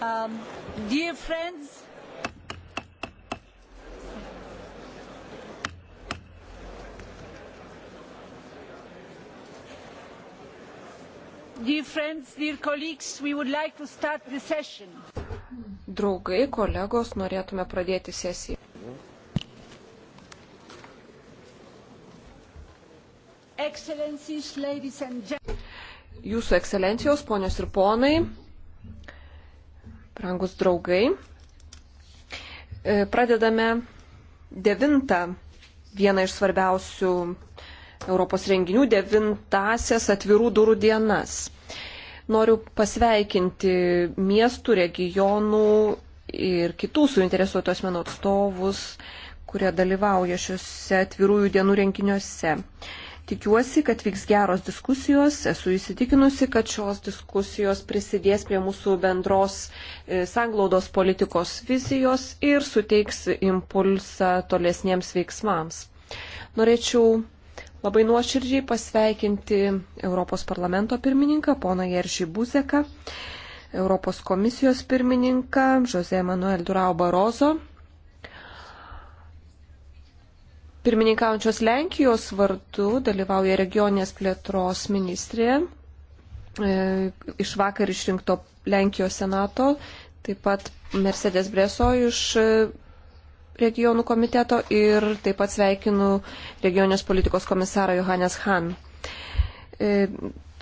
Um, dear friends, Dear friends, dear colleagues, we would like to start the session. Draugai, kolegos, norėtume pradėti sesiją. Jūsų ekscelencijos, ponios ir ponai, Prangus draugai, e, pradedame devintą vieną iš svarbiausių Europos renginių, devintasias atvirų durų dienas. Noriu pasveikinti miestų, regionų ir kitų suinteresuotų asmenų atstovus, kurie dalyvauja šiuose atvirųjų dienų renginiuose. Tikiuosi, kad vyks geros diskusijos. Esu įsitikinusi, kad šios diskusijos prisidės prie mūsų bendros e, sanglaudos politikos vizijos ir suteiks impulsą tolesniems veiksmams. Norėčiau labai nuoširdžiai pasveikinti Europos parlamento pirmininką, poną Jeržį Buzeką, Europos komisijos pirmininką, Jose Manuel Durau Barozo, Pirmininkaujančios Lenkijos vardu dalyvauja regionės plėtros ministrė e, iš vakar išrinkto Lenkijos senato, taip pat Mercedes Breso iš e, regionų komiteto ir taip pat sveikinu regionės politikos komisarą Johannes Han. E,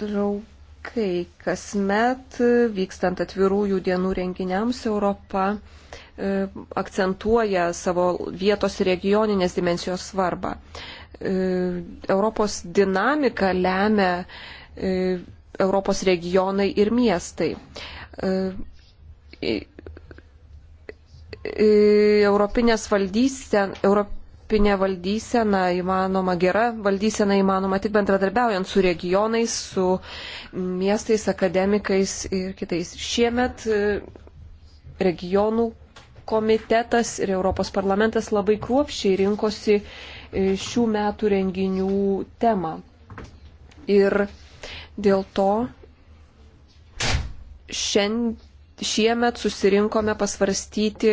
draugai, kasmet vykstant atvirųjų dienų renginiams Europa E, akcentuoja savo vietos ir regioninės dimensijos svarbą. E, Europos dinamika lemia e, Europos regionai ir miestai. Europinės valdysen, Europinė valdysena įmanoma, gera valdysena įmanoma tik bendradarbiaujant su regionais, su miestais, akademikais ir kitais. Šiemet regionų komitetas ir Europos parlamentas labai kruopšiai rinkosi e, šių metų renginių temą. Ir dėl to šiandien šiemet susirinkome pasvarstyti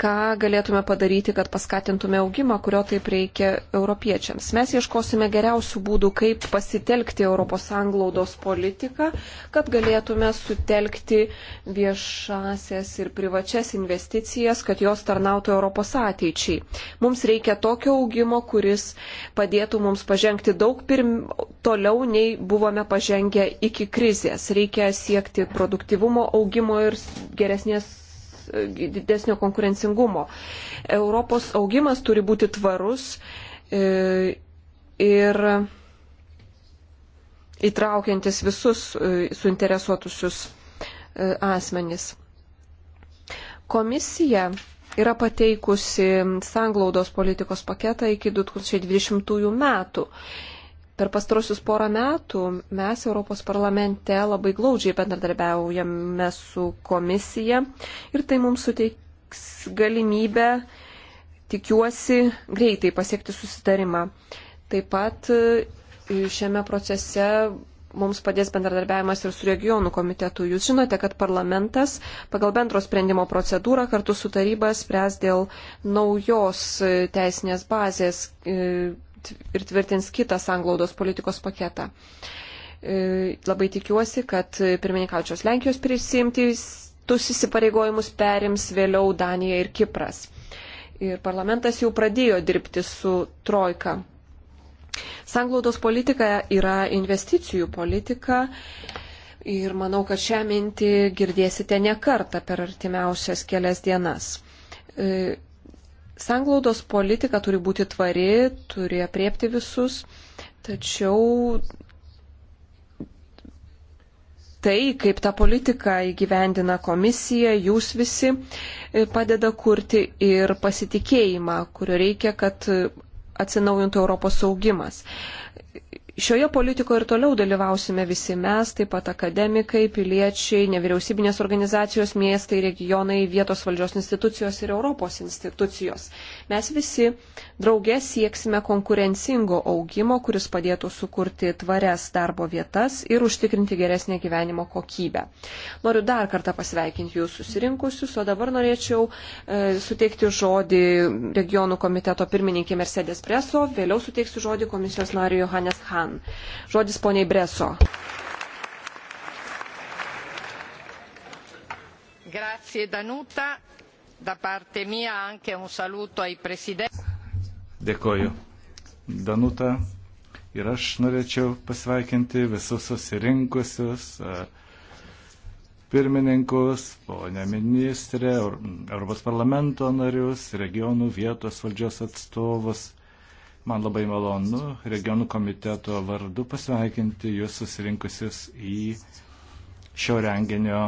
ką galėtume padaryti, kad paskatintume augimą, kurio taip reikia europiečiams. Mes ieškosime geriausių būdų, kaip pasitelkti Europos anglaudos politiką, kad galėtume sutelkti viešasias ir privačias investicijas, kad jos tarnautų Europos ateičiai. Mums reikia tokio augimo, kuris padėtų mums pažengti daug pirm... toliau, nei buvome pažengę iki krizės. Reikia siekti produktivumo augimo ir geresnės didesnio konkurencingumo. Europos augimas turi būti tvarus e, ir įtraukiantis visus e, suinteresuotusius e, asmenys. Komisija yra pateikusi sanglaudos politikos paketą iki 2020 metų. Per pastarosius porą metų mes Europos parlamente labai glaudžiai bendradarbiaujame su komisija ir tai mums suteiks galimybę, tikiuosi, greitai pasiekti susitarimą. Taip pat e, šiame procese mums padės bendradarbiavimas ir su regionų komitetu. Jūs žinote, kad parlamentas pagal bendro sprendimo procedūrą kartu su taryba spręs dėl naujos e, teisinės bazės e, ir tvirtins kitą sanglaudos politikos paketą. E, labai tikiuosi, kad pirmininkaučios Lenkijos prisimti tus įsipareigojimus perims vėliau Danija ir Kipras. Ir parlamentas jau pradėjo dirbti su Trojka. Sanglaudos politika yra investicijų politika. Ir manau, kad šią mintį girdėsite ne kartą per artimiausias kelias dienas. E, Sanglaudos politika turi būti tvari, turi apriepti visus, tačiau tai, kaip tą politiką įgyvendina komisija, jūs visi e, padeda kurti ir pasitikėjimą, kurio reikia, kad atsinaujintų Europos saugimas. Šioje politikoje ir toliau dalyvausime visi mes, taip pat akademikai, piliečiai, nevyriausybinės organizacijos, miestai, regionai, vietos valdžios institucijos ir Europos institucijos. Mes visi Drauge sieksime konkurencingo augimo, kuris padėtų sukurti tvarias darbo vietas ir užtikrinti geresnę gyvenimo kokybę. Noriu dar kartą pasveikinti jūs susirinkusius, o dabar norėčiau e, suteikti žodį regionų komiteto pirmininkė Mercedes Breso, vėliau suteiksiu žodį komisijos nariu Johannes Han. Žodis poniai Breso. Grazie Danuta, da parte mia anche un saluto ai presidenti. Dėkoju. Danuta. Ir aš norėčiau pasveikinti visus susirinkusius pirmininkus, ponę ministrę, Europos parlamento narius, regionų vietos valdžios atstovus. Man labai malonu regionų komiteto vardu pasveikinti jūs susirinkusius į šio renginio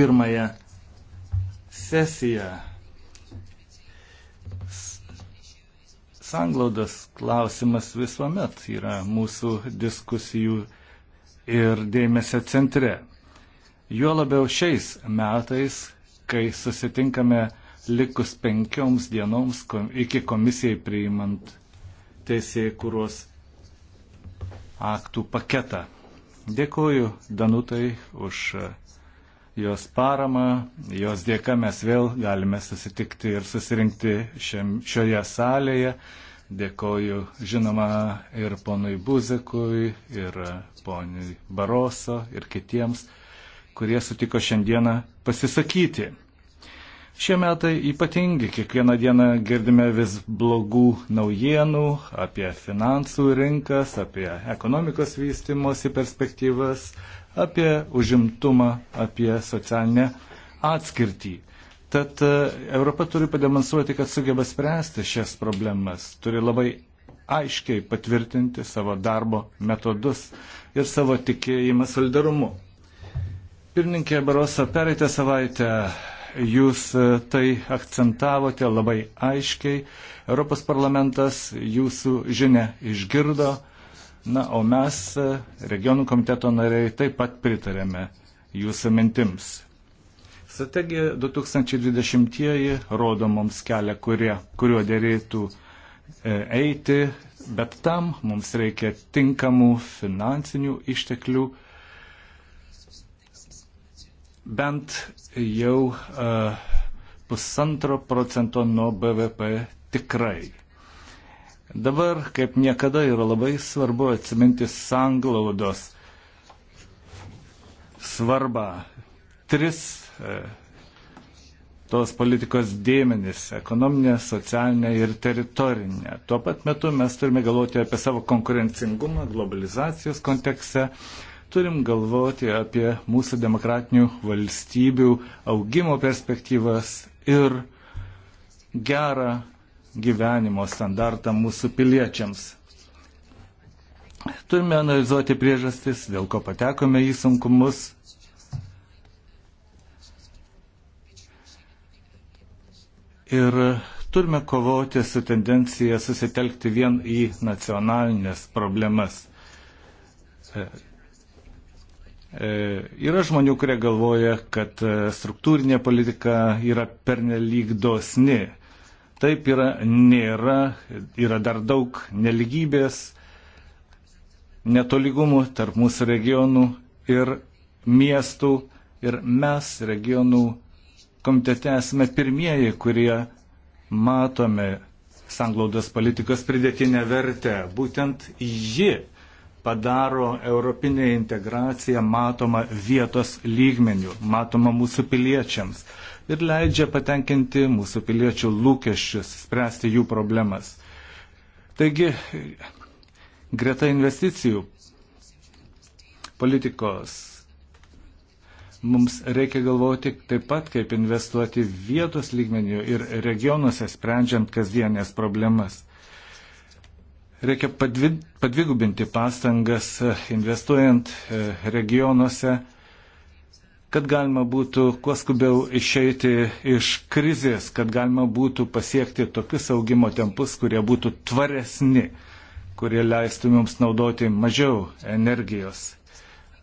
pirmąją sesiją. Sanglaudos klausimas visuomet yra mūsų diskusijų ir dėmesio centre. Juo labiau šiais metais, kai susitinkame likus penkioms dienoms iki komisijai priimant teisėjai kūros aktų paketą. Dėkuoju Danutai už jos paramą, jos dėka mes vėl galime susitikti ir susirinkti šiam, šioje salėje. Dėkoju žinoma ir ponui Buzekui, ir ponui Baroso, ir kitiems, kurie sutiko šiandieną pasisakyti. Šie metai ypatingi, kiekvieną dieną girdime vis blogų naujienų apie finansų rinkas, apie ekonomikos vystimosi perspektyvas, apie užimtumą, apie socialinę atskirtį. Tad e, Europa turi pademonstruoti, kad sugeba spręsti šias problemas, turi labai aiškiai patvirtinti savo darbo metodus ir savo tikėjimą solidarumu. Pirmininkė Baroso, pereitą savaitę jūs e, tai akcentavote labai aiškiai. Europos parlamentas jūsų žinę išgirdo Na, o mes, e, regionų komiteto nariai, taip pat pritarėme jūsų mintims. Strategija 2020-ieji rodo mums kelią, kurie, kuriuo dėrėtų e, eiti, bet tam mums reikia tinkamų finansinių išteklių bent jau uh, pusantro procento nuo BVP tikrai. Dabar, kaip niekada, yra labai svarbu atsiminti sanglaudos svarbą. Tris e, tos politikos dėmenys - ekonominė, socialinė ir teritorinė. Tuo pat metu mes turime galvoti apie savo konkurencingumą globalizacijos kontekste, turim galvoti apie mūsų demokratinių valstybių augimo perspektyvas ir gerą gyvenimo standartą mūsų piliečiams. Turime analizuoti priežastis, dėl ko patekome į sunkumus. Ir turime kovoti su tendencija susitelkti vien į nacionalinės problemas. E, e, yra žmonių, kurie galvoja, kad e, struktūrinė politika yra pernelyg dosni Taip yra, nėra, yra dar daug neligybės, netolygumų tarp mūsų regionų ir miestų. Ir mes regionų komitete esame pirmieji, kurie matome sanglaudos politikos pridėtinę vertę. Būtent ji padaro europinę integraciją matomą vietos lygmenių, matomą mūsų piliečiams ir leidžia patenkinti mūsų piliečių lūkesčius, spręsti jų problemas. Taigi, greta investicijų politikos mums reikia galvoti taip pat, kaip investuoti vietos lygmenių ir regionuose sprendžiant kasdienės problemas. Reikia padvi, padvigubinti pastangas investuojant e, regionuose kad galima būtų kuo skubiau išeiti iš krizės, kad galima būtų pasiekti tokius augimo tempus, kurie būtų tvaresni, kurie leistų mums naudoti mažiau energijos.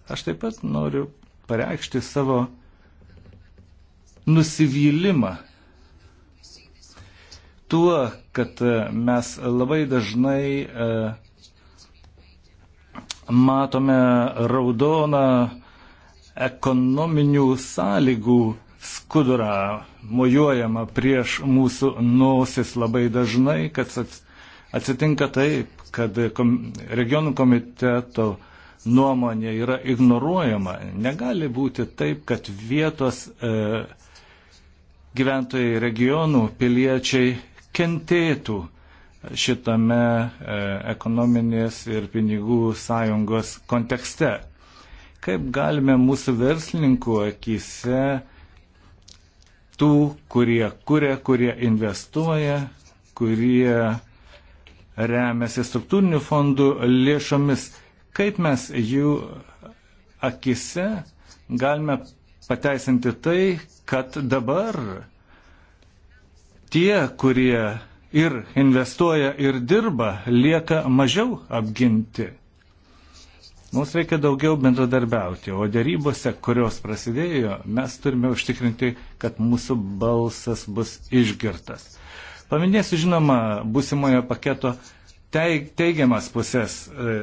Aš taip pat noriu pareikšti savo nusivylimą tuo, kad e, mes labai dažnai e, matome raudoną ekonominių sąlygų skudurą mojuojama prieš mūsų nosis labai dažnai, kad atsitinka taip, kad regionų komiteto nuomonė yra ignoruojama. Negali būti taip, kad vietos e, gyventojai regionų piliečiai kentėtų šitame e, ekonominės ir pinigų sąjungos kontekste. Kaip galime mūsų verslininkų akise tų, kurie kuria, kurie investuoja, kurie remiasi struktūrinių fondų lėšomis, kaip mes jų akise galime pateisinti tai, kad dabar tie, kurie ir investuoja, ir dirba, lieka mažiau apginti. Mums reikia daugiau bendradarbiauti, o dėrybose, kurios prasidėjo, mes turime užtikrinti, kad mūsų balsas bus išgirtas. Paminėsiu, žinoma, būsimojo paketo teigiamas pusės. E,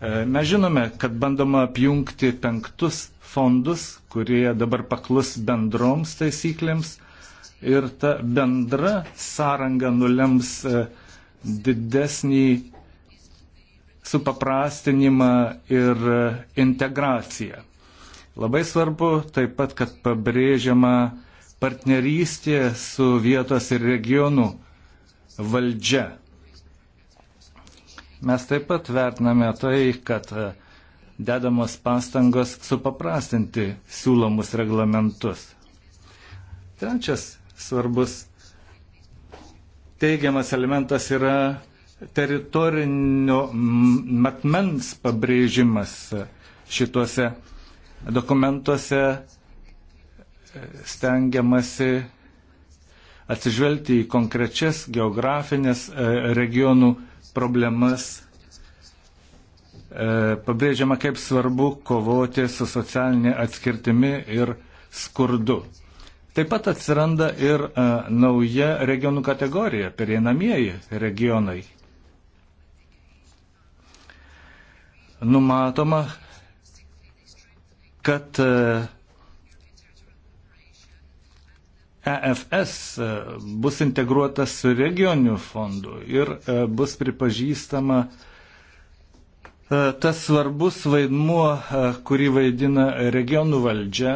e, mes žinome, kad bandoma apjungti penktus fondus, kurie dabar paklus bendroms taisyklėms ir ta bendra sąranga nulems e, didesnį supaprastinimą ir integraciją. Labai svarbu taip pat, kad pabrėžiama partnerystė su vietos ir regionų valdžia. Mes taip pat vertiname tai, kad dedamos pastangos supaprastinti siūlomus reglamentus. Trečias svarbus teigiamas elementas yra teritorinio matmens pabrėžimas šituose dokumentuose e, stengiamasi atsižvelgti į konkrečias geografinės e, regionų problemas. E, pabrėžiama, kaip svarbu kovoti su socialinė atskirtimi ir skurdu. Taip pat atsiranda ir a, nauja regionų kategorija - pereinamieji regionai. numatoma, kad EFS e e, bus integruotas su regioniniu fondu ir e, bus pripažįstama tas svarbus vaidmuo, kurį vaidina regionų valdžia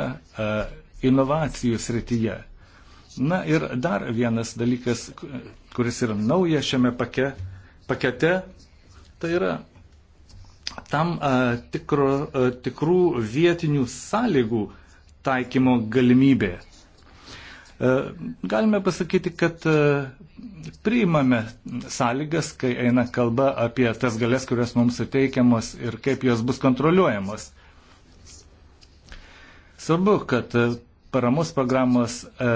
inovacijų srityje. Na ir dar vienas dalykas, kuris yra nauja šiame pake, pakete, tai yra tam e, tikro, e, tikrų vietinių sąlygų taikymo galimybė. E, galime pasakyti, kad priimame sąlygas, kai eina kalba apie tas galės, kurios mums suteikiamos ir kaip jos bus kontroliuojamos. Svarbu, kad paramos programos e,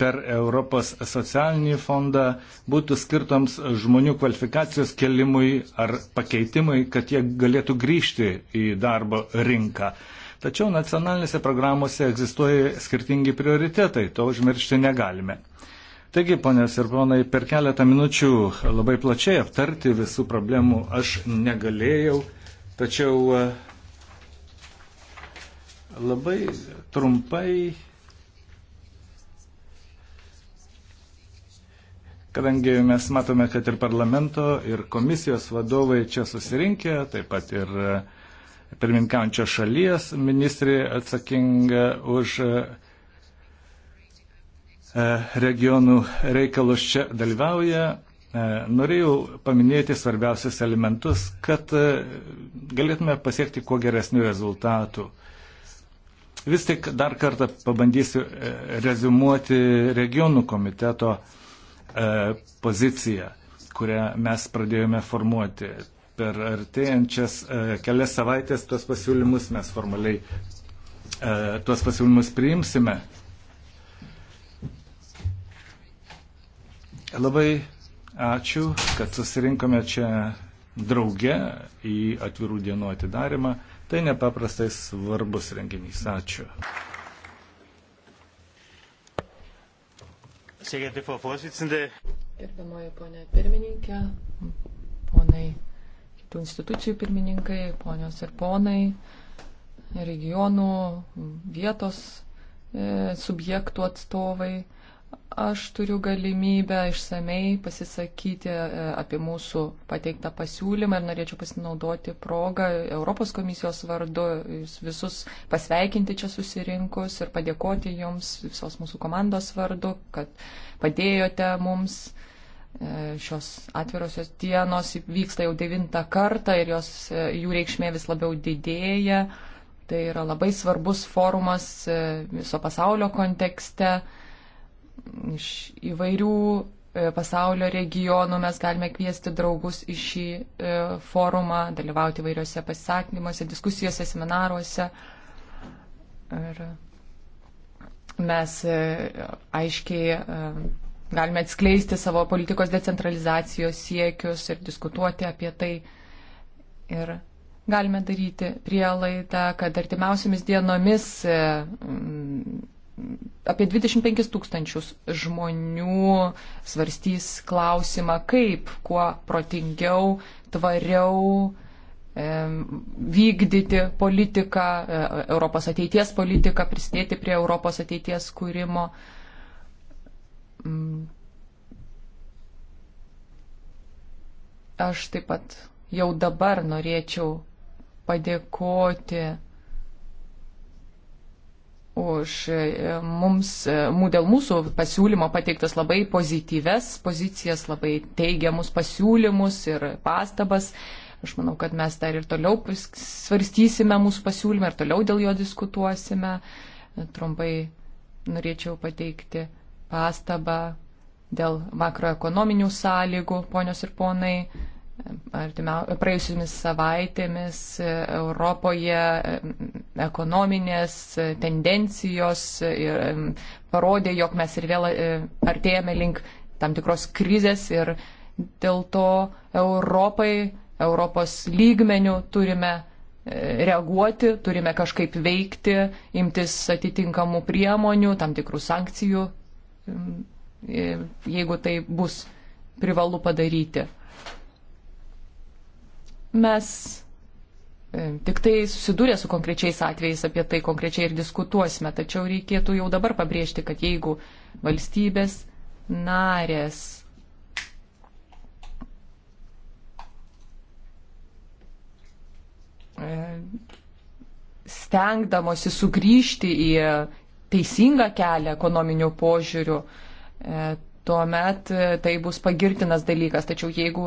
per Europos socialinį fondą būtų skirtoms žmonių kvalifikacijos kelimui ar pakeitimui, kad jie galėtų grįžti į darbo rinką. Tačiau nacionalinėse programuose egzistuoja skirtingi prioritetai, to užmiršti negalime. Taigi, ponės ir ponai, per keletą minučių labai plačiai aptarti visų problemų aš negalėjau, tačiau e, labai trumpai Kadangi mes matome, kad ir parlamento, ir komisijos vadovai čia susirinkė, taip pat ir e, pirminkaujančios šalies ministrė atsakinga už e, e, regionų reikalus čia dalyvauja, norėjau paminėti svarbiausius elementus, kad galėtume pasiekti kuo geresnių rezultatų. Vis tik dar kartą pabandysiu rezumuoti regionų komiteto uh, E, poziciją, kurią mes pradėjome formuoti. Per artėjančias e, kelias savaitės tuos pasiūlymus mes formaliai e, tuos pasiūlymus priimsime. Labai ačiū, kad susirinkome čia drauge į atvirų dienų atidarimą. Tai nepaprastai svarbus renginys. Ačiū. Sėgėti, Frau Vorsitzende. Gerbiamoji ponė pirmininkė, ponai kitų institucijų pirmininkai, ponios ir ponai, regionų, vietos e, subjektų atstovai. Aš turiu galimybę išsamei pasisakyti e, apie mūsų pateiktą pasiūlymą ir norėčiau pasinaudoti progą Europos komisijos vardu visus pasveikinti čia susirinkus ir padėkoti jums visos mūsų komandos vardu, kad padėjote mums e, šios atvirosios dienos vyksta jau devintą kartą ir jos, e, jų reikšmė vis labiau didėja. Tai yra labai svarbus forumas viso pasaulio kontekste iš įvairių e, pasaulio regionų mes galime kviesti draugus į šį e, forumą, dalyvauti įvairiuose pasisakymuose, diskusijose, seminaruose. Ir mes e, aiškiai galime atskleisti savo politikos decentralizacijos siekius ir diskutuoti apie tai. Ir galime daryti prielaidą, kad artimiausiamis dienomis apie 25 tūkstančius žmonių svarstys klausimą, kaip kuo protingiau, tvariau e, vykdyti politiką, e, Europos ateities politiką, prisidėti prie Europos ateities kūrimo. Mm. Aš taip pat jau dabar norėčiau padėkoti už e, mums, e, dėl mūsų pasiūlymo pateiktas labai pozityves pozicijas, labai teigiamus pasiūlymus ir pastabas. Aš manau, kad mes dar ir toliau svarstysime mūsų pasiūlymą ir toliau dėl jo diskutuosime. Trumpai norėčiau pateikti pastabą dėl makroekonominių sąlygų, ponios ir ponai praėjusiamis savaitėmis Europoje ekonominės tendencijos parodė, jog mes ir vėl e, artėjame link tam tikros krizės ir dėl to Europai, Europos lygmenių turime e, reaguoti, turime kažkaip veikti, imtis atitinkamų priemonių, tam tikrų sankcijų, e, jeigu tai bus privalu padaryti. Mes e, Tik tai susidūrė su konkrečiais atvejais apie tai konkrečiai ir diskutuosime, tačiau reikėtų jau dabar pabrėžti, kad jeigu valstybės narės e, stengdamosi sugrįžti į teisingą kelią ekonominių požiūrių, e, tuomet e, tai bus pagirtinas dalykas. Tačiau jeigu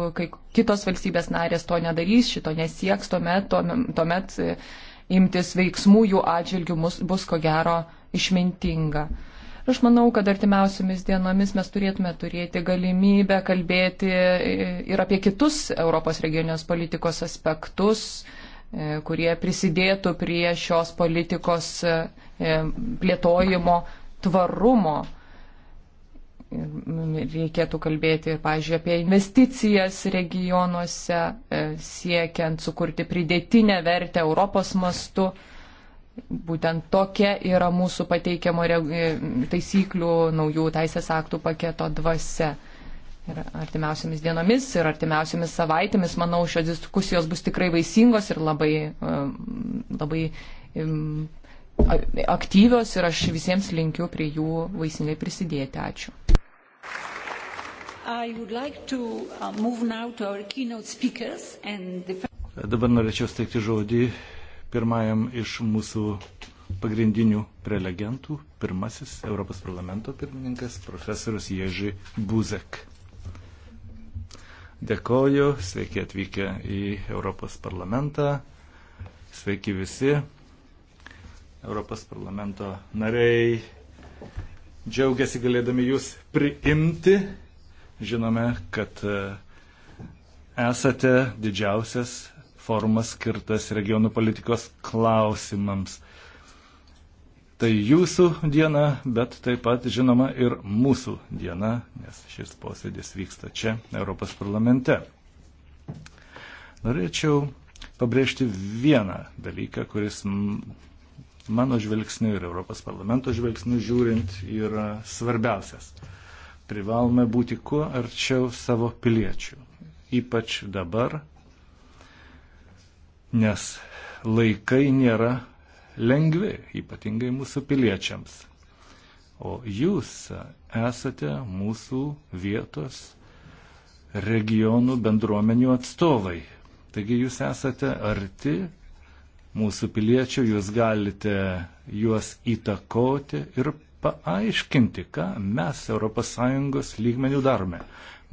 kitos valstybės narės to nedarys, šito nesieks, tuomet, tuomet e, imtis veiksmų jų atžvilgių bus, bus ko gero išmintinga. Aš manau, kad artimiausiomis dienomis mes turėtume turėti galimybę kalbėti e, ir apie kitus Europos regionės politikos aspektus, kurie prisidėtų prie šios politikos plėtojimo tvarumo reikėtų kalbėti, pažiūrėjau, apie investicijas regionuose, e, siekiant sukurti pridėtinę vertę Europos mastu. Būtent tokia yra mūsų pateikiamo e, taisyklių naujų teisės aktų paketo dvasia. Ir artimiausiamis dienomis ir artimiausiamis savaitėmis, manau, šios diskusijos bus tikrai vaisingos ir labai, e, labai aktyvios ir aš visiems linkiu prie jų vaisingai prisidėti. Ačiū. I would like to uh, move now to our keynote speakers and the... Dabar norėčiau steigti žodį pirmajam iš mūsų pagrindinių prelegentų, pirmasis Europos parlamento pirmininkas, profesorius Ježi Buzek. Dėkoju, sveiki atvykę į Europos parlamentą, sveiki visi Europos parlamento nariai. Džiaugiasi galėdami jūs priimti Žinome, kad e, esate didžiausias forumas skirtas regionų politikos klausimams. Tai jūsų diena, bet taip pat žinoma ir mūsų diena, nes šis posėdis vyksta čia, Europos parlamente. Norėčiau pabrėžti vieną dalyką, kuris mano žvilgsniu ir Europos parlamento žvilgsniu žiūrint yra svarbiausias privalome būti kuo arčiau savo piliečių, ypač dabar, nes laikai nėra lengvi, ypatingai mūsų piliečiams. O jūs esate mūsų vietos regionų bendruomenių atstovai. Taigi jūs esate arti mūsų piliečių, jūs galite juos įtakoti ir paaiškinti, ką mes ES lygmenių darome.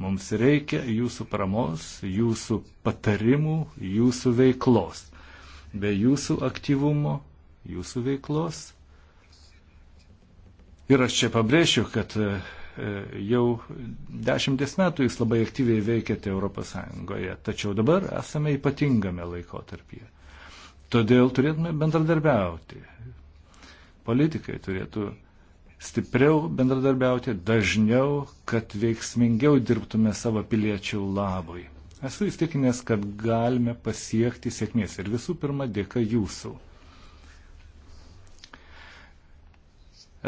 Mums reikia jūsų paramos, jūsų patarimų, jūsų veiklos. Be jūsų aktyvumo, jūsų veiklos. Ir aš čia pabrėšiu, kad e, jau dešimties metų jūs labai aktyviai veikiate ES, tačiau dabar esame ypatingame laikotarpyje. Todėl turėtume bendradarbiauti. Politikai turėtų stipriau bendradarbiauti, dažniau, kad veiksmingiau dirbtume savo piliečių labui. Esu įstikinęs, kad galime pasiekti sėkmės ir visų pirma dėka jūsų.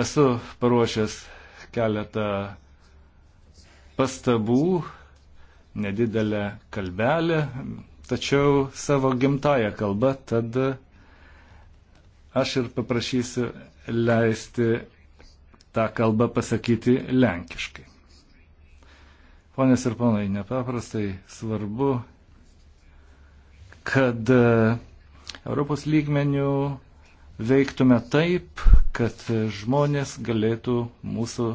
Esu paruošęs keletą pastabų, nedidelę kalbelę, tačiau savo gimtają kalbą, tad aš ir paprašysiu leisti tą kalbą pasakyti lenkiškai. Ponės ir ponai, nepaprastai svarbu, kad e, Europos lygmenių veiktume taip, kad žmonės galėtų mūsų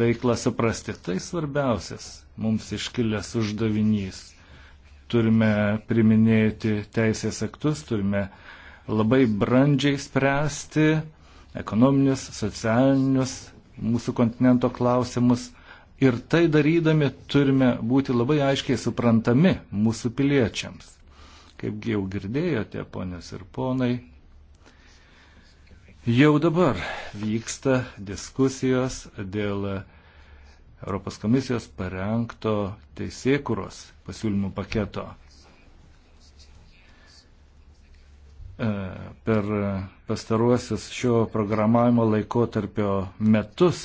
veiklą suprasti. Tai svarbiausias mums iškilęs uždavinys. Turime priminėti teisės aktus, turime labai brandžiai spręsti ekonominius, socialinius mūsų kontinento klausimus. Ir tai darydami turime būti labai aiškiai suprantami mūsų piliečiams. Kaip jau girdėjote, ponios ir ponai, jau dabar vyksta diskusijos dėl Europos komisijos parengto teisėkuros pasiūlymų paketo E, per pastaruosius šio programavimo laikotarpio metus,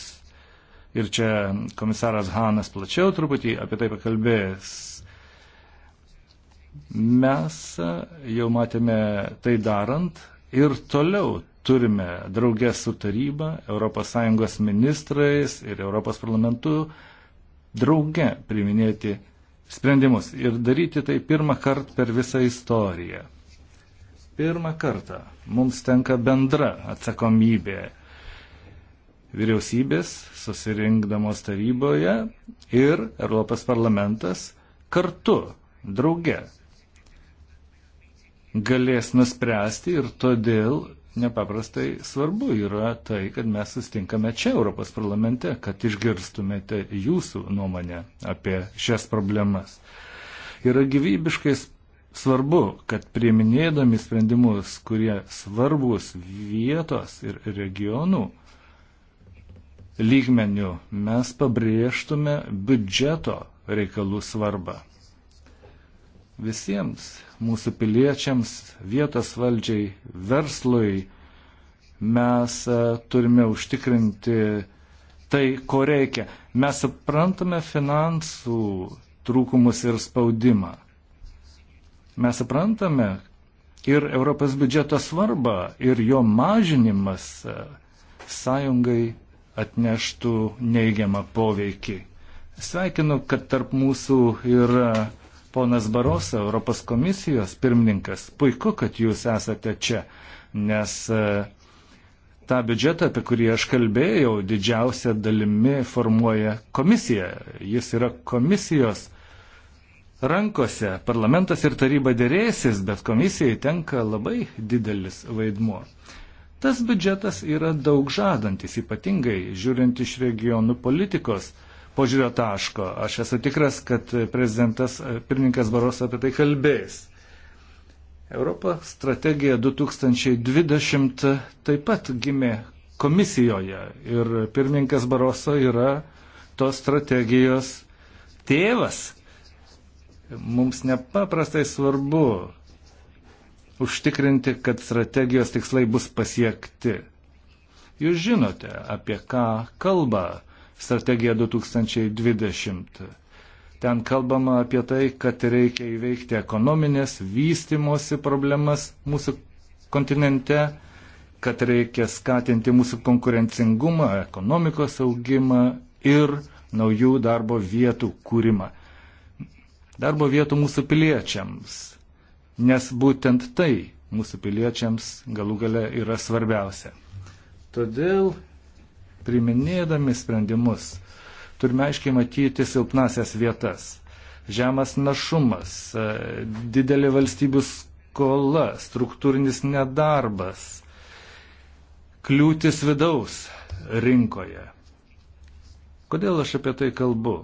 ir čia komisaras Hanas plačiau truputį apie tai pakalbės, mes jau matėme tai darant ir toliau turime draugę su taryba, ES ministrais ir ES parlamentu drauge priminėti sprendimus ir daryti tai pirmą kartą per visą istoriją. Pirmą kartą mums tenka bendra atsakomybė. Vyriausybės susirinkdamos taryboje ir Europos parlamentas kartu, drauge, galės nuspręsti ir todėl nepaprastai svarbu yra tai, kad mes sustinkame čia Europos parlamente, kad išgirstumėte jūsų nuomonę apie šias problemas. Yra gyvybiškai Svarbu, kad prieminėdami sprendimus, kurie svarbus vietos ir regionų lygmenių, mes pabrėžtume biudžeto reikalų svarbą. Visiems mūsų piliečiams, vietos valdžiai, verslui mes e, turime užtikrinti tai, ko reikia. Mes suprantame finansų trūkumus ir spaudimą Mes suprantame ir Europos biudžeto svarbą, ir jo mažinimas e, sąjungai atneštų neigiamą poveikį. Sveikinu, kad tarp mūsų yra e, ponas Barosa, Europos komisijos pirmininkas. Puiku, kad jūs esate čia, nes e, tą biudžetą, apie kurį aš kalbėjau, didžiausia dalimi formuoja komisija. Jis yra komisijos rankose. Parlamentas ir taryba dėrėsis, bet komisijai tenka labai didelis vaidmuo. Tas biudžetas yra daug žadantis, ypatingai žiūrint iš regionų politikos požiūrio taško. Aš esu tikras, kad prezidentas pirmininkas Baros apie tai kalbės. Europos strategija 2020 taip pat gimė komisijoje ir pirmininkas Baroso yra tos strategijos tėvas mums nepaprastai svarbu užtikrinti, kad strategijos tikslai bus pasiekti. Jūs žinote, apie ką kalba strategija 2020. Ten kalbama apie tai, kad reikia įveikti ekonominės vystimosi problemas mūsų kontinente, kad reikia skatinti mūsų konkurencingumą, ekonomikos augimą ir naujų darbo vietų kūrimą darbo vietų mūsų piliečiams, nes būtent tai mūsų piliečiams galų gale yra svarbiausia. Todėl, priminėdami sprendimus, turime aiškiai matyti silpnasias vietas. Žemas našumas, e, didelė valstybių skola, struktūrinis nedarbas, kliūtis vidaus rinkoje. Kodėl aš apie tai kalbu?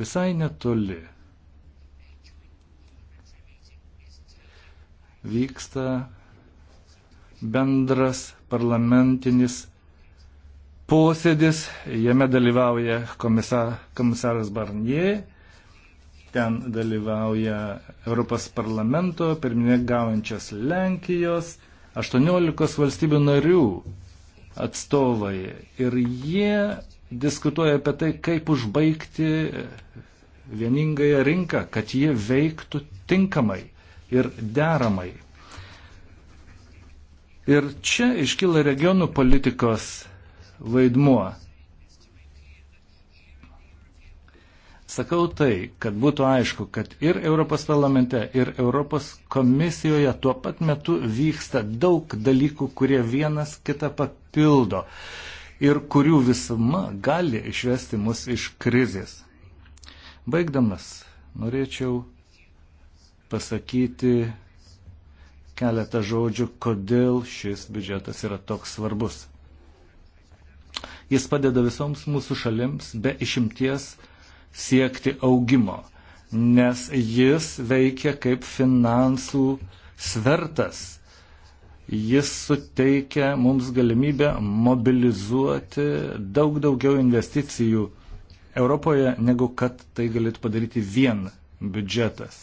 visai netoli vyksta bendras parlamentinis posėdis, jame dalyvauja komisar, komisaras Barnier, ten dalyvauja Europos parlamento, pirmininkaujančios Lenkijos, 18 valstybių narių atstovai ir jie diskutuoja apie tai, kaip užbaigti vieningąją rinką, kad ji veiktų tinkamai ir deramai. Ir čia iškyla regionų politikos vaidmuo. Sakau tai, kad būtų aišku, kad ir Europos parlamente, ir Europos komisijoje tuo pat metu vyksta daug dalykų, kurie vienas kitą papildo. Uh, ir kurių visuma gali išvesti mus iš krizės. Baigdamas, norėčiau pasakyti keletą žodžių, kodėl šis biudžetas yra toks svarbus. Jis padeda visoms mūsų šalims be išimties siekti augimo, nes jis veikia kaip finansų svertas Jis suteikia mums galimybę mobilizuoti daug daugiau investicijų Europoje, negu kad tai galėtų padaryti vien biudžetas.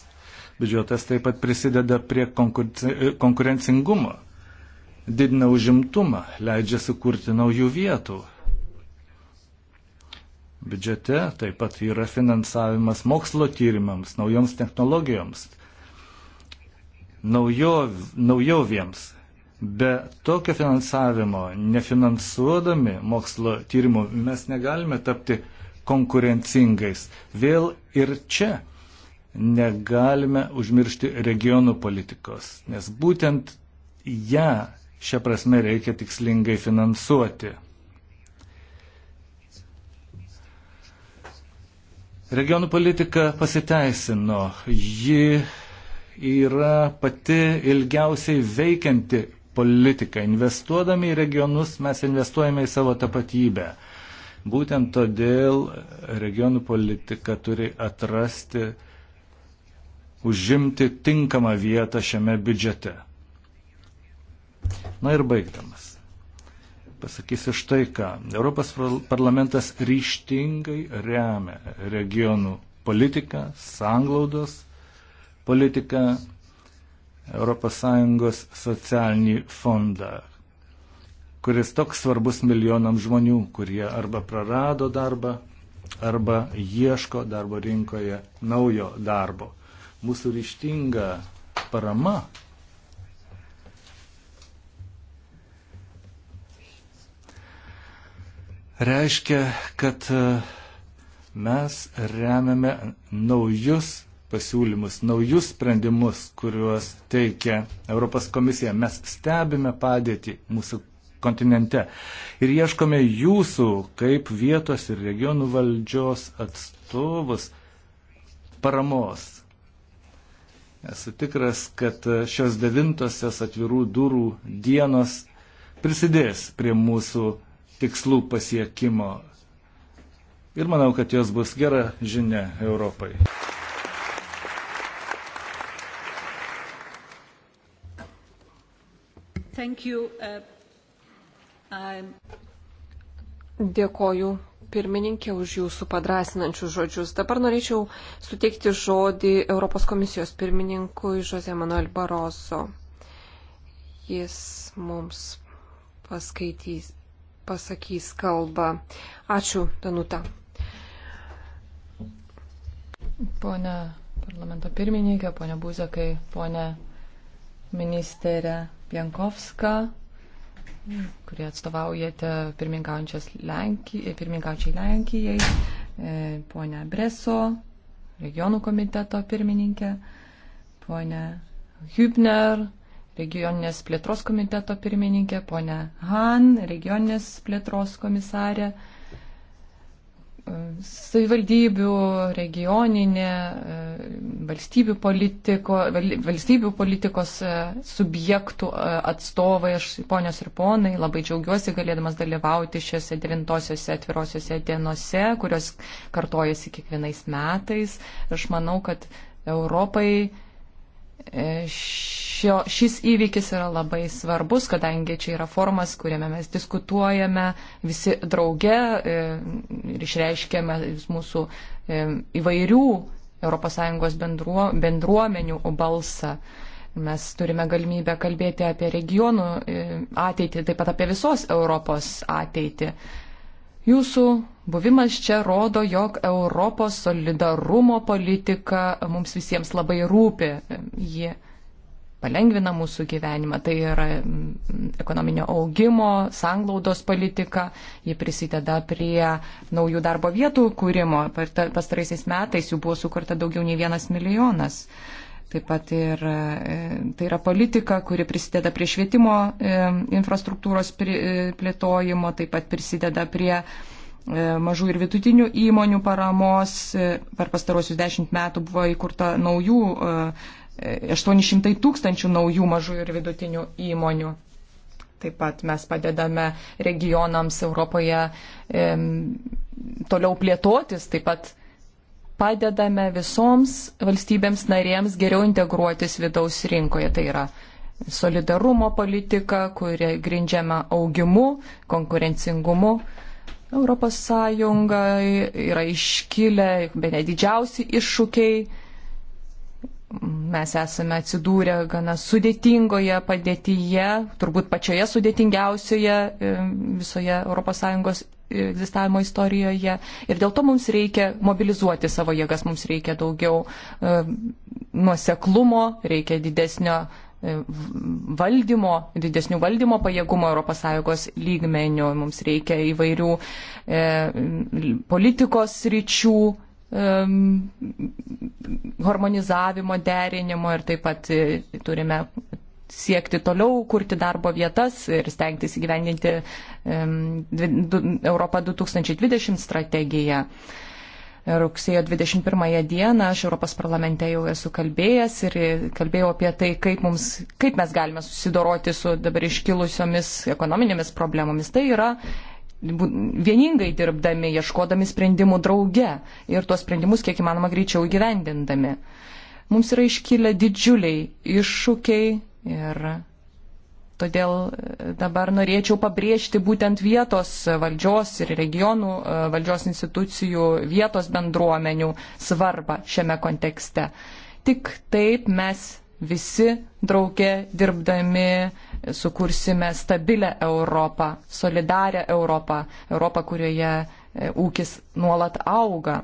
Biudžetas taip pat prisideda prie konkurencingumo, didina užimtumą, leidžia sukurti naujų vietų. Biudžete taip pat yra finansavimas mokslo tyrimams, naujoms technologijoms, naujo, naujoviems. Be tokio finansavimo, nefinansuodami mokslo tyrimų, mes negalime tapti konkurencingais. Vėl ir čia negalime užmiršti regionų politikos, nes būtent ją šią prasme reikia tikslingai finansuoti. Regionų politika pasiteisino. Ji yra pati ilgiausiai veikianti politiką. Investuodami į regionus mes investuojame į savo tapatybę. Būtent todėl regionų politika turi atrasti, užimti tinkamą vietą šiame biudžete. Na ir baigdamas. Pasakysiu štai ką. Europos parlamentas ryštingai remia regionų politiką, sanglaudos politiką, ES socialinį fondą, kuris toks svarbus milijonam žmonių, kurie arba prarado darbą, arba ieško darbo rinkoje naujo darbo. Mūsų ryštinga parama reiškia, kad e, mes remiame naujus pasiūlymus, naujus sprendimus, kuriuos teikia Europos komisija. Mes stebime padėtį mūsų kontinente ir ieškome jūsų kaip vietos ir regionų valdžios atstovus paramos. Esu tikras, kad šios devintosios atvirų durų dienos prisidės prie mūsų tikslų pasiekimo. Ir manau, kad jos bus gera žinia Europai. Thank you. Uh, I'm... Um, Dėkoju pirmininkė už jūsų padrasinančius žodžius. Dabar norėčiau suteikti žodį Europos komisijos pirmininkui Žozė Manuel Baroso. Jis mums paskaitys, pasakys kalbą. Ačiū, Danuta. Pone parlamento pirmininkė, pone Buzekai, pone ministerė, Pienkovską, kurie atstovaujate Lenkijai, pirmingaučiai Lenkijai, ponę Breso, regionų komiteto pirmininkę, ponę Hübner, regioninės plėtros komiteto pirmininkė, ponę Han, regioninės plėtros komisarė savivaldybių, regioninė, e, valstybių, politiko, valstybių politikos e, subjektų e, atstovai, aš ponios ir ponai, labai džiaugiuosi galėdamas dalyvauti šiuose devintosiuose atvirosiuose dienose, kurios kartojasi kiekvienais metais. Aš manau, kad Europai E, šio, šis įvykis yra labai svarbus, kadangi čia yra formas, kuriame mes diskutuojame visi drauge e, ir išreiškėme mūsų e, įvairių ES bendruo, bendruomenių balsą. Mes turime galimybę kalbėti apie regionų ateitį, taip pat apie visos Europos ateitį. Jūsų Buvimas čia rodo, jog Europos solidarumo politika mums visiems labai rūpi. Ji palengvina mūsų gyvenimą. Tai yra mm, ekonominio augimo, sanglaudos politika. Ji prisideda prie naujų darbo vietų kūrimo. Pastaraisiais metais jų buvo sukurta daugiau nei vienas milijonas. Taip pat ir e, tai yra politika, kuri prisideda prie švietimo e, infrastruktūros e, plėtojimo, taip pat prisideda prie E, mažų ir vidutinių įmonių paramos. E, per pastarosius dešimt metų buvo įkurta naujų, 800 e, tūkstančių naujų mažų ir vidutinių įmonių. Taip pat mes padedame regionams Europoje toliau plėtotis, taip pat padedame visoms valstybėms narėms geriau integruotis vidaus rinkoje. Tai yra solidarumo politika, kuri grindžiama augimu, konkurencingumu Europos Sąjungai yra iškilę, be ne didžiausi iššūkiai. Mes esame atsidūrę gana sudėtingoje padėtyje, turbūt pačioje sudėtingiausioje e, visoje ES e, egzistavimo istorijoje. Ir dėl to mums reikia mobilizuoti savo jėgas, mums reikia daugiau e, nuoseklumo, reikia didesnio E, valdymo, didesnių valdymo pajėgumo ES lygmenių. Mums reikia įvairių e, politikos ryčių e, harmonizavimo, derinimo ir taip pat e, turime siekti toliau kurti darbo vietas ir stengtis įgyvendinti Europą 2020 strategiją. Rugsėjo 21 dieną aš Europos parlamente jau esu kalbėjęs ir kalbėjau apie tai, kaip, mums, kaip mes galime susidoroti su dabar iškilusiomis ekonominėmis problemomis. Tai yra vieningai dirbdami, ieškodami sprendimų drauge ir tuos sprendimus kiek įmanoma greičiau įgyvendindami. Mums yra iškilę didžiuliai iššūkiai ir Todėl e, dabar norėčiau pabrėžti būtent vietos valdžios ir regionų e, valdžios institucijų, vietos bendruomenių svarbą šiame kontekste. Tik taip mes visi draugė dirbdami sukursime stabilę Europą, solidarę Europą, Europą, kurioje e, ūkis nuolat auga.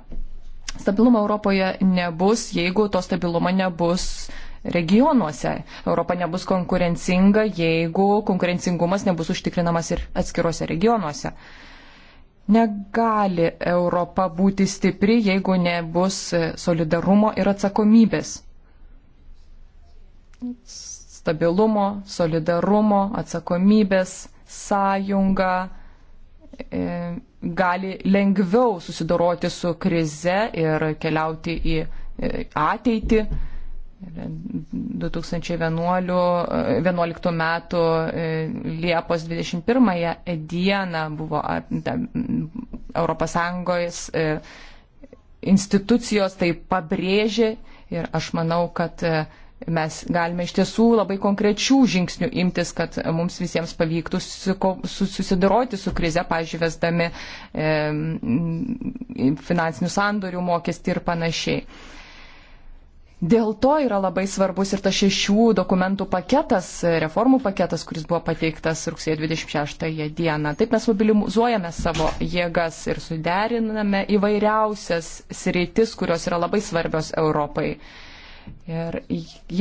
Stabilumo Europoje nebus, jeigu to stabilumo nebus uh, regionuose. Europa nebus konkurencinga, jeigu konkurencingumas nebus užtikrinamas ir atskiruose regionuose. Negali Europa būti stipri, jeigu nebus solidarumo ir atsakomybės. Stabilumo, solidarumo, atsakomybės, sąjunga e, gali lengviau susidoroti su krize ir keliauti į e, ateitį. 2011 m. E, Liepos 21 dieną buvo ES e, institucijos tai pabrėžė ir aš manau, kad e, mes galime iš tiesų labai konkrečių žingsnių imtis, kad mums visiems pavyktų susidoroti su krize, pažiūrėsdami e, finansinių sandorių mokestį ir panašiai. E, Dėl to yra labai svarbus ir tas šešių dokumentų paketas, reformų paketas, kuris buvo pateiktas rugsėjo 26 dieną. Taip mes mobilizuojame savo jėgas ir suderiname įvairiausias sritis, kurios yra labai svarbios Europai. Ir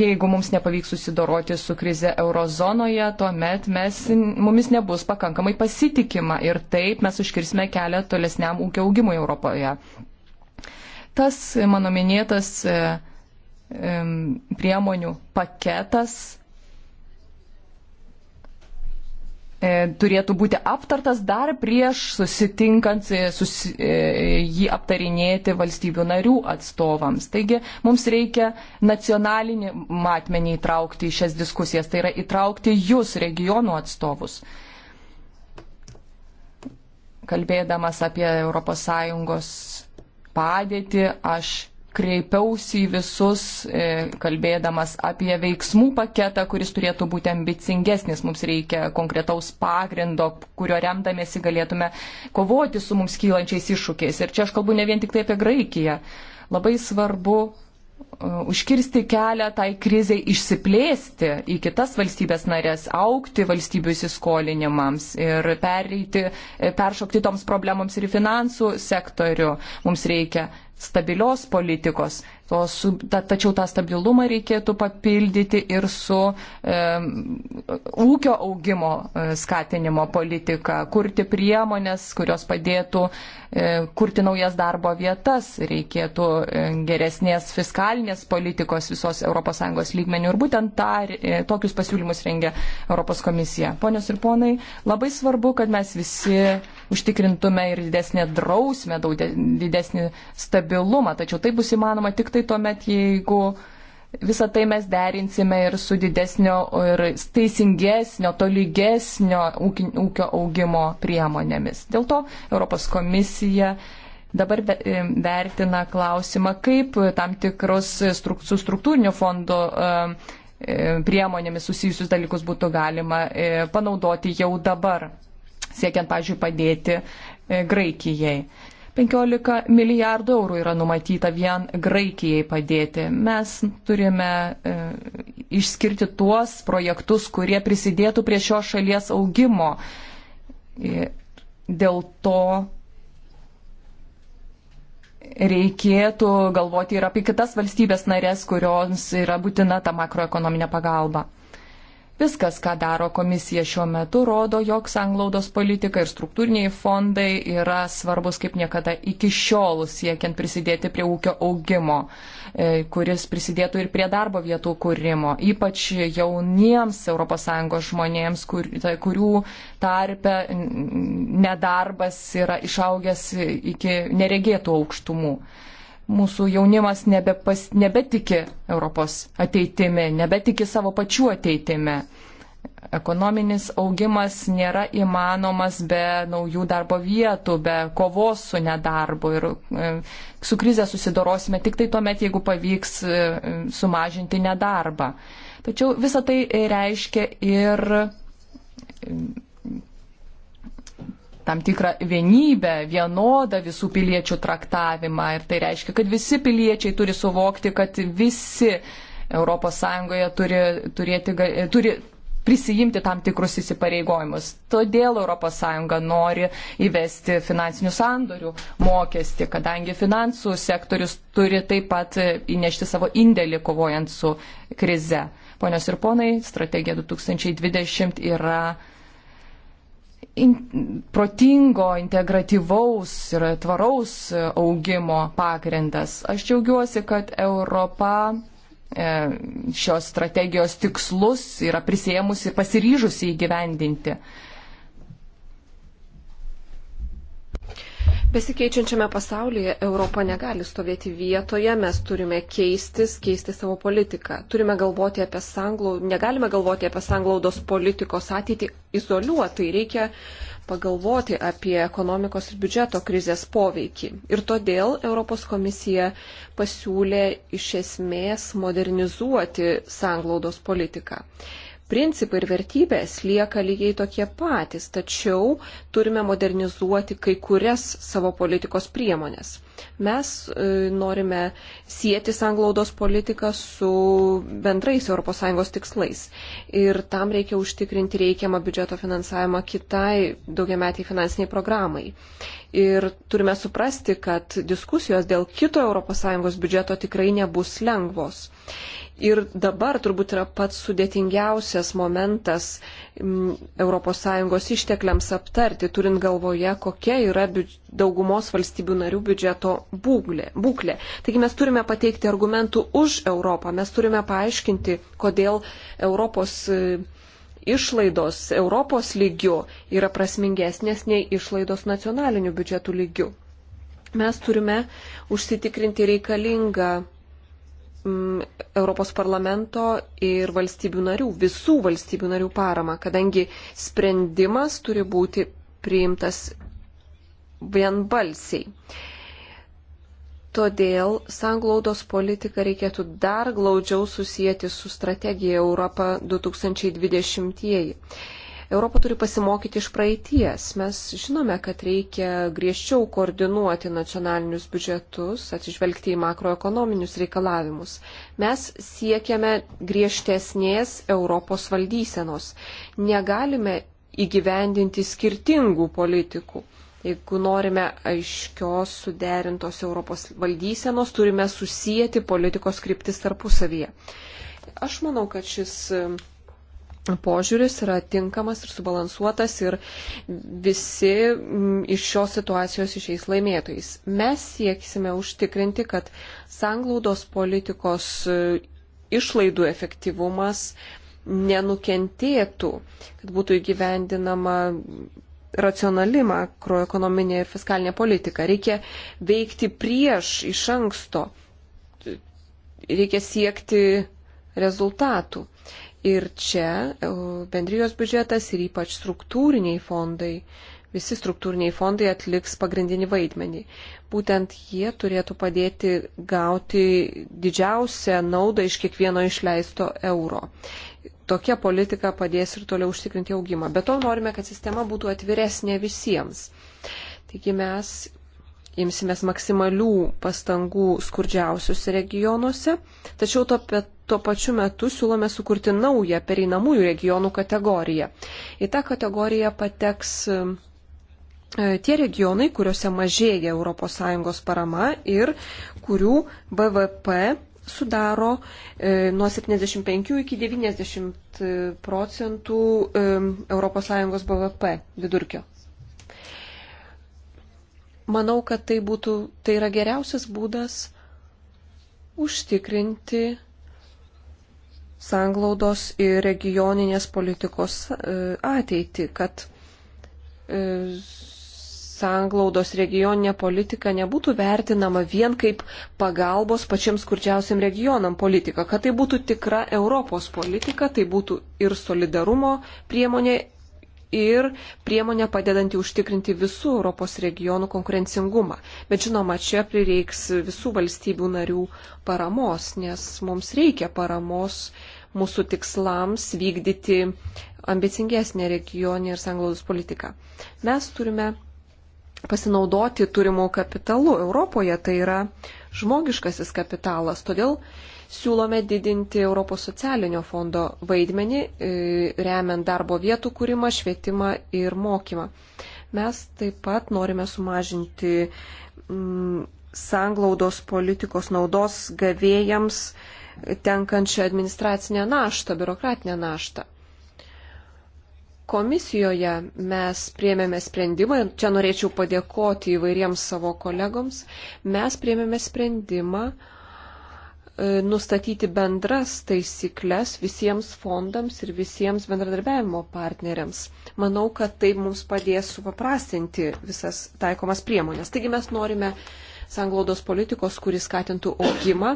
jeigu mums nepavyks susidoroti su krize eurozonoje, tuomet mes, mumis nebus pakankamai pasitikima ir taip mes užkirsime kelią tolesniam ūkio augimui Europoje. Tas mano minėtas priemonių paketas e, turėtų būti aptartas dar prieš susitinkant e, susi, e, jį aptarinėti valstybių narių atstovams. Taigi mums reikia nacionalinį matmenį įtraukti į šias diskusijas, tai yra įtraukti jūs, regionų atstovus. Kalbėdamas apie ES padėtį, aš kreipiausi į visus, e, kalbėdamas apie veiksmų paketą, kuris turėtų būti ambicingesnis. Mums reikia konkretaus pagrindo, kurio remdamėsi galėtume kovoti su mums kylančiais iššūkiais. Ir čia aš kalbu ne vien tik tai apie Graikiją. Labai svarbu e, užkirsti kelią tai kriziai išsiplėsti į kitas valstybės narės, aukti valstybių įsiskolinimams ir pereiti, e, peršokti toms problemams ir į finansų sektorių. Mums reikia stabilios politikos. To su, ta, tačiau tą stabilumą reikėtų papildyti ir su e, ūkio augimo e, skatinimo politika, kurti priemonės, kurios padėtų e, kurti naujas darbo vietas, reikėtų e, geresnės fiskalinės politikos visos ES lygmenių ir būtent tą, e, tokius pasiūlymus rengia ES komisija. Ponios ir ponai, labai svarbu, kad mes visi užtikrintume ir didesnę drausmę, daug didesnį stabilumą. Tačiau tai bus įmanoma tik tai tuomet, jeigu visą tai mes derinsime ir su didesnio ir teisingesnio, tolygesnio ūkio augimo priemonėmis. Dėl to Europos komisija dabar e, vertina klausimą, kaip tam tikros su struktūrinio fondo e, e, priemonėmis susijusius dalykus būtų galima panaudoti jau dabar siekiant, pažiūrėjau, padėti e, Graikijai. 15 milijardų eurų yra numatyta vien Graikijai padėti. Mes turime e, išskirti tuos projektus, kurie prisidėtų prie šio šalies augimo. Ir e, dėl to reikėtų galvoti ir apie kitas valstybės narės, kurioms yra būtina ta makroekonominė pagalba. Viskas, ką daro komisija šiuo metu, rodo, jog sanglaudos politika ir struktūriniai fondai yra svarbus kaip niekada iki šiol siekiant prisidėti prie ūkio augimo, e, kuris prisidėtų ir prie darbo vietų kūrimo, ypač jauniems ES žmonėms, kur, kurių tarpe nedarbas yra išaugęs iki neregėtų aukštumų mūsų jaunimas nebepas, nebetiki Europos ateitimi, nebetiki savo pačių ateitimi. Ekonominis augimas nėra įmanomas be naujų darbo vietų, be kovos su nedarbu ir e, su krize susidorosime tik tai tuomet, jeigu pavyks e, sumažinti nedarbą. Tačiau visa tai reiškia ir tam tikrą vienybę, vienodą visų piliečių traktavimą. Ir tai reiškia, kad visi piliečiai turi suvokti, kad visi ES turi, turėti, turi prisijimti tam tikrus įsipareigojimus. Todėl ES nori įvesti finansinių sandorių mokestį, kadangi finansų sektorius turi taip pat įnešti savo indėlį kovojant su krize. Ponios ir ponai, strategija 2020 yra in, protingo, integratyvaus ir tvaraus augimo pagrindas. Aš džiaugiuosi, kad Europa e, šios strategijos tikslus yra prisėmusi, pasiryžusi įgyvendinti. Besikeičiančiame pasaulyje Europa negali stovėti vietoje, mes turime keistis, keisti savo politiką. Turime galvoti apie sanglau, negalime galvoti apie sanglaudos politikos ateitį izoliuotai, reikia pagalvoti apie ekonomikos ir biudžeto krizės poveikį. Ir todėl Europos komisija pasiūlė iš esmės modernizuoti sanglaudos politiką principai ir vertybės lieka lygiai tokie patys, tačiau turime modernizuoti kai kurias savo politikos priemonės. Mes e, norime sieti sanglaudos politiką su bendrais ES tikslais ir tam reikia užtikrinti reikiamą biudžeto finansavimą kitai daugiametiai finansiniai programai. Ir turime suprasti, kad diskusijos dėl kito ES biudžeto tikrai nebus lengvos. Ir dabar turbūt yra pats sudėtingiausias momentas mm, ES ištekliams aptarti, turint galvoje, kokia yra daugumos valstybių narių biudžeto būklė. būklė. Taigi mes turime pateikti argumentų už Europą, mes turime paaiškinti, kodėl Europos e, išlaidos Europos lygių yra prasmingesnės nei išlaidos nacionalinių biudžetų lygių. Mes turime užsitikrinti reikalingą mm, Europos parlamento ir valstybių narių, visų valstybių narių paramą, kadangi sprendimas turi būti priimtas vienbalsiai. Todėl sanglaudos politiką reikėtų dar glaudžiau susijęti su strategija Europa 2020. Europa turi pasimokyti iš praeities. Mes žinome, kad reikia griežčiau koordinuoti nacionalinius biudžetus, atsižvelgti į makroekonominius reikalavimus. Mes siekiame griežtesnės Europos valdysenos. Negalime įgyvendinti skirtingų politikų. Jeigu norime aiškios suderintos Europos valdysenos, turime susijęti politikos kryptis tarpusavyje. Aš manau, kad šis e, požiūris yra tinkamas ir subalansuotas ir visi iš šios situacijos išeis laimėtojais. Mes sieksime užtikrinti, kad sanglaudos politikos e, išlaidų efektyvumas nenukentėtų, kad būtų įgyvendinama racionali makroekonominė ir fiskalinė politika. Reikia veikti prieš iš anksto. Reikia siekti rezultatų. Ir čia e, bendrijos biudžetas ir ypač struktūriniai fondai, visi struktūriniai fondai atliks pagrindinį vaidmenį. Būtent jie turėtų padėti gauti didžiausią naudą iš kiekvieno išleisto euro tokia politika padės ir toliau užtikrinti augimą. Be to norime, kad sistema būtų atviresnė visiems. Taigi mes imsimės maksimalių pastangų skurdžiausius regionuose, tačiau to, tuo pačiu metu siūlome sukurti naują pereinamųjų regionų kategoriją. Į tą kategoriją pateks e, tie regionai, kuriuose mažėja ES parama ir kurių BVP sudaro e, nuo 75 iki 90 procentų ES BVP vidurkio. Manau, kad tai, būtų, tai yra geriausias būdas užtikrinti sanglaudos ir regioninės politikos e, ateitį, kad e, sanglaudos regioninė politika nebūtų vertinama vien kaip pagalbos pačiams skurdžiausiam regionam politika, kad tai būtų tikra Europos politika, tai būtų ir solidarumo priemonė, ir priemonė padedanti užtikrinti visų Europos regionų konkurencingumą. Bet žinoma, čia prireiks visų valstybių narių paramos, nes mums reikia paramos mūsų tikslams vykdyti ambicingesnė regioninė ir sanglaudos politika. Mes turime pasinaudoti turimų kapitalų. Europoje tai yra žmogiškasis kapitalas. Todėl siūlome didinti Europos socialinio fondo vaidmenį, e, remiant darbo vietų kūrimą, švietimą ir mokymą. Mes taip pat norime sumažinti mm, sanglaudos politikos naudos gavėjams tenkančią administracinę naštą, biurokratinę naštą. Komisijoje mes priemėme sprendimą, ir čia norėčiau padėkoti įvairiems savo kolegoms, mes priemėme sprendimą e, nustatyti bendras taisyklės visiems fondams ir visiems bendradarbiavimo partneriams. Manau, kad tai mums padės supaprastinti visas taikomas priemonės. Taigi mes norime uh, sanglaudos politikos, kuris skatintų augimą.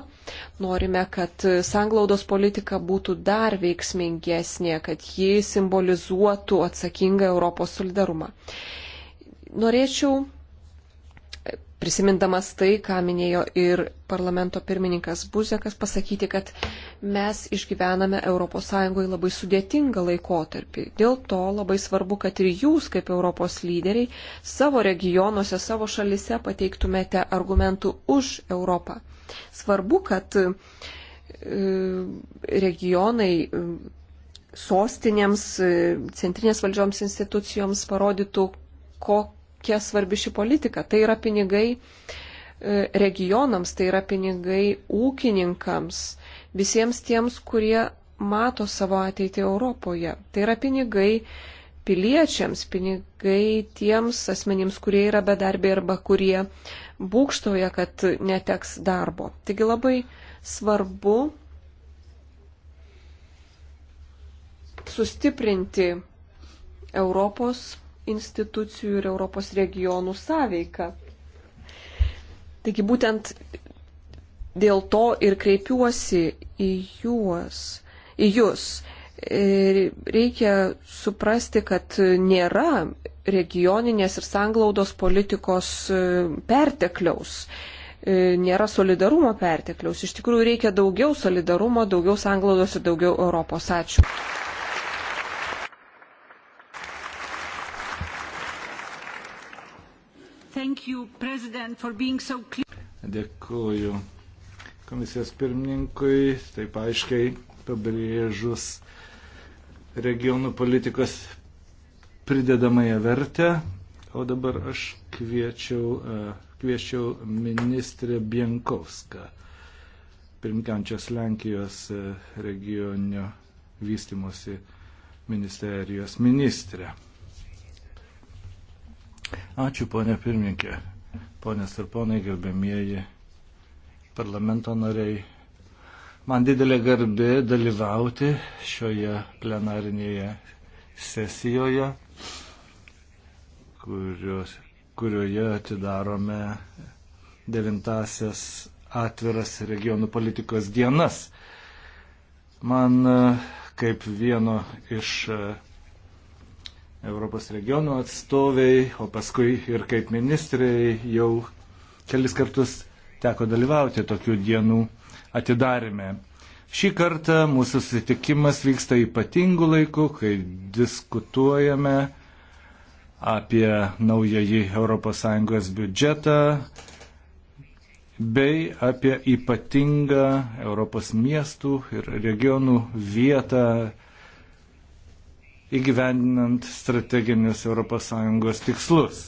Norime, kad sanglaudos politika būtų dar veiksmingesnė, kad ji simbolizuotų atsakingą Europos solidarumą. Norėčiau prisimindamas tai, ką minėjo ir parlamento pirmininkas Buzekas, pasakyti, kad mes išgyvename ES labai sudėtingą laikotarpį. Dėl to labai svarbu, kad ir jūs, kaip Europos lyderiai, savo regionuose, savo šalise pateiktumėte argumentų už Europą. Svarbu, kad e, regionai e, sostinėms, e, centrinės valdžioms institucijoms parodytų, ko, kokia svarbi ši politika. Tai yra pinigai e, regionams, tai yra pinigai ūkininkams, visiems tiems, kurie mato savo ateitį Europoje. Tai yra pinigai piliečiams, pinigai tiems asmenims, kurie yra bedarbiai arba kurie būkštoja, kad neteks darbo. Taigi labai svarbu sustiprinti Europos institucijų ir Europos regionų sąveika. Taigi būtent dėl to ir kreipiuosi į juos, į jūs. Reikia suprasti, kad nėra regioninės ir sanglaudos politikos e, pertekliaus, e, nėra solidarumo pertekliaus. Iš tikrųjų reikia daugiau solidarumo, daugiau sanglaudos ir daugiau Europos. Ačiū. So Dėkuoju komisijos pirmininkui, taip aiškiai pabrėžus regionų politikos pridedamąją vertę. O dabar aš kviečiau, e, kviečiau ministrę Bienkovską, pirmkiančios Lenkijos e, regioninio vystimosi ministerijos ministrę. Ačiū, ponė pirmininkė. Ponės ir ponai, gerbėmieji parlamento nariai. Man didelė garbė dalyvauti šioje plenarinėje sesijoje, kurios, kurioje atidarome devintasias atviras regionų politikos dienas. Man kaip vieno iš Europos regionų atstoviai, o paskui ir kaip ministrai jau kelis kartus teko dalyvauti tokių dienų atidarime. Šį kartą mūsų susitikimas vyksta ypatingų laikų, kai diskutuojame apie naująjį ES biudžetą bei apie ypatingą Europos miestų ir regionų vietą įgyvendinant strateginius ES tikslus.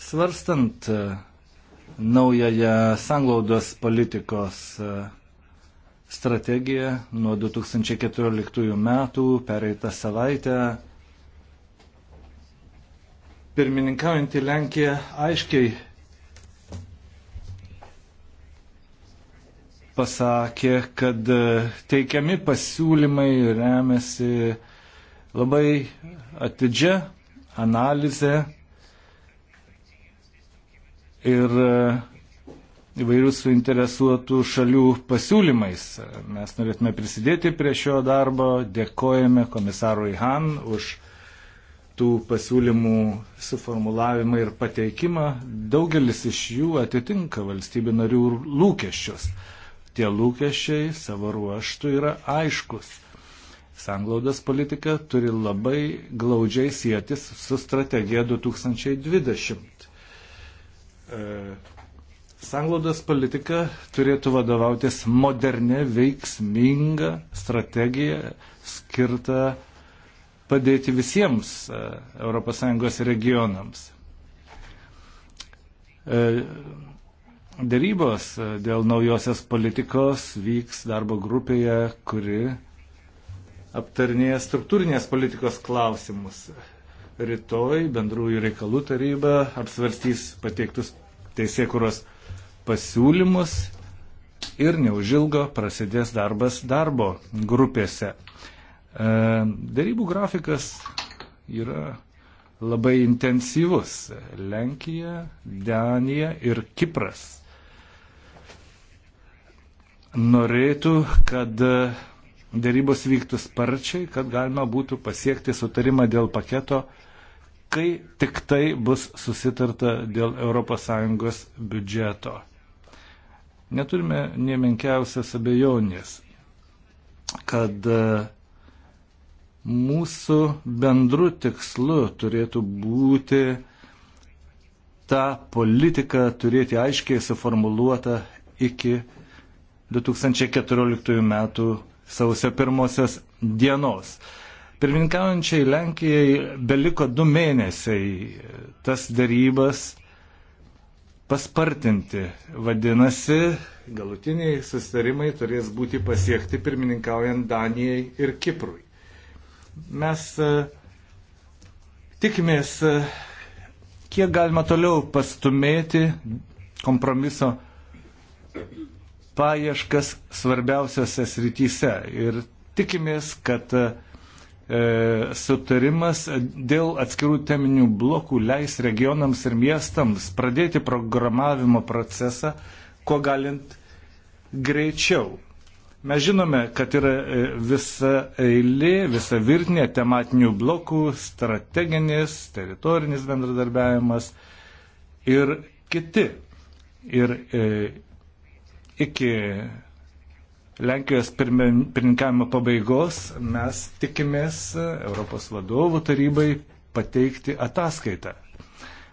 Svarstant e, naująją sanglaudos politikos e, strategiją nuo 2014 metų pereitą savaitę pirmininkaujantį Lenkiją aiškiai pasakė, kad e, teikiami pasiūlymai remiasi labai atidžia analizė ir e, įvairių suinteresuotų šalių pasiūlymais. Mes norėtume prisidėti prie šio darbo, dėkojame komisarui Han už tų pasiūlymų suformulavimą ir pateikimą, daugelis iš jų atitinka valstybių narių lūkesčius. Tie lūkesčiai savo ruoštų yra aiškus. Sanglaudas politika turi labai glaudžiai sėtis su strategija 2020. E, sanglaudos politika turėtų vadovautis modernė, veiksminga strategija skirta padėti visiems ES regionams. E, Dėrybos e, dėl naujosios politikos vyks darbo grupėje, kuri aptarnėja struktūrinės politikos klausimus. Rytoj bendrųjų reikalų taryba apsvarstys pateiktus teisėkuros pasiūlymus ir neužilgo prasidės darbas darbo grupėse. E, darybų grafikas yra labai intensyvus. Lenkija, Danija ir Kipras norėtų, kad e, dėrybos vyktų sparčiai, kad galima būtų pasiekti sutarimą dėl paketo, kai tik tai bus susitarta dėl ES biudžeto. Neturime nemenkiausias abejonės, kad e, mūsų bendru tikslu turėtų būti tą politiką turėti aiškiai suformuluotą iki 2014 m. sausio pirmosios dienos. Pirmininkaujančiai Lenkijai beliko du mėnesiai tas darybas paspartinti. Vadinasi, galutiniai sustarimai turės būti pasiekti pirmininkaujant Danijai ir Kiprui. Mes e, tikimės, e, kiek galima toliau pastumėti kompromiso paieškas svarbiausiose srityse. Ir tikimės, kad e, sutarimas dėl atskirų teminių blokų leis regionams ir miestams pradėti programavimo procesą, kuo galint greičiau. Mes žinome, kad yra e, visa eilė, visa virtinė tematinių blokų, strateginis, teritorinis bendradarbiavimas ir kiti. Ir e, iki Lenkijos pirmininkavimo pabaigos mes tikimės e, Europos vadovų tarybai pateikti ataskaitą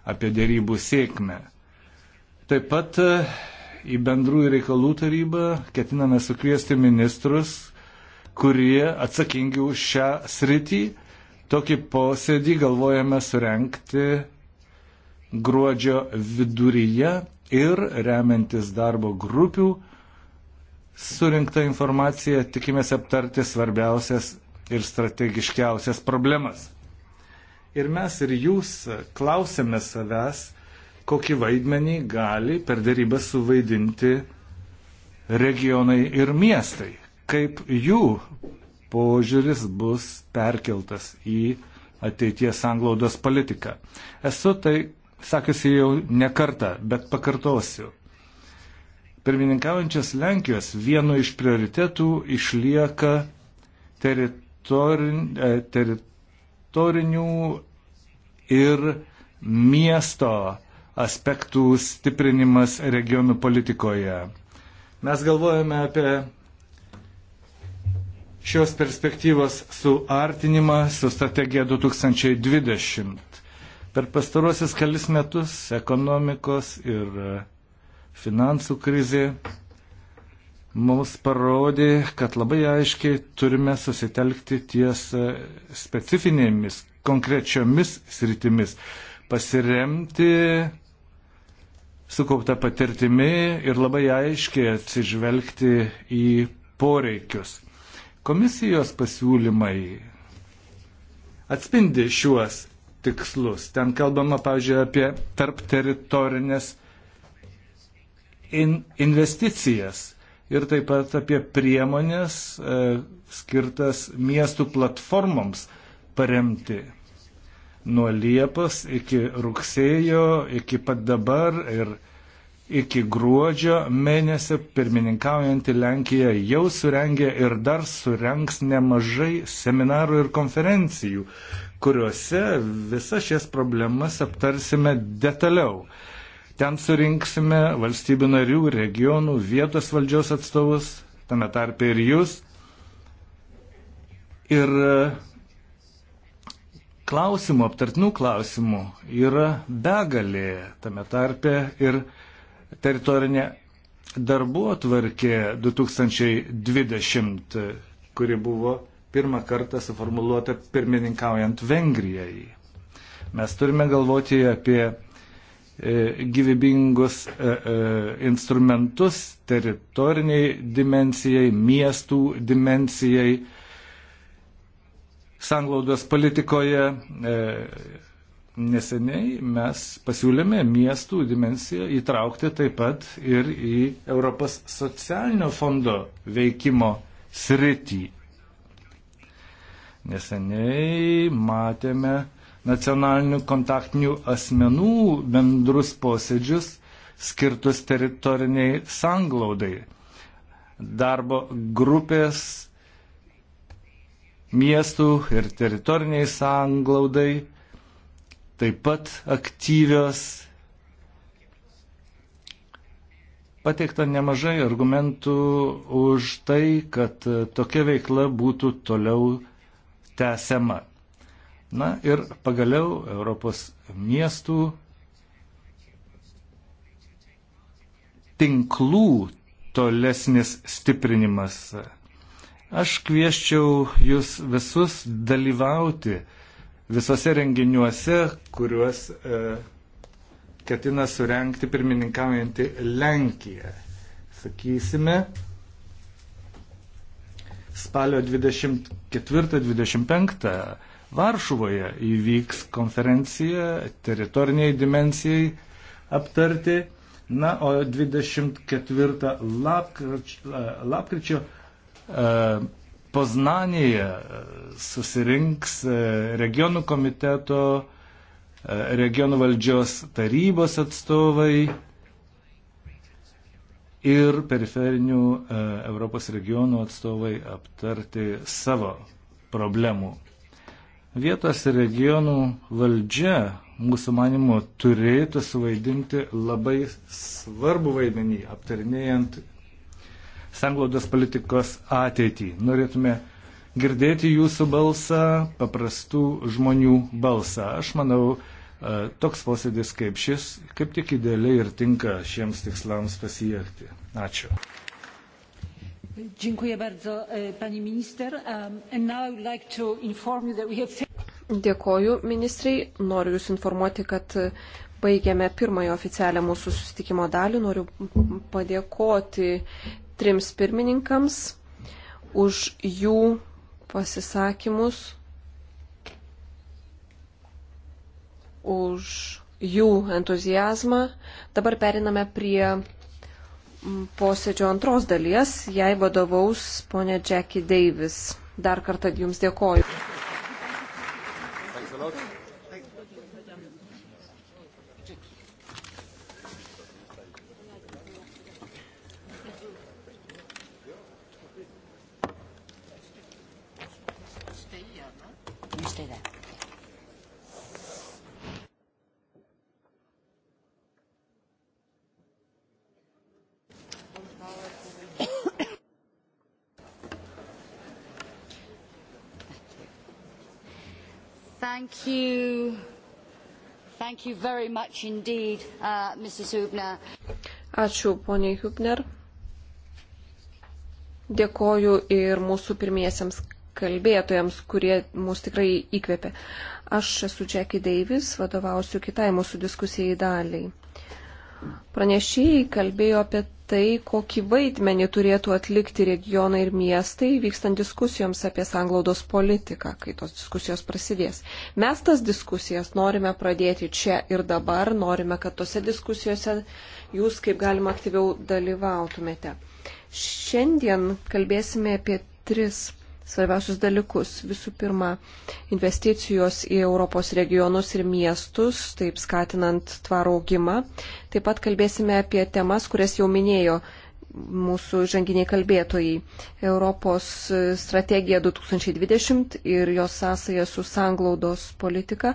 apie dėrybų sėkmę. Taip pat e, į bendrųjų reikalų tarybą ketiname sukviesti ministrus, kurie atsakingi už šią sritį. Tokį posėdį galvojame surenkti gruodžio viduryje ir remiantis darbo grupių surinktą informaciją tikimės aptarti svarbiausias ir strategiškiausias problemas. Ir mes ir jūs klausėme savęs, kokį vaidmenį gali per dėrybą suvaidinti regionai ir miestai, kaip jų požiūris bus perkeltas į ateities anglaudos politiką. Esu tai sakiusi jau ne kartą, bet pakartosiu. Pirmininkaujančios Lenkijos vienu iš prioritetų išlieka teritorin, e, teritorinių ir miesto aspektų stiprinimas regionų politikoje. Mes galvojame apie šios perspektyvos suartinimą su strategija 2020. Per pastarosius kelis metus ekonomikos ir e, finansų krizė mums parodė, kad labai aiškiai turime susitelkti ties e, specifinėmis, konkrečiomis sritimis, pasiremti sukauptą patirtimi ir labai aiškiai atsižvelgti į poreikius. Komisijos pasiūlymai atspindi šiuos tikslus. Ten kalbama, pavyzdžiui, apie tarp teritorinės in investicijas ir taip pat apie priemonės e, skirtas miestų platformoms paremti. Nuo Liepos iki rugsėjo, iki pat dabar ir Iki gruodžio mėnesio pirmininkaujantį Lenkiją jau surengė ir dar surengs nemažai seminarų ir konferencijų, kuriuose visas šias problemas aptarsime detaliau. Ten surinksime valstybių narių, regionų, vietos valdžios atstovus, tame tarpe ir jūs. Ir klausimų, aptartinų klausimų yra begalė, tame tarpe ir teritorinė darbo atvarkė 2020, kuri buvo pirmą kartą suformuluota pirmininkaujant Vengrijai. Mes turime galvoti apie e, gyvybingus e, e, instrumentus teritoriniai dimensijai, miestų dimensijai, sanglaudos politikoje, Neseniai mes pasiūlėme miestų dimensiją įtraukti taip pat ir į Europos socialinio fondo veikimo sritį. Neseniai matėme nacionalinių kontaktinių asmenų bendrus posėdžius skirtus teritoriniai sanglaudai. Darbo grupės miestų ir teritoriniai sanglaudai taip pat aktyvios. Pateikta nemažai argumentų už tai, kad tokia veikla būtų toliau tęsiama. Na ir pagaliau Europos miestų tinklų tolesnis stiprinimas. Aš kvieščiau jūs visus dalyvauti uh, visose renginiuose, kuriuos e, ketina surenkti pirmininkaujantį Lenkiją. Sakysime, spalio 24-25 Varšuvoje įvyks konferencija teritoriniai dimensijai aptarti. Na, o 24 lapkričio, lapkričio e, Poznanėje e, susirinks e, regionų komiteto, e, regionų valdžios tarybos atstovai ir periferinių Europos regionų atstovai aptarti savo problemų. Vietos ir regionų valdžia mūsų manimo, turėtų suvaidinti labai svarbu vaidmenį aptarinėjant sanglaudos politikos ateitį. Norėtume girdėti jūsų balsą, paprastų žmonių balsą. Aš manau, e, toks posėdis kaip šis kaip tik idealiai ir tinka šiems tikslams pasiekti. Ačiū. Dziękuję bardzo, e, pani minister. Um, and now I would like to inform you that we have... Dėkoju, ministrai. Noriu Jūs informuoti, kad baigėme pirmąją oficialią mūsų susitikimo dalį. Noriu padėkoti trims pirmininkams už jų pasisakymus, už jų entuzijazmą. Dabar periname prie mm, posėdžio antros dalies. Jai vadovaus ponė Jackie Davis. Dar kartą jums dėkoju. Thanks a lot. Thank you very much indeed, uh, Mrs. Hubner. Ačiū, poniai Hubner. Dėkoju ir mūsų pirmiesiams kalbėtojams, kurie mus tikrai įkvėpė. Aš esu Jackie Davis, vadovausiu kitai mūsų diskusijai daliai. Pranešėjai kalbėjo apie tai, kokį vaidmenį turėtų atlikti regionai ir miestai, vykstant diskusijoms apie sanglaudos politiką, kai tos diskusijos prasidės. Mes tas diskusijas norime pradėti čia ir dabar, norime, kad tose diskusijose jūs kaip galima aktyviau dalyvautumėte. Šiandien kalbėsime apie tris svarbiausius dalykus. Visų pirma, investicijos į Europos regionus ir miestus, taip skatinant tvarų augimą. Taip pat kalbėsime apie temas, kurias jau minėjo mūsų žanginiai kalbėtojai. Europos strategija 2020 ir jos sąsaja su sanglaudos politika.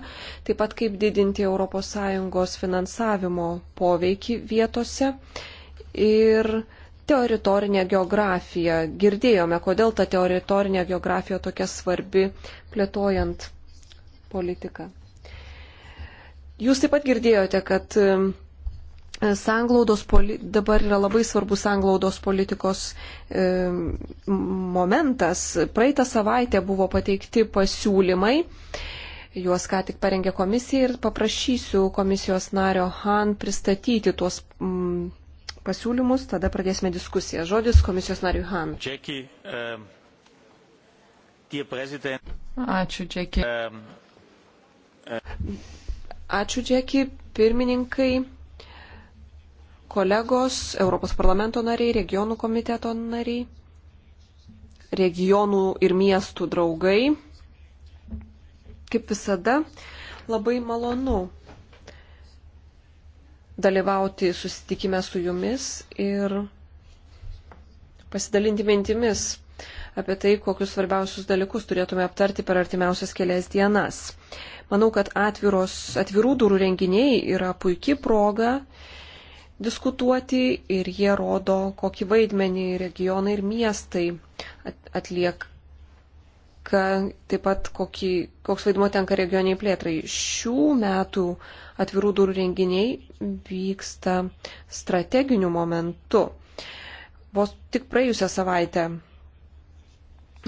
Taip pat kaip didinti ES finansavimo poveikį vietose. Ir Teritorinė geografija. Girdėjome, kodėl ta teritorinė geografija tokia svarbi plėtojant politiką. Jūs taip pat girdėjote, kad um, sanglaudos poli... dabar yra labai svarbus sanglaudos politikos e, momentas. Praeitą savaitę buvo pateikti pasiūlymai, juos ką tik parengė komisija ir paprašysiu komisijos nario Han pristatyti tuos. Mm, pasiūlymus, tada pradėsime diskusiją. Žodis komisijos nariui Han. Jackie, um, Ačiū, Džeki. Ehm, eh. Ačiū, Džeki, pirmininkai, kolegos, Europos parlamento nariai, regionų komiteto nariai, regionų ir miestų draugai. Kaip visada, labai malonu dalyvauti susitikime su jumis ir pasidalinti mintimis apie tai, kokius svarbiausius dalykus turėtume aptarti per artimiausias kelias dienas. Manau, kad atviros, atvirų durų renginiai yra puikia proga diskutuoti ir jie rodo, kokį vaidmenį regionai ir miestai atliek, ka, taip pat kokį, koks vaidmo tenka regioniai plėtrai. Šių metų atvirų durų renginiai vyksta strateginiu momentu. Vos tik praėjusią savaitę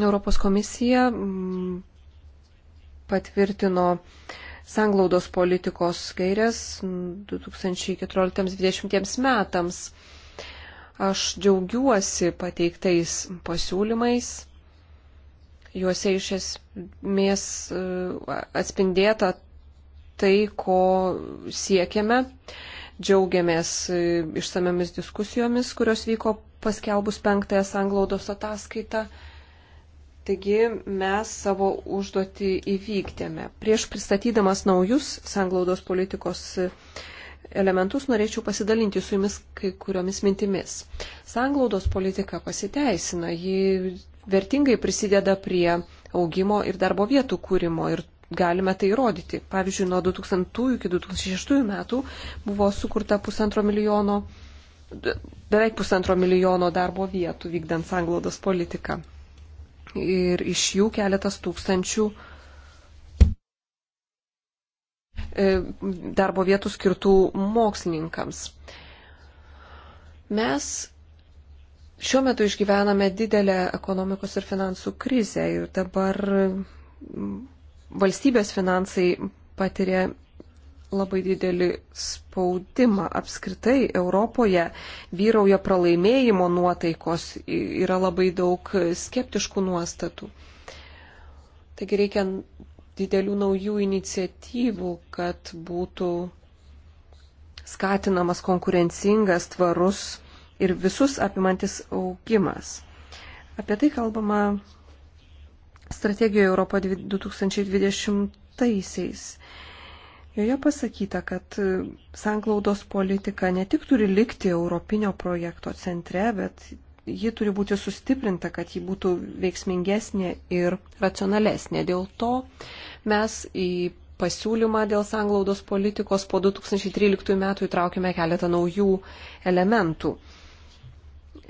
Europos komisija mm, patvirtino sanglaudos politikos gairias 2014-2020 metams. Aš džiaugiuosi pateiktais pasiūlymais Juose iš esmės e, atspindėta tai, ko siekiame. Džiaugiamės e, išsamiamis diskusijomis, kurios vyko paskelbus penktąją sanglaudos ataskaitą. Taigi mes savo užduotį įvykdėme. Prieš pristatydamas naujus sanglaudos politikos e, elementus norėčiau pasidalinti su jumis kai kuriomis mintimis. Sanglaudos politika pasiteisina, ji vertingai prisideda prie augimo ir darbo vietų kūrimo ir galime tai įrodyti. Pavyzdžiui, nuo 2000 iki 2006 metų buvo sukurta pusantro milijono, beveik pusantro milijono darbo vietų vykdant sanglaudos politiką. Ir iš jų keletas tūkstančių e, darbo vietų skirtų mokslininkams. Mes Šiuo metu išgyvename didelę ekonomikos ir finansų krizę ir dabar valstybės finansai patiria labai didelį spaudimą. Apskritai Europoje vyrauja pralaimėjimo nuotaikos, yra labai daug skeptiškų nuostatų. Taigi reikia didelių naujų iniciatyvų, kad būtų skatinamas konkurencingas, tvarus ir visus apimantis augimas. Apie tai kalbama strategijoje Europo 2020. -aisiais. Joje pasakyta, kad sanglaudos politika ne tik turi likti Europinio projekto centre, bet ji turi būti sustiprinta, kad ji būtų veiksmingesnė ir racionalesnė. Dėl to mes į pasiūlymą dėl sanglaudos politikos po 2013 metų įtraukime keletą naujų elementų.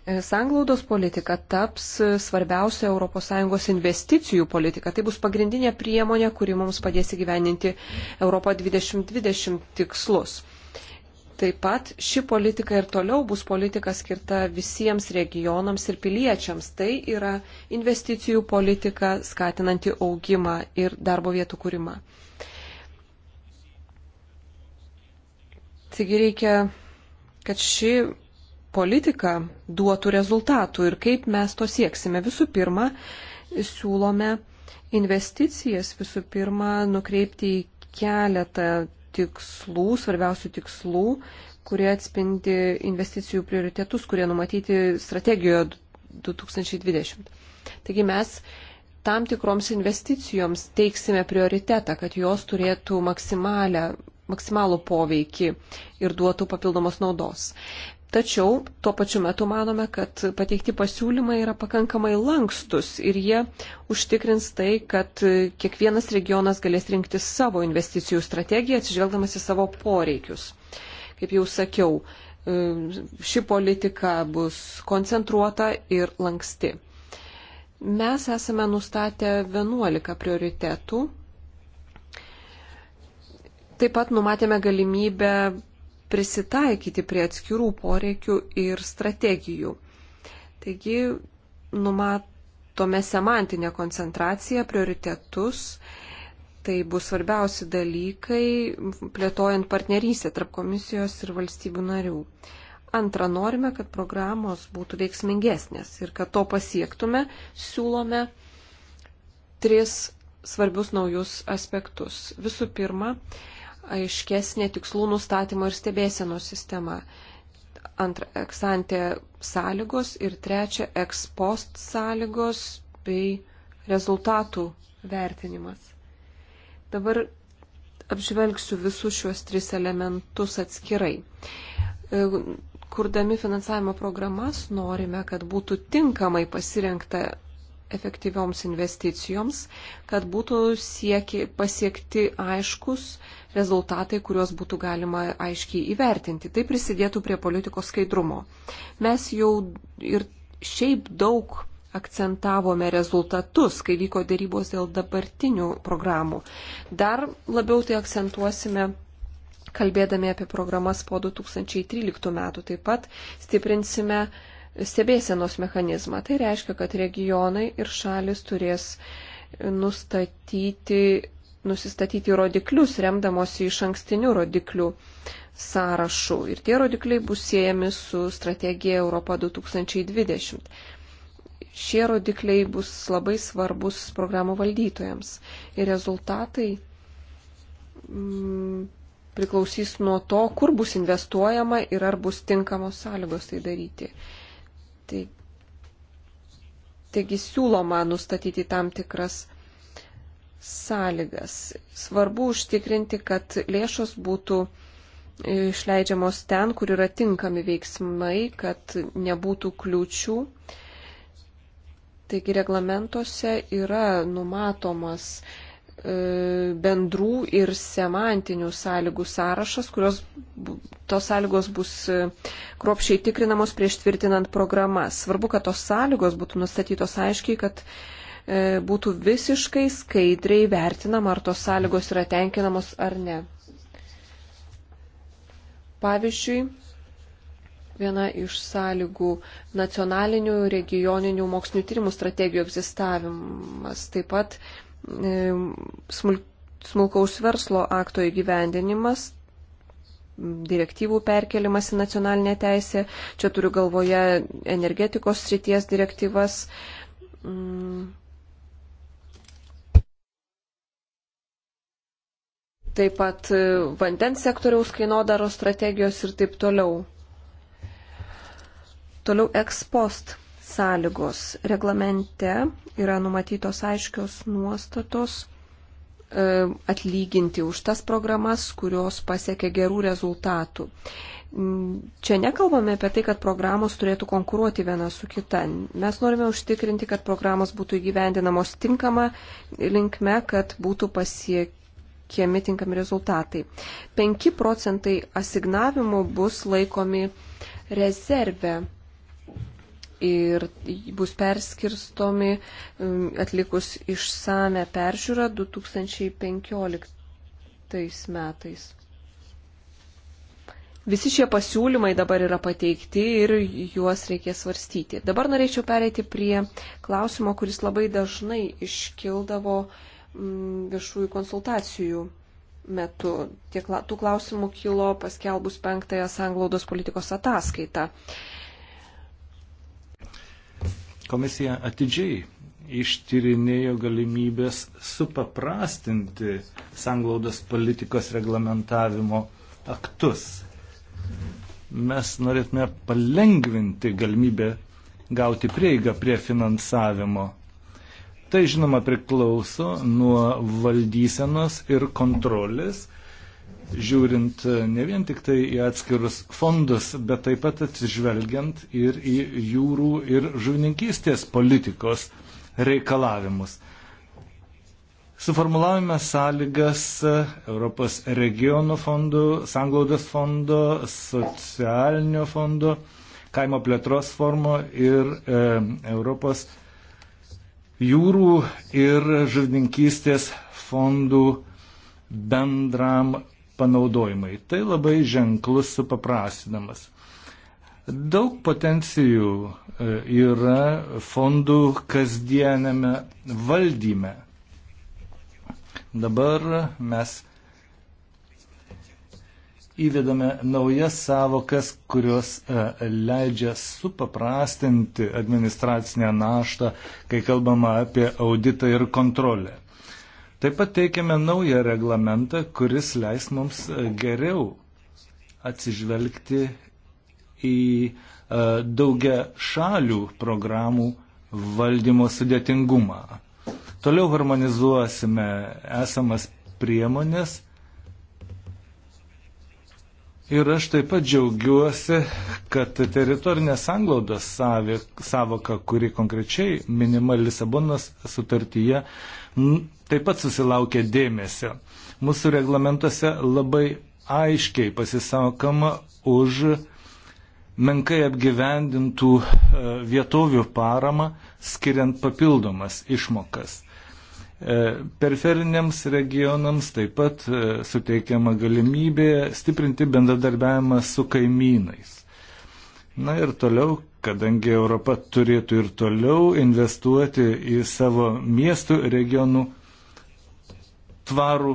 Sanglaudos politika taps svarbiausia ES investicijų politika. Tai bus pagrindinė priemonė, kuri mums padės įgyveninti Europo 2020 tikslus. Taip pat ši politika ir toliau bus politika skirta visiems regionams ir piliečiams. Tai yra investicijų politika skatinanti augimą ir darbo vietų kūrimą. Taigi reikia, kad ši politika duotų rezultatų ir kaip mes to sieksime. Visų pirma, siūlome investicijas visų pirma nukreipti į keletą tikslų, svarbiausių tikslų, kurie atspindi investicijų prioritetus, kurie numatyti strategijoje 2020. Taigi mes tam tikroms investicijoms teiksime prioritetą, kad jos turėtų maksimalę maksimalų poveikį ir duotų papildomos naudos. Tačiau tuo pačiu metu manome, kad pateikti pasiūlymai yra pakankamai lankstus ir jie užtikrins tai, kad kiekvienas regionas galės rinkti savo investicijų strategiją, atsižvelgdamas į savo poreikius. Kaip jau sakiau, ši politika bus koncentruota ir lanksti. Mes esame nustatę 11 prioritetų. Taip pat numatėme galimybę prisitaikyti prie atskirų poreikių ir strategijų. Taigi numatome semantinę koncentraciją, prioritetus. Tai bus svarbiausi dalykai, plėtojant partnerystę tarp komisijos ir valstybių narių. Antra, norime, kad programos būtų veiksmingesnės ir kad to pasiektume, siūlome tris svarbius naujus aspektus. Visų pirma, aiškesnė tikslų nustatymo ir stebėsenos sistema. Antra, eksantė sąlygos ir trečia, ekspost sąlygos bei rezultatų vertinimas. Dabar apžvelgsiu visus šiuos tris elementus atskirai. E, kurdami finansavimo programas norime, kad būtų tinkamai pasirinkta efektyvioms investicijoms, kad būtų sieki, pasiekti aiškus rezultatai, kuriuos būtų galima aiškiai įvertinti. Tai prisidėtų prie politikos skaidrumo. Mes jau ir šiaip daug akcentavome rezultatus, kai vyko dėrybos dėl dabartinių programų. Dar labiau tai akcentuosime kalbėdami apie programas po 2013 metų. Taip pat stiprinsime uh, stebėsenos mechanizmą. Tai reiškia, kad regionai ir šalis turės nustatyti, nusistatyti rodiklius, remdamosi iš ankstinių rodiklių sąrašų. Ir tie rodikliai bus siejami su strategija Europa 2020. Šie rodikliai bus labai svarbus programų valdytojams. Ir rezultatai mm, priklausys nuo to, kur bus investuojama ir ar bus tinkamos sąlygos tai daryti. Taigi, taigi siūloma nustatyti tam tikras sąlygas. Svarbu užtikrinti, kad lėšos būtų išleidžiamos ten, kur yra tinkami veiksmai, kad nebūtų kliūčių. Taigi reglamentuose yra numatomas E, bendrų ir semantinių sąlygų sąrašas, kurios tos sąlygos bus e, kruopšiai tikrinamos prieš tvirtinant programas. Svarbu, kad tos sąlygos būtų nustatytos aiškiai, kad e, būtų visiškai skaidriai vertinama, ar tos sąlygos yra tenkinamos ar ne. Pavyzdžiui, viena iš sąlygų nacionalinių regioninių mokslinių tyrimų strategijų egzistavimas. Taip pat E, smulkaus verslo akto įgyvendinimas, direktyvų perkelimas į nacionalinę teisę. Čia turiu galvoje energetikos srities direktyvas. Mm. Taip pat e, vandens sektoriaus kainodaro strategijos ir taip toliau. Toliau ekspost sąlygos. Reglamente yra numatytos aiškios nuostatos e, atlyginti už tas programas, kurios pasiekė gerų rezultatų. Čia nekalbame apie tai, kad programos turėtų konkuruoti viena su kita. Mes norime užtikrinti, kad programos būtų įgyvendinamos tinkama linkme, kad būtų pasiekiami tinkami rezultatai. 5 procentai asignavimų bus laikomi rezerve ir bus perskirstomi um, atlikus išsame peržiūrą 2015 metais. Visi šie pasiūlymai dabar yra pateikti ir juos reikės svarstyti. Dabar norėčiau pereiti prie klausimo, kuris labai dažnai iškildavo mm, viešųjų konsultacijų metu. Tiek tų klausimų kilo paskelbus penktąją sanglaudos politikos ataskaitą. Komisija atidžiai ištyrinėjo galimybės supaprastinti sanglaudos politikos reglamentavimo aktus. Mes norėtume palengvinti galimybę gauti prieigą prie finansavimo. Tai žinoma priklauso nuo valdysenos ir kontrolės, žiūrint e, ne vien tik tai į atskirus fondus, bet taip pat atsižvelgiant ir į jūrų ir žuvininkystės politikos reikalavimus. Suformulavome sąlygas e, Europos regionų fondų, sanglaudos fondo, socialinio fondo, kaimo plėtros formo ir e, Europos jūrų ir žuvininkystės fondų bendram panaudojimai. Tai labai ženklus supaprastinamas. Daug potencijų e, yra fondų kasdienėme valdyme. Dabar mes įvedame naujas savokas, kurios e, leidžia supaprastinti administracinę naštą, kai kalbama apie auditą ir kontrolę. Taip pat teikiame naują reglamentą, kuris leis mums e, geriau atsižvelgti į e, daugia šalių programų valdymo sudėtingumą. Toliau harmonizuosime esamas priemonės. Ir aš taip pat džiaugiuosi, kad teritorinės sanglaudos savoka, kuri konkrečiai minima Lisabonos sutartyje, uh, taip pat susilaukia dėmesio. Mūsų reglamentuose labai aiškiai pasisakoma už menkai apgyvendintų e, vietovių paramą, skiriant papildomas išmokas. E, periferiniams regionams taip pat e, suteikiama galimybė stiprinti bendradarbiavimą su kaimynais. Na ir toliau kadangi Europa turėtų ir toliau investuoti į savo miestų, regionų tvarų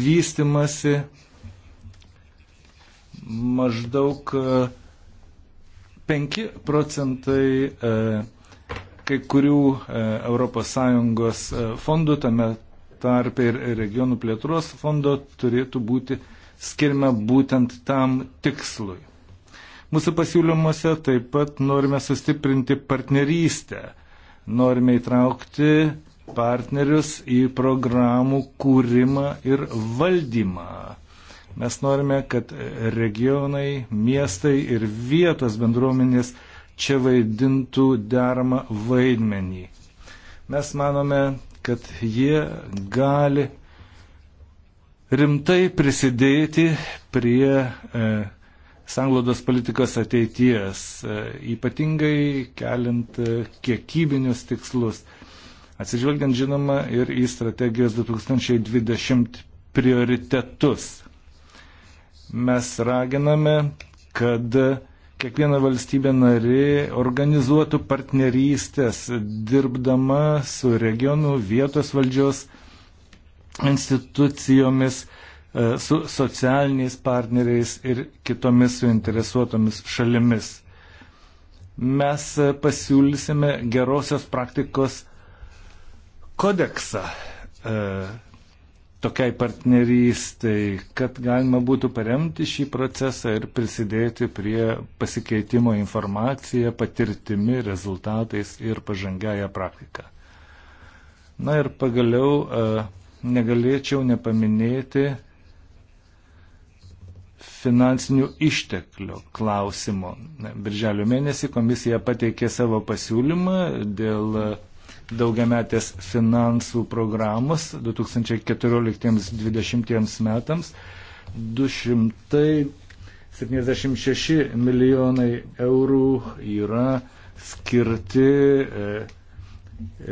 vystimasi maždaug 5 e, procentai e, kai kurių ES e, fondų, tame tarpe ir regionų plėtros fondo turėtų būti skirima būtent tam tikslui. Mūsų pasiūlymuose taip pat norime sustiprinti partnerystę. Norime įtraukti partnerius į programų kūrimą ir valdymą. Mes norime, kad regionai, miestai ir vietos bendruomenės čia vaidintų deramą vaidmenį. Mes manome, kad jie gali rimtai prisidėti prie e, sanglodos politikos ateities, e, ypatingai keliant e, kiekybinius tikslus, atsižvelgiant žinoma ir į strategijos 2020 prioritetus. Mes raginame, kad kiekviena valstybė nari organizuotų partnerystės, dirbdama su regionų vietos valdžios institucijomis, E, su socialiniais partneriais ir kitomis suinteresuotomis šalimis. Mes e, pasiūlysime gerosios praktikos kodeksą e, tokiai partnerystai, kad galima būtų paremti šį procesą ir prisidėti prie pasikeitimo informacija, patirtimi, rezultatais ir pažangiaja praktika. Na ir pagaliau negalėčiau nepaminėti finansinių išteklių klausimo. Birželio mėnesį komisija pateikė savo pasiūlymą dėl daugiametės finansų programos 2014-2020 metams 276 milijonai eurų yra skirti e, e,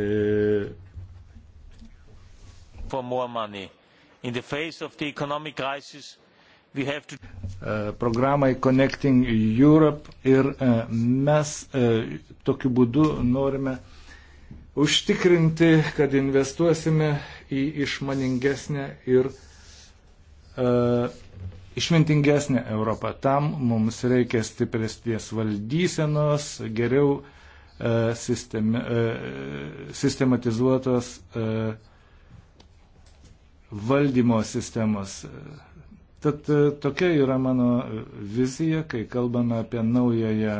for more money in the face of the economic crisis to... E, programai Connecting Europe ir e, mes e, tokiu būdu norime užtikrinti, kad investuosime į išmaningesnę ir išmintingesnė Europa. Tam mums reikia stipresnės valdysenos, geriau e, sistemi, e, sistematizuotos e, valdymo sistemos. E, Tad e, tokia yra mano vizija, kai kalbame apie naująją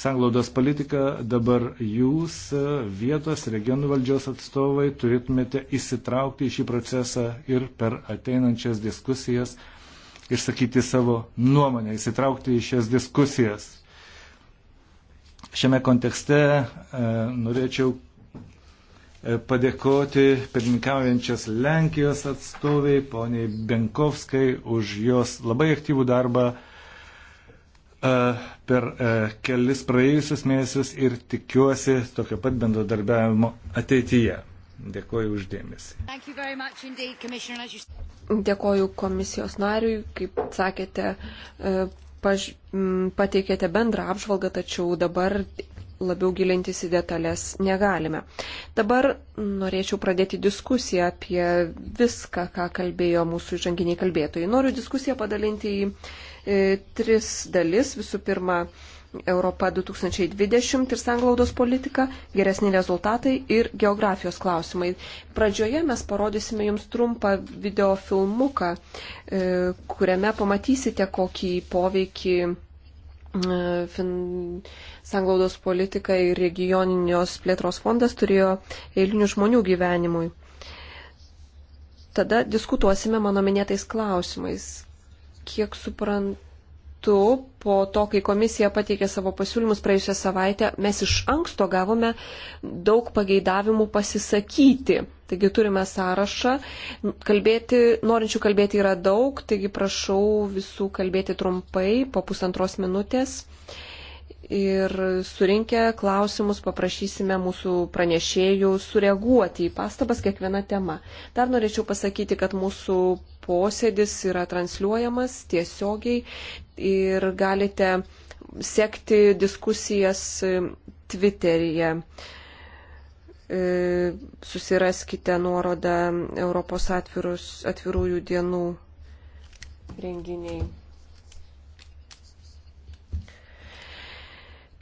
sanglaudos politiką. Dabar jūs, e, vietos regionų valdžios atstovai, turėtumėte įsitraukti į šį procesą ir per ateinančias diskusijas išsakyti savo nuomonę, įsitraukti į šias diskusijas. Šiame kontekste e, norėčiau E, padėkoti pirmininkaujančios Lenkijos atstoviai, poniai Benkovskai, už jos labai aktyvų darbą e, per e, kelis praėjusius mėnesius ir tikiuosi tokio pat bendradarbiavimo ateityje. Dėkoju uždėmesi. Dėkoju komisijos nariui, kaip sakėte, paž... pateikėte bendrą apžvalgą, tačiau dabar labiau gilintis į detalės negalime. Dabar norėčiau pradėti diskusiją apie viską, ką kalbėjo mūsų žanginiai kalbėtojai. Noriu diskusiją padalinti į e, tris dalis. Visų pirma, Europa 2020 ir sanglaudos politika, geresni rezultatai ir geografijos klausimai. Pradžioje mes parodysime jums trumpą videofilmuką, e, kuriame pamatysite, kokį poveikį E, fin... sanglaudos politika ir regioninios plėtros fondas turėjo eilinių žmonių gyvenimui. Tada diskutuosime mano minėtais klausimais. Kiek suprantu metu, po to, kai komisija pateikė savo pasiūlymus praėjusią savaitę, mes iš anksto gavome daug pageidavimų pasisakyti. Taigi turime sąrašą. Kalbėti, norinčių kalbėti yra daug, taigi prašau visų kalbėti trumpai, po pusantros minutės. Ir surinkę klausimus paprašysime mūsų pranešėjų sureaguoti į pastabas kiekvieną temą. Dar norėčiau pasakyti, kad mūsų posėdis yra transliuojamas tiesiogiai ir galite sekti diskusijas Twitter'yje. E, susiraskite nuorodą Europos atvirus, atvirųjų dienų renginiai.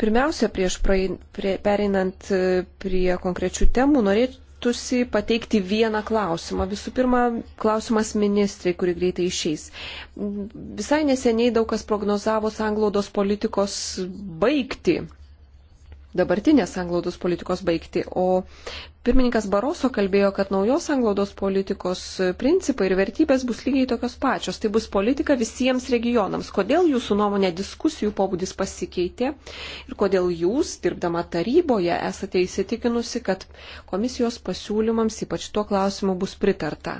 Pirmiausia, prieš praein, prie, perinant e, prie konkrečių temų, norėčiau norėtųsi pateikti vieną klausimą. Visų pirma, klausimas ministrai, kuri greitai išeis. Visai neseniai daug kas prognozavo sanglaudos politikos baigti dabartinės sanglaudos politikos baigti. O pirmininkas Baroso kalbėjo, kad naujos sanglaudos politikos principai ir vertybės bus lygiai tokios pačios. Tai bus politika visiems regionams. Kodėl jūsų nuomonė diskusijų pobūdis pasikeitė ir kodėl jūs, dirbdama taryboje, esate įsitikinusi, kad komisijos pasiūlymams ypač tuo klausimu bus pritarta?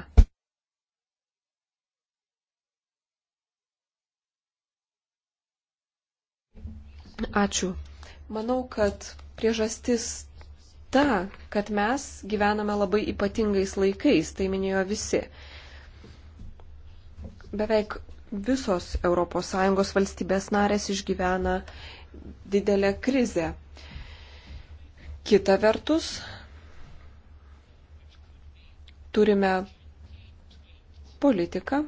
Ačiū, Manau, kad priežastis ta, kad mes gyvename labai ypatingais laikais, tai minėjo visi. Beveik visos ES valstybės narės išgyvena didelę krizę. Kita vertus, turime politiką,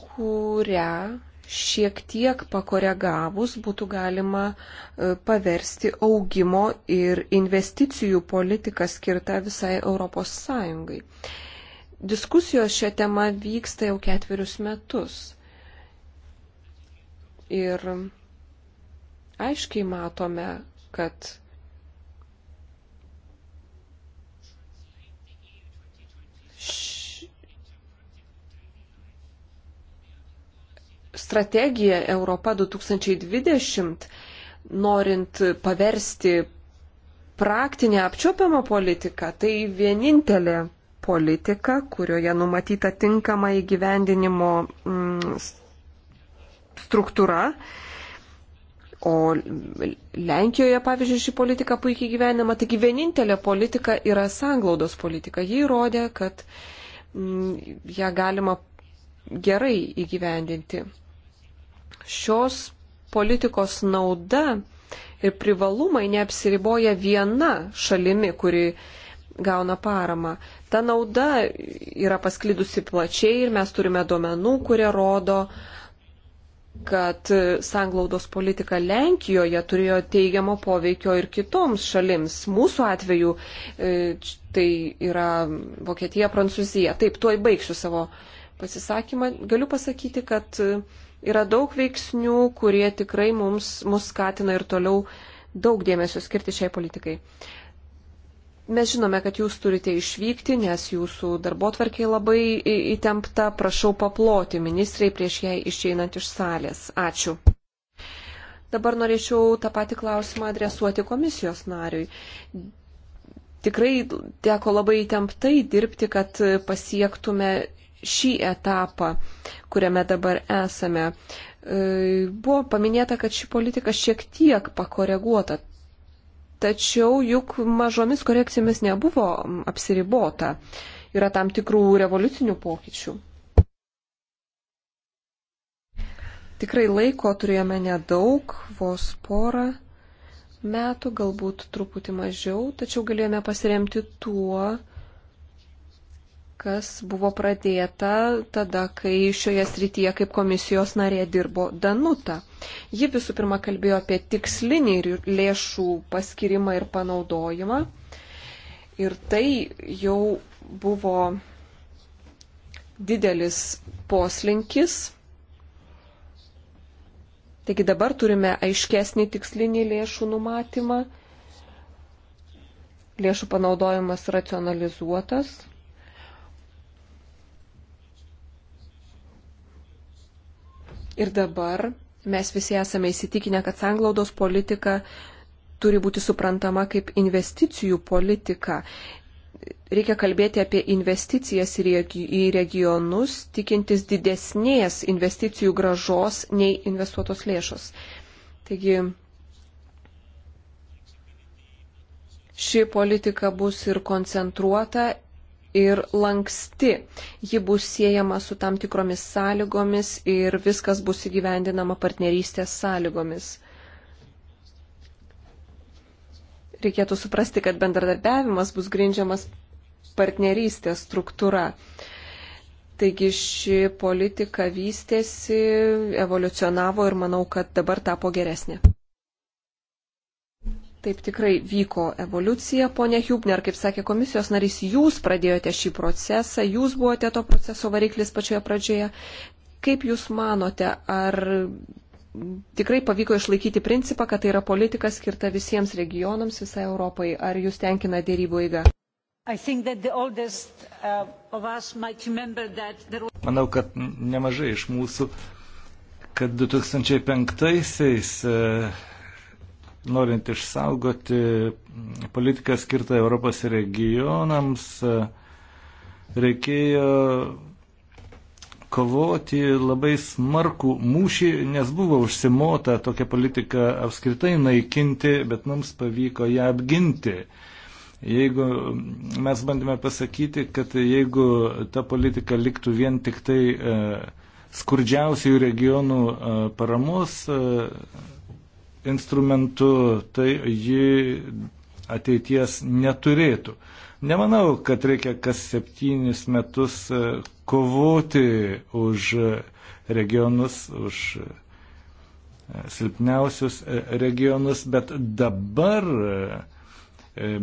kurią šiek tiek pakoregavus būtų galima e, paversti augimo ir investicijų politiką skirtą visai Europos Sąjungai. Diskusijos šią temą vyksta jau ketverius metus. Ir aiškiai matome, kad ši strategija Europa 2020, norint paversti praktinę apčiopiamą politiką, tai vienintelė politika, kurioje numatyta tinkama įgyvendinimo mm, struktūra. O Lenkijoje, pavyzdžiui, ši politika puikiai gyvenama. Taigi vienintelė politika yra sanglaudos politika. Ji įrodė, kad mm, ją galima gerai įgyvendinti. Šios politikos nauda ir privalumai neapsiriboja viena šalimi, kuri gauna paramą. Ta nauda yra pasklidusi plačiai ir mes turime duomenų, kurie rodo, kad sanglaudos politika Lenkijoje turėjo teigiamo poveikio ir kitoms šalims. Mūsų atveju e, tai yra Vokietija, Prancūzija. Taip, tuoj baigsiu savo pasisakymą. Galiu pasakyti, kad Yra daug veiksnių, kurie tikrai mums, mus skatina ir toliau daug dėmesio skirti šiai politikai. Mes žinome, kad jūs turite išvykti, nes jūsų darbo tvarkiai labai įtempta. Prašau paploti ministrai prieš jai išeinant iš salės. Ačiū. Dabar norėčiau tą patį klausimą adresuoti komisijos nariui. Tikrai teko labai įtemptai dirbti, kad pasiektume šį etapą, kuriame dabar esame. E, buvo paminėta, kad ši politika šiek tiek pakoreguota, tačiau juk mažomis korekcijomis nebuvo apsiribota. Yra tam tikrų revoliucinių pokyčių. Tikrai laiko turėjome nedaug, vos porą metų, galbūt truputį mažiau, tačiau galėjome pasiremti tuo, kas buvo pradėta tada, kai šioje srityje kaip komisijos narė dirbo Danuta. Ji visų pirma kalbėjo apie tikslinį lėšų paskirimą ir panaudojimą. Ir tai jau buvo didelis poslinkis. Taigi dabar turime aiškesnį tikslinį lėšų numatymą. Lėšų panaudojimas racionalizuotas. Ir dabar mes visi esame įsitikinę, kad sanglaudos politika turi būti suprantama kaip investicijų politika. Reikia kalbėti apie investicijas į regionus, tikintis didesnės investicijų gražos nei investuotos lėšos. Taigi ši politika bus ir koncentruota, ir lanksti. Ji bus siejama su tam tikromis sąlygomis ir viskas bus įgyvendinama partnerystės sąlygomis. Reikėtų suprasti, kad bendradarbiavimas bus grindžiamas partnerystės struktūra. Taigi ši politika vystėsi, evoliucionavo ir manau, kad dabar tapo geresnė. Taip tikrai vyko evoliucija, ponė Hubner, kaip sakė komisijos narys, jūs pradėjote šį procesą, jūs buvote to proceso variklis pačioje pradžioje. Kaip jūs manote, ar tikrai pavyko išlaikyti principą, kad tai yra politika skirta visiems regionams, visai Europai, ar jūs tenkina dėrybų eiga? Uh, Manau, kad nemažai iš mūsų, kad 2005-aisiais norint išsaugoti politiką skirtą Europos regionams, reikėjo kovoti labai smarkų mūšį, nes buvo užsimota tokia politika apskritai naikinti, bet mums pavyko ją apginti. Jeigu mes bandėme pasakyti, kad jeigu ta politika liktų vien tik tai e, skurdžiausių regionų e, paramos e, instrumentu, tai ji ateities neturėtų. Nemanau, kad reikia kas septynis metus e, kovoti už regionus, už e, silpniausius e, regionus, bet dabar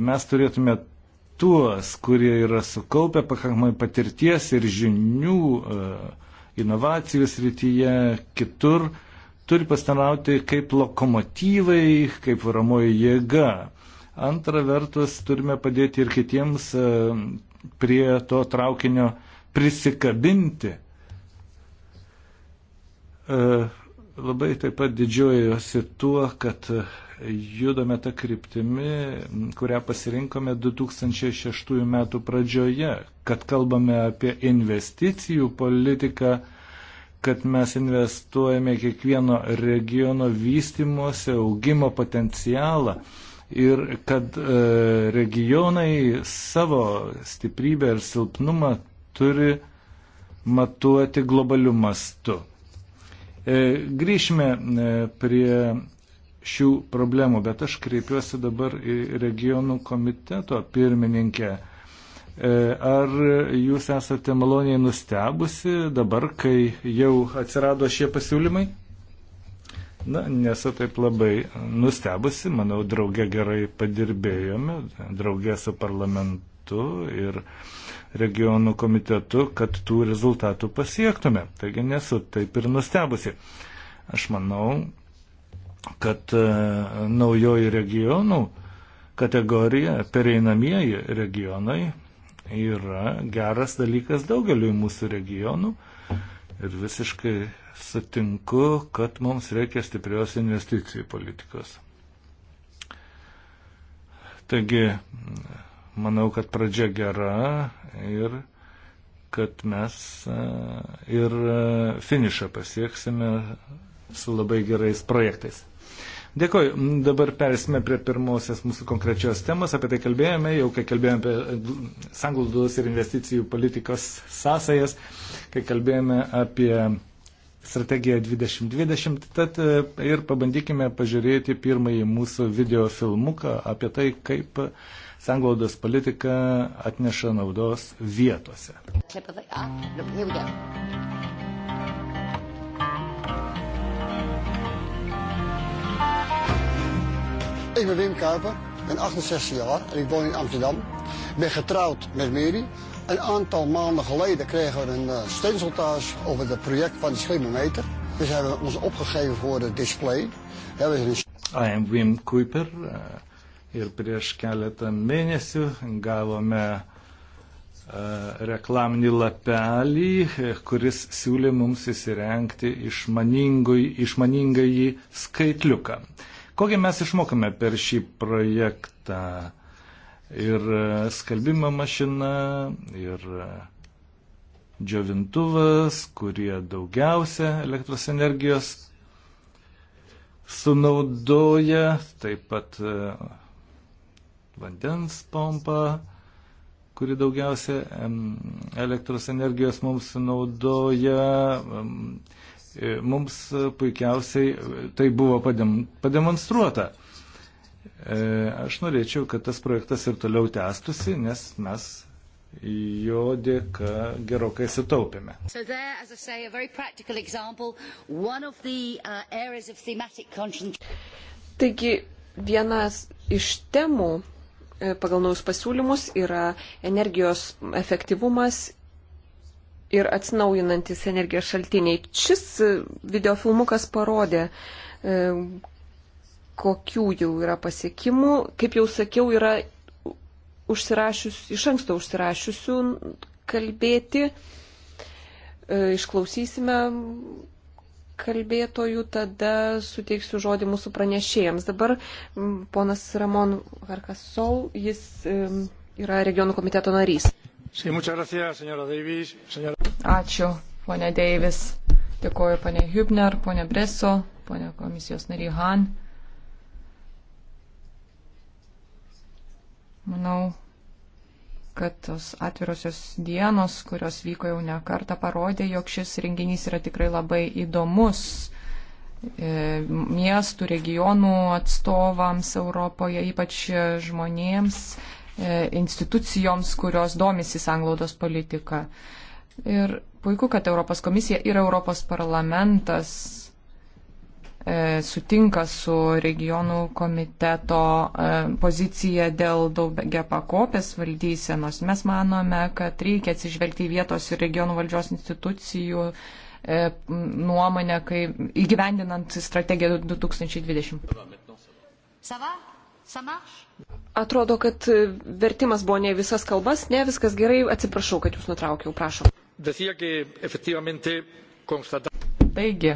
mes turėtume tuos, kurie yra sukaupę pakankamai patirties ir žinių inovacijų srityje, kitur, turi pastarauti kaip lokomotyvai, kaip varomoji jėga. Antra vertus, turime padėti ir kitiems e, prie to traukinio prisikabinti. E, labai taip pat didžiuojuosi tuo, kad judame tą kryptimį, kurią pasirinkome 2006 metų pradžioje, kad kalbame apie investicijų politiką kad mes investuojame kiekvieno regiono vystimuose augimo potencialą ir kad e, regionai savo stiprybę ir silpnumą turi matuoti globaliu mastu. E, Grįžime e, prie šių problemų, bet aš kreipiuosi dabar į regionų komiteto pirmininkę E, ar jūs esate maloniai nustebusi dabar, kai jau atsirado šie pasiūlymai? Na, nesu taip labai nustebusi, manau, draugė gerai padirbėjome, draugė su parlamentu ir regionų komitetu, kad tų rezultatų pasiektume. Taigi nesu taip ir nustebusi. Aš manau, kad e, naujoji regionų kategorija, pereinamieji regionai, yra geras dalykas daugeliu mūsų regionų ir visiškai sutinku, kad mums reikia stiprios investicijų politikos. Taigi, manau, kad pradžia gera ir kad mes e, ir e, finišą pasieksime su labai gerais projektais. Dėkoju. Mm, dabar persime prie pirmosios mūsų konkrečios temos. Apie tai kalbėjome, jau kai kalbėjome apie mm, sanglaudos ir investicijų politikos sąsajas, kai kalbėjome apie strategiją 2020. Tad e, ir pabandykime pažiūrėti pirmąjį mūsų video filmuką apie tai, kaip sanglaudos politika atneša naudos vietose. Ik ben Wim Kuiper, ben 68 jaar en ik woon in Amsterdam. Ik ben getrouwd met Mary. Een aantal maanden geleden kregen we een uh, stencil thuis over het project van de slimme meter. Dus hebben we ons opgegeven voor het display. Hebben we I am Wim Kuiper. Eh, Ir prieš keletą mėnesių gavome eh, reklaminį lapelį, kuris siūlė mums įsirengti išmaningai, išmaningai skaitliuką. Kokią mes išmokame per šį projektą? Ir e, skalbimo mašina, ir e, džiovintuvas, kurie daugiausia elektros energijos sunaudoja, taip pat e, vandens pompa, kuri daugiausia elektros energijos mums sunaudoja, E, mums puikiausiai tai buvo pademonstruota. E, aš norėčiau, kad tas projektas ir toliau tęstusi, nes mes jo dėka gerokai sutaupėme. So there, as I say, a very practical example, one of the uh, areas of thematic Taigi, vienas iš temų e, pagal naujus pasiūlymus yra energijos efektyvumas ir atsinaujinantis energijos šaltiniai. Šis e, videofilmukas parodė, e, kokių jau yra pasiekimų. Kaip jau sakiau, yra iš anksto užsirašiusių kalbėti. E, išklausysime kalbėtojų, tada suteiksiu žodį mūsų pranešėjams. Dabar ponas Ramon Harkasol, jis yra regionų komiteto narys. Ačiū, ponė Deivis. Dėkuoju, ponė Hübner, ponė Breso, ponė komisijos nariai Han. Manau, kad tos atvirosios dienos, kurios vyko jau ne kartą, parodė, jog šis renginys yra tikrai labai įdomus e, miestų, regionų atstovams Europoje, ypač žmonėms, E, institucijoms, kurios domisi sanglaudos politika. Ir puiku, kad Europos komisija ir Europos parlamentas e, sutinka su regionų komiteto e, pozicija dėl daugia pakopės valdysenos. Mes manome, kad reikia atsižvelgti į vietos ir regionų valdžios institucijų nuomonę, kai įgyvendinant strategiją 2020. Ça va? Atrodo, kad vertimas buvo ne visas kalbas, ne viskas gerai, atsiprašau, kad jūs nutraukiau, prašom. Taigi,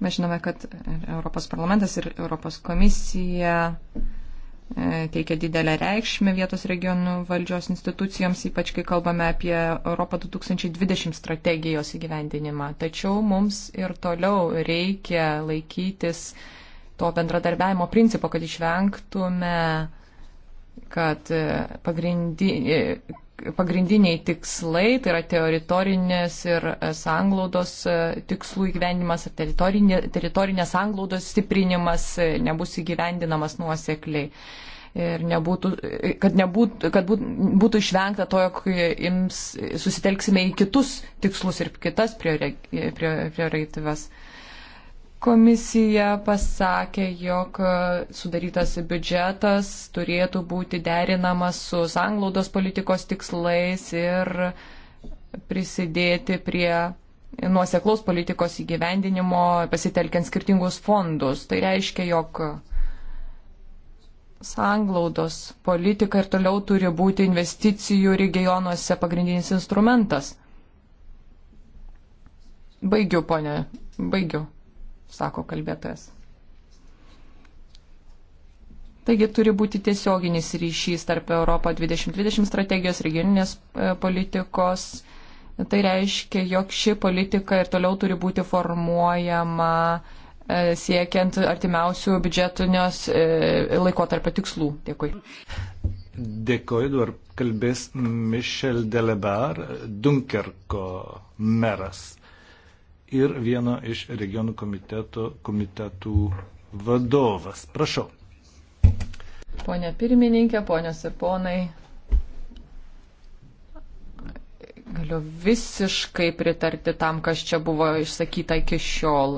mes žinome, kad Europos parlamentas ir Europos komisija E, teikia didelę reikšmę vietos regionų valdžios institucijoms, ypač kai kalbame apie Europą 2020 strategijos įgyvendinimą. Tačiau mums ir toliau reikia laikytis to bendradarbiavimo principo, kad išvengtume kad e, pagrindi, e, pagrindiniai tikslai, tai yra teritorinės ir e, sanglaudos tikslų įgyvendimas ir teritorinė, teritorinės sanglaudos stiprinimas nebus įgyvendinamas nuosekliai. Ir nebūtų, kad, nebūt, kad būt, būtų išvengta to, jog ims, susitelksime į kitus tikslus ir kitas prioritetas. Priori, priori, priori, priori, priori, priori, priori, priori, priori, Komisija pasakė, jog e, sudarytas biudžetas turėtų būti derinamas su sanglaudos politikos tikslais ir prisidėti prie nuoseklaus politikos įgyvendinimo, pasitelkiant skirtingus fondus. Tai reiškia, jog sanglaudos politika ir toliau turi būti investicijų regionuose pagrindinis instrumentas. Baigiu, ponė, baigiu sako kalbėtojas. Taigi turi būti tiesioginis ryšys tarp Europo 2020 strategijos, regioninės e, politikos. Tai reiškia, jog ši politika ir toliau turi būti formuojama e, siekiant artimiausių biudžetinios e, laikotarpio tikslų. Dėkui. Dėkoju, dabar kalbės Mišel Delebar, Dunkerko meras ir vieno iš regionų komiteto, komitetų vadovas. Prašau. Pone pirmininkė, ponios ir ponai, galiu visiškai pritarti tam, kas čia buvo išsakyta iki šiol.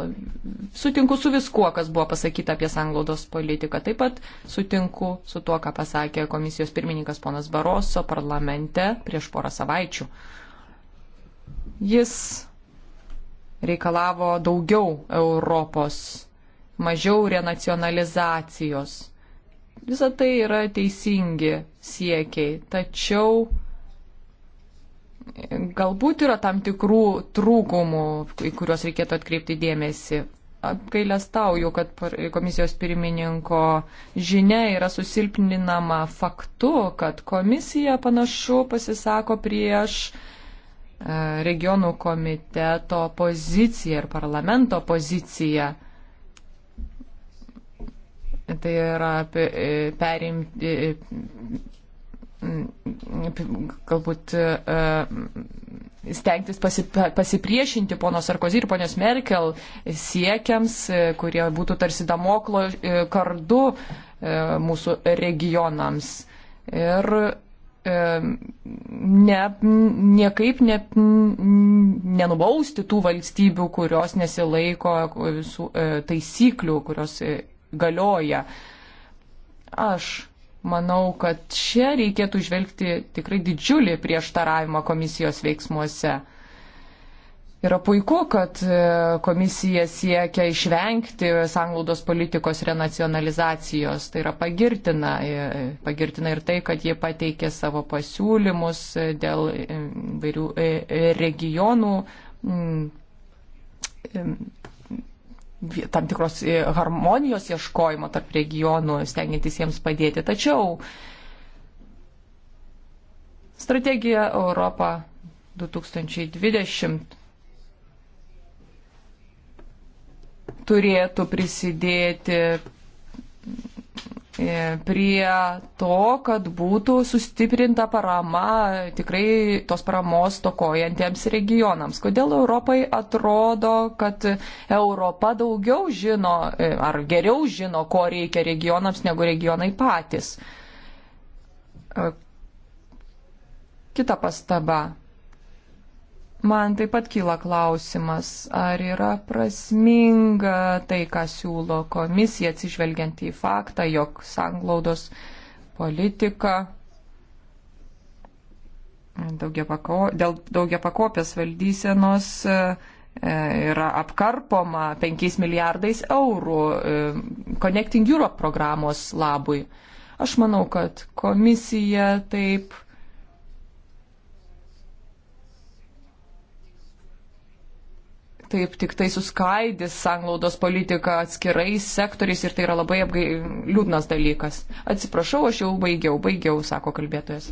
Sutinku su viskuo, kas buvo pasakyta apie sanglaudos politiką. Taip pat sutinku su tuo, ką pasakė komisijos pirmininkas ponas Baroso parlamente prieš porą savaičių. Jis reikalavo daugiau Europos, mažiau renacionalizacijos. Visą tai yra teisingi siekiai, tačiau galbūt yra tam tikrų trūkumų, į kuriuos reikėtų atkreipti dėmesį. Apgailestauju, kad komisijos pirmininko žinia yra susilpninama faktu, kad komisija panašu pasisako prieš uh, E, regionų komiteto poziciją ir parlamento poziciją. Tai yra e, perimti, e, galbūt stengtis pasipriešinti pono Sarkozy ir ponios Merkel siekiams, kurie būtų tarsi damoklo kardu mūsų regionams. Ir ne, niekaip ne, nenubausti tų valstybių, kurios nesilaiko visų e, taisyklių, kurios e, galioja. Aš manau, kad čia reikėtų žvelgti tikrai didžiulį prieštaravimą komisijos veiksmuose. E, Yra puiku, kad e, komisija siekia išvengti sanglaudos politikos renacionalizacijos. Tai yra pagirtina. E, pagirtina ir tai, kad jie pateikė savo pasiūlymus e, dėl vairių regionų tam tikros harmonijos ieškojimo tarp regionų, stengiantis jiems padėti. Tačiau strategija Europa 2020 turėtų prisidėti e, prie to, kad būtų sustiprinta parama tikrai tos paramos tokojantiems regionams. Kodėl Europai atrodo, kad Europa daugiau žino e, ar geriau žino, ko reikia regionams negu regionai patys? E, kita pastaba. Man taip pat kyla klausimas, ar yra prasminga tai, ką siūlo komisija, atsižvelgiant į faktą, jog sanglaudos politika daugiapako, dėl daugiapakopės valdysenos e, yra apkarpoma 5 milijardais eurų e, Connecting Europe programos labui. Aš manau, kad komisija taip taip tik tai suskaidys sanglaudos politiką atskirais sektoriais ir tai yra labai apgai... liūdnas dalykas. Atsiprašau, aš jau baigiau, baigiau, sako kalbėtojas.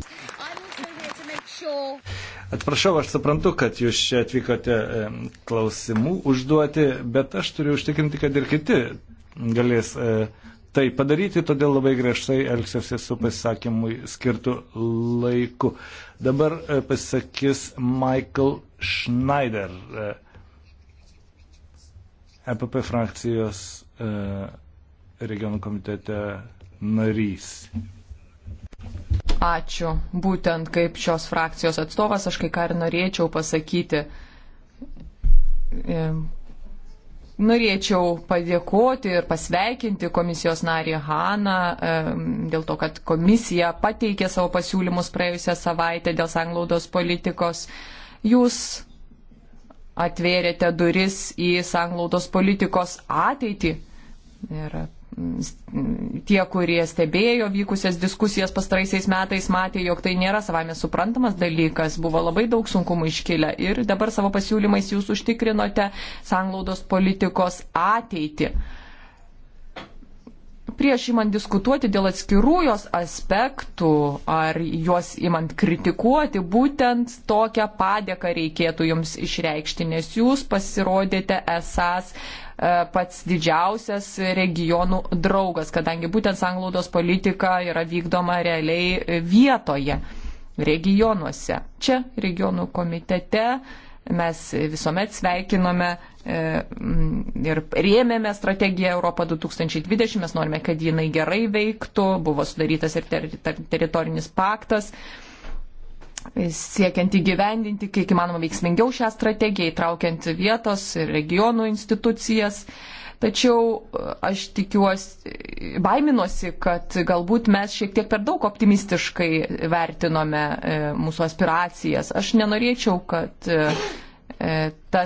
Atsiprašau, aš suprantu, kad jūs čia atvykote e, klausimų užduoti, bet aš turiu užtikrinti, kad ir kiti galės e, tai padaryti, todėl labai griežtai elgsiuosi su pasisakymui skirtu laiku. Dabar e, pasisakys Michael Schneider. EPP frakcijos e, regionų komitete narys. Ačiū. Būtent kaip šios frakcijos atstovas aš kai ką ir norėčiau pasakyti. E, norėčiau padėkoti ir pasveikinti komisijos narį Haną e, dėl to, kad komisija pateikė savo pasiūlymus praėjusią savaitę dėl sanglaudos politikos. Jūs atvėrėte duris į sanglaudos politikos ateitį. Ir mm, mm, tie, kurie stebėjo vykusias diskusijas pastaraisiais metais, matė, jog tai nėra savame suprantamas dalykas, buvo labai daug sunkumų iškilę ir dabar savo pasiūlymais jūs užtikrinote sanglaudos politikos ateitį prieš įman diskutuoti dėl atskirų jos aspektų ar juos įman kritikuoti, būtent tokią padėką reikėtų jums išreikšti, nes jūs pasirodėte esas e, pats didžiausias regionų draugas, kadangi būtent sanglaudos politika yra vykdoma realiai vietoje, regionuose. Čia regionų komitete Mes visuomet sveikinome e, ir rėmėme strategiją Europą 2020, mes norime, kad jinai gerai veiktų, buvo sudarytas ir ter ter teritorinis paktas e, siekiant įgyvendinti, kiek įmanoma veiksmingiau šią strategiją, įtraukiant vietos ir regionų institucijas. Uh, Tačiau e, aš tikiuosi, e, baiminosi, kad galbūt mes šiek tiek per daug optimistiškai vertinome e, mūsų aspiracijas. Aš nenorėčiau, kad ta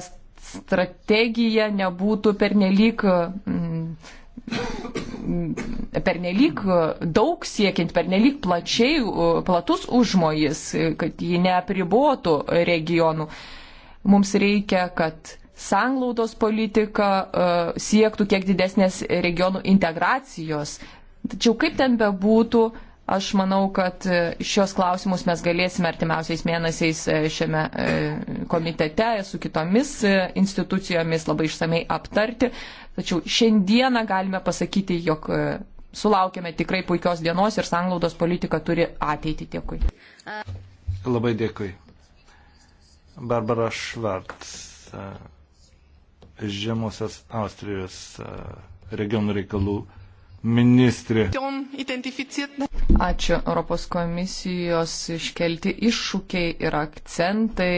strategija nebūtų pernelyg mm, pernelyg daug siekiant, pernelyg plačiai, platus užmojis, kad ji neapribotų regionų. Mums reikia, kad sanglaudos politika e, siektų kiek didesnės regionų integracijos. Tačiau kaip ten bebūtų, aš manau, kad e, šios klausimus mes galėsime artimiausiais mėnesiais e, šiame komitete su kitomis institucijomis labai išsamei aptarti. Tačiau šiandieną galime pasakyti, jog sulaukėme tikrai puikios dienos ir sanglaudos politika turi ateitį. Dėkui. Labai dėkui. Barbara Švarts Žemosios Austrijos e, regionų reikalų ministrė. Ačiū Europos komisijos iškelti iššūkiai ir akcentai,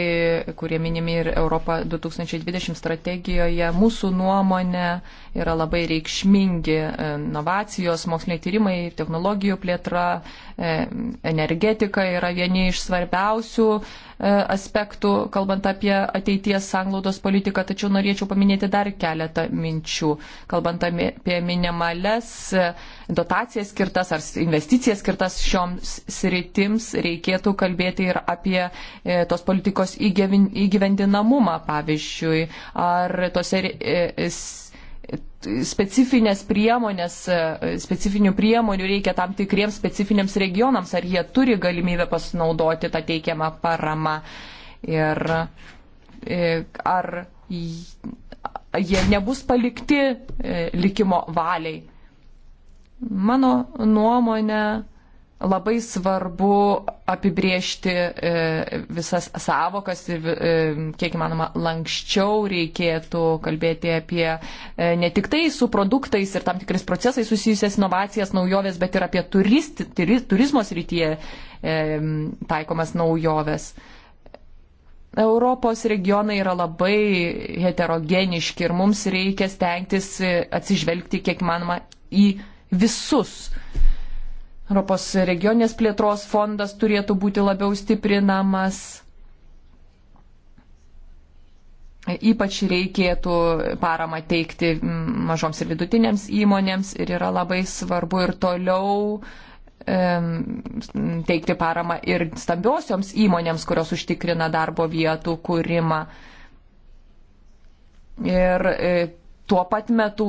kurie minimi ir Europa 2020 strategijoje. Mūsų nuomonė yra labai reikšmingi e, inovacijos, moksliniai tyrimai, technologijų plėtra, e, energetika yra vieni iš svarbiausių E, aspektų, kalbant apie ateities sanglaudos politiką, tačiau norėčiau paminėti dar keletą minčių, kalbant apie minimales e, dotacijas skirtas ar investicijas skirtas šioms sritims, reikėtų kalbėti ir apie e, tos politikos įgyvendinamumą, pavyzdžiui, ar tose specifinės priemonės, e, specifinių priemonių reikia tam tikriems specifiniams regionams, ar jie turi galimybę pasinaudoti tą teikiamą paramą ir e, ar jie nebus palikti e, likimo valiai. Mano nuomonė, labai svarbu apibriežti e, visas savokas ir e, kiek įmanoma lankščiau reikėtų kalbėti apie e, ne tik tai su produktais ir tam tikrais procesais susijusias inovacijas, naujoves, bet ir apie turist, turizmo srityje taikomas naujoves. Europos regionai yra labai heterogeniški ir mums reikia stengtis atsižvelgti kiek įmanoma į visus. Uh, Europos regionės plėtros fondas turėtų būti labiau stiprinamas. Ypač reikėtų paramą teikti mm, mažoms ir vidutinėms įmonėms ir yra labai svarbu ir toliau teikti paramą ir stambiosioms įmonėms, kurios užtikrina darbo vietų kūrimą. Ir e, tuo pat metu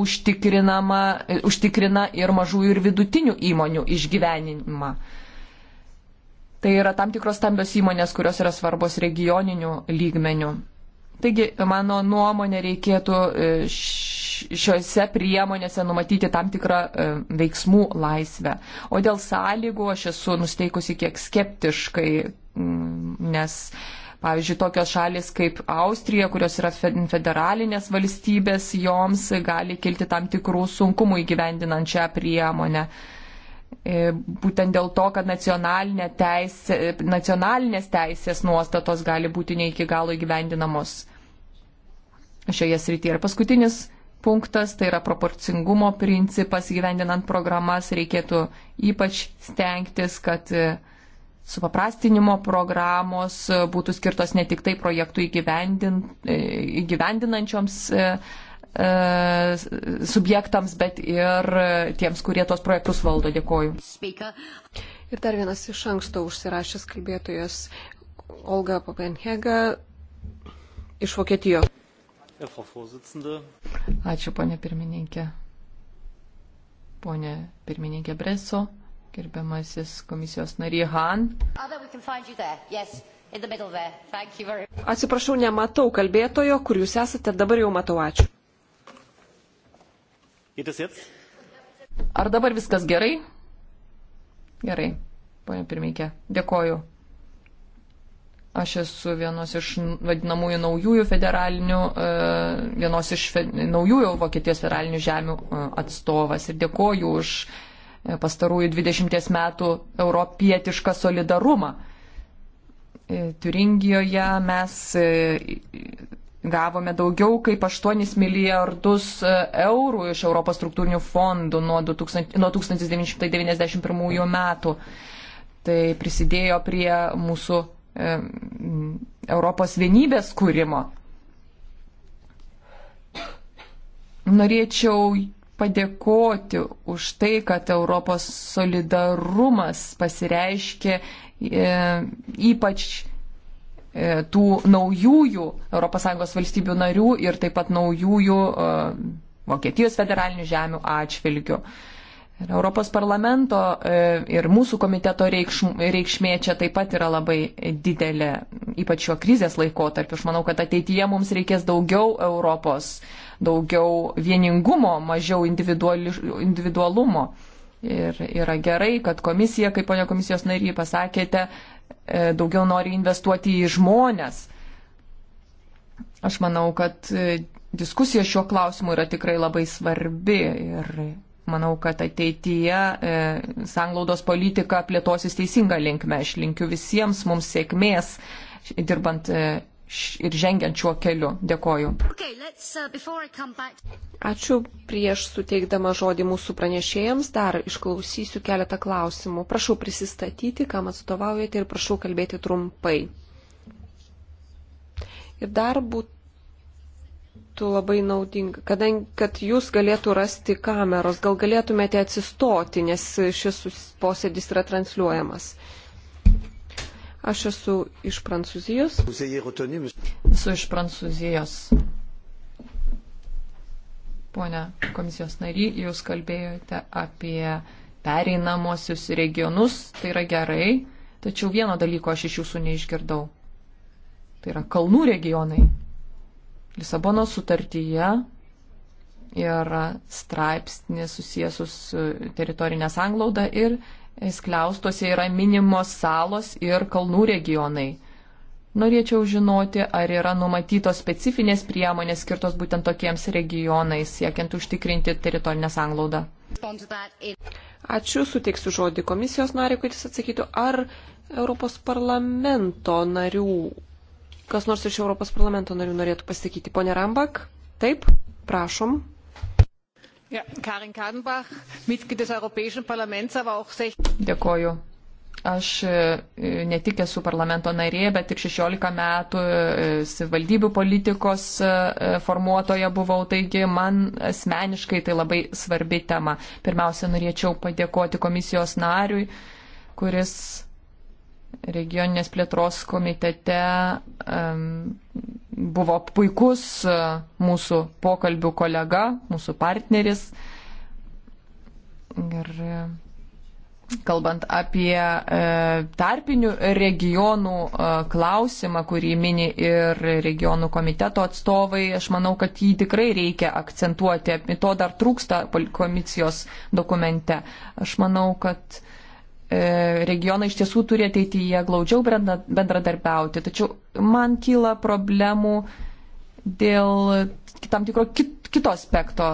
užtikrina ir mažųjų ir vidutinių įmonių išgyvenimą. Tai yra tam tikros stambios įmonės, kurios yra svarbos regioninių lygmenių. Taigi, mano nuomonė, reikėtų e, šiuose priemonėse numatyti tam tikrą e, veiksmų laisvę. O dėl sąlygų aš esu nusteikusi kiek skeptiškai, nes uh, Pavyzdžiui, tokios šalis kaip Austrija, kurios yra federalinės valstybės, joms gali kilti tam tikrų sunkumų įgyvendinant šią priemonę e, būtent dėl to, kad nacionalinė teisė, nacionalinės teisės nuostatos gali būti ne iki galo įgyvendinamos šioje srityje. Ir paskutinis punktas, tai yra proporcingumo principas įgyvendinant programas, reikėtų ypač stengtis, kad supaprastinimo programos būtų skirtos ne tik tai projektų įgyvendinančioms e, e, subjektams, bet ir tiems, kurie tos projektus valdo. Dėkoju. Ir dar vienas iš anksto užsirašęs kalbėtojas Olga Papenhega iš Vokietijos. Ačiū, ponė pirmininkė. Ponė pirmininkė Breso gerbiamasis komisijos narį Han. Oh, yes, very... Atsiprašau, nematau kalbėtojo, kur jūs esate, dabar jau matau, ačiū. Ar dabar viskas gerai? Gerai, ponia pirmininkė, dėkoju. Aš esu vienos iš vadinamųjų naujųjų federalinių, e, vienos iš fe, naujųjų Vokietijos federalinių žemių e, atstovas ir dėkoju už uh, E, pastarųjų 20 metų europietišką solidarumą. E, Turingijoje mes e, gavome daugiau kaip 8 milijardus eurų iš Europos struktūrinių fondų nuo, 2000, nuo 1991 metų. Tai prisidėjo prie mūsų Europos vienybės kūrimo. Norėčiau padėkoti už tai, kad Europos solidarumas pasireiškė e, ypač e, tų naujųjų ES valstybių narių ir taip pat naujųjų e, Vokietijos federalinių žemių atšvilgių. Uh, Ir Europos parlamento e, ir mūsų komiteto reikšmė čia taip pat yra labai didelė, ypač šio krizės laikotarpiu. Aš manau, kad ateityje mums reikės daugiau Europos, daugiau vieningumo, mažiau individualumo. Ir yra gerai, kad komisija, kaip ponia komisijos nariai pasakėte, e, daugiau nori investuoti į žmonės. Aš manau, kad e, diskusija šiuo klausimu yra tikrai labai svarbi ir Manau, kad ateityje e, sanglaudos politika plėtosis teisinga linkme. Aš linkiu visiems mums sėkmės dirbant e, ir žengiant šiuo keliu. Dėkoju. Okay, uh, back... Ačiū. Prieš suteikdama žodį mūsų pranešėjams dar išklausysiu keletą klausimų. Prašau prisistatyti, kam atstovaujate ir prašau kalbėti trumpai. Ir dar būt, būtų labai naudinga, kadangi, kad jūs galėtų rasti kameros, gal galėtumėte atsistoti, nes šis posėdis yra transliuojamas. Aš esu iš Prancūzijos. Esu iš Prancūzijos. Pone komisijos nary, jūs kalbėjote apie pereinamosius regionus, tai yra gerai, tačiau vieno dalyko aš iš jūsų neišgirdau. Tai yra kalnų regionai. Lisabono sutartyje yra straipsnis susijęs su teritorinė sanglauda ir skliaustuose yra minimos salos ir kalnų regionai. Norėčiau žinoti, ar yra numatytos specifinės priemonės skirtos būtent tokiems regionais, siekiant užtikrinti teritorinę sanglaudą. Ačiū, suteiksiu žodį komisijos nariui, kuris atsakytų, ar Europos parlamento narių Kas nors iš Europos parlamento narių norėtų pasakyti? Pone Rambak, taip, prašom. Ja, Karin Kadenbach, Mitglied des Europäischen Parlaments, aber auch 16. Dėkoju. Aš e, ne tik esu parlamento narė, bet ir 16 metų e, savivaldybių politikos e, formuotoja buvau, taigi man asmeniškai tai labai svarbi tema. Pirmiausia, norėčiau padėkoti komisijos nariui, kuris regioninės plėtros komitete buvo puikus e, mūsų pokalbių kolega, mūsų partneris. Ir e, kalbant apie e, tarpinių regionų klausimą, kurį mini ir regionų komiteto atstovai, aš manau, kad jį tikrai reikia akcentuoti. To dar trūksta komisijos dokumente. Aš manau, kad E, regionai iš tiesų turi ateityje glaudžiau bendradarbiauti. Tačiau man kyla problemų dėl tam tikro kit, kito aspekto.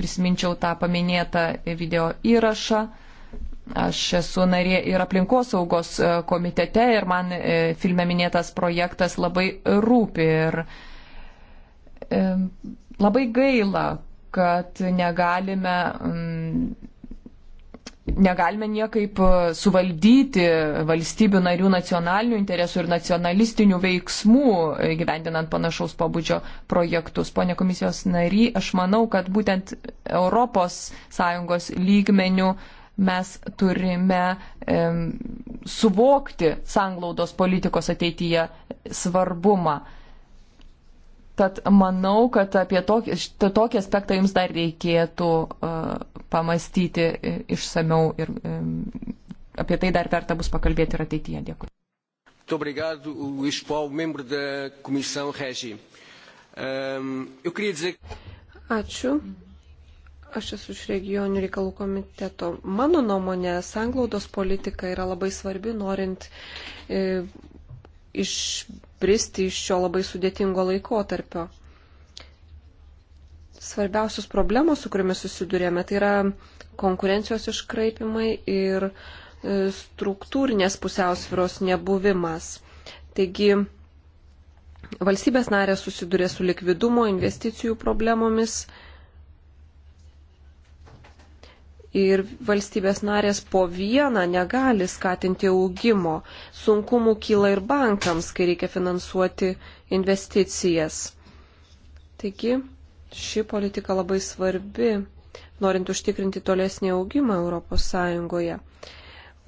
Prisiminčiau tą paminėtą video įrašą. Aš esu narė ir aplinkosaugos e, komitete ir man e, filme minėtas projektas labai rūpi ir labai gaila, kad negalime negalime niekaip e, suvaldyti valstybių narių nacionalinių interesų ir nacionalistinių veiksmų gyvendinant panašaus pobūdžio projektus. Pone komisijos nary, aš manau, kad būtent ES lygmenių mes turime e, suvokti sanglaudos politikos ateityje svarbumą. Tad manau, kad apie tokį, tokį aspektą jums dar reikėtų uh, pamastyti e, išsameu ir e, apie tai dar verta bus pakalbėti ir ateityje. Dėkui. Muito obrigado, Luís Paulo, membro da Comissão Regi. Um, eu queria dizer. Ačiū. Aš esu iš regionių reikalų komiteto. Mano nuomonė, sanglaudos politika yra labai svarbi, norint e, išbristi iš šio labai sudėtingo laikotarpio svarbiausios problemos, su kuriomis susidurėme, tai yra konkurencijos iškraipimai ir e, struktūrinės pusiausviros nebuvimas. Taigi valstybės narės susidurė su likvidumo investicijų problemomis ir valstybės narės po vieną negali skatinti augimo. Sunkumų kyla ir bankams, kai reikia finansuoti investicijas. Taigi Ši politika labai svarbi, norint užtikrinti tolesnį augimą ES.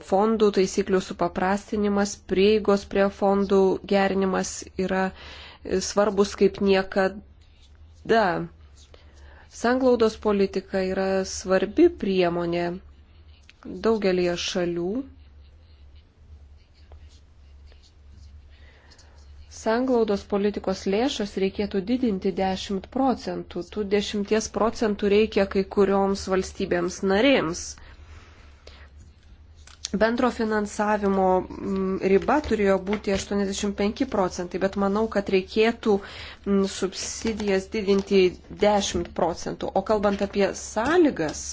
Fondų taisyklių supaprastinimas, prieigos prie fondų gerinimas yra e, svarbus kaip niekada. Sanglaudos politika yra svarbi priemonė daugelie šalių sanglaudos politikos lėšas reikėtų didinti 10 procentų. Tų 10 procentų reikia kai kurioms valstybėms narėms. Bendro finansavimo mm, riba turėjo būti 85 procentai, bet manau, kad reikėtų mm, subsidijas didinti 10 procentų. O kalbant apie sąlygas,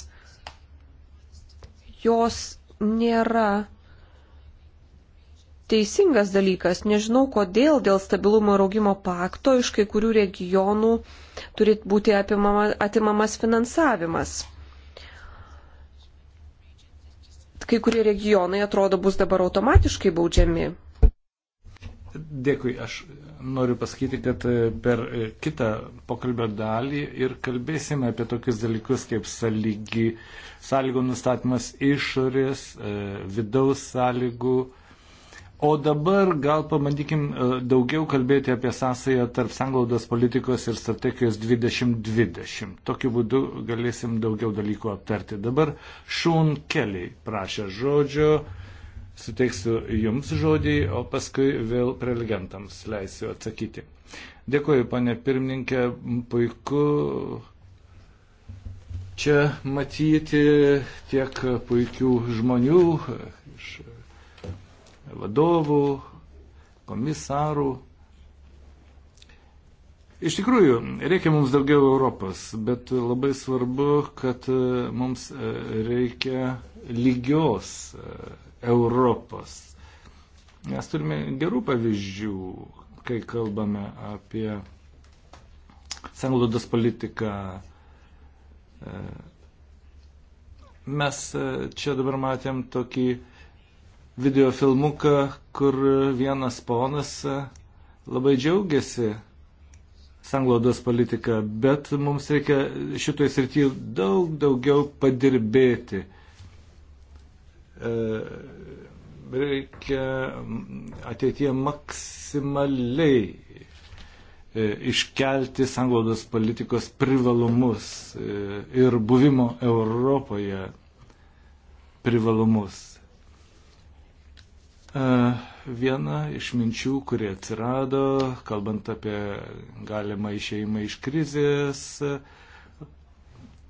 jos nėra teisingas dalykas. Nežinau, kodėl dėl stabilumo ir augimo pakto iš kai kurių regionų turi būti apimama, atimamas finansavimas. Kai kurie regionai atrodo bus dabar automatiškai baudžiami. Dėkui, aš noriu pasakyti, kad e, per e, kitą pokalbio dalį ir kalbėsime apie tokius dalykus kaip sąlygi, sąlygų nustatymas išorės, e, vidaus sąlygų O dabar gal pabandykim e, daugiau kalbėti apie sąsają tarp sanglaudos politikos ir strategijos 2020. Tokiu būdu galėsim daugiau dalykų aptarti. Dabar Šūn Keliai prašė žodžio, suteiksiu jums žodį, o paskui vėl prelegentams leisiu atsakyti. Dėkuoju, pane pirmininkė, puiku čia matyti tiek puikių žmonių iš vadovų, komisarų. Iš tikrųjų, reikia mums daugiau Europos, bet labai svarbu, kad e, mums e, reikia lygios e, Europos. Mes turime gerų pavyzdžių, kai kalbame apie sanglaudos politiką. Mes čia dabar matėm tokį video filmuką, kur vienas ponas e, labai džiaugiasi sanglaudos politika, bet mums reikia šitoje srityje daug daugiau padirbėti. E, reikia ateityje maksimaliai e, iškelti sanglaudos politikos privalumus ir buvimo Europoje privalumus. E, viena iš minčių, kurie atsirado, kalbant apie galimą išeimą iš krizės,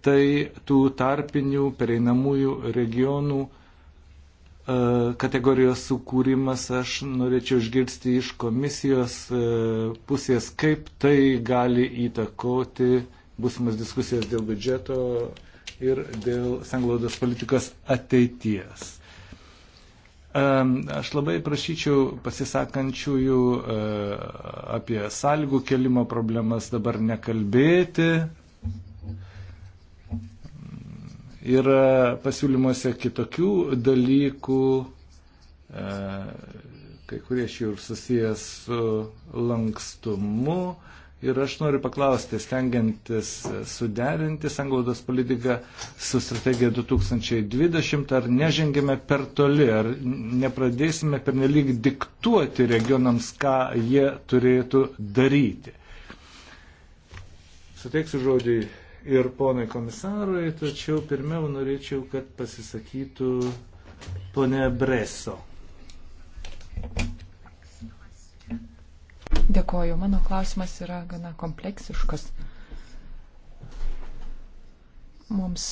tai tų tarpinių pereinamųjų regionų e, kategorijos sukūrimas, aš norėčiau išgirsti iš komisijos e, pusės, kaip tai gali įtakoti būsimas diskusijas dėl biudžeto ir dėl sanglaudos politikos ateities. Aš labai prašyčiau pasisakančiųjų e, apie sąlygų kelimo problemas dabar nekalbėti. Yra pasiūlymuose kitokių dalykų, e, kai kurie iš jų ir susijęs su lankstumu. Ir aš noriu paklausti, stengiantis e, suderinti sanglaudos politiką su strategija 2020, ar nežengime per toli, ar nepradėsime per nelik diktuoti regionams, ką jie turėtų daryti. Suteiksiu žodį ir ponai komisarui, tačiau pirmiau norėčiau, kad pasisakytų ponė Breso. Dėkoju. Mano klausimas yra gana kompleksiškas. Mums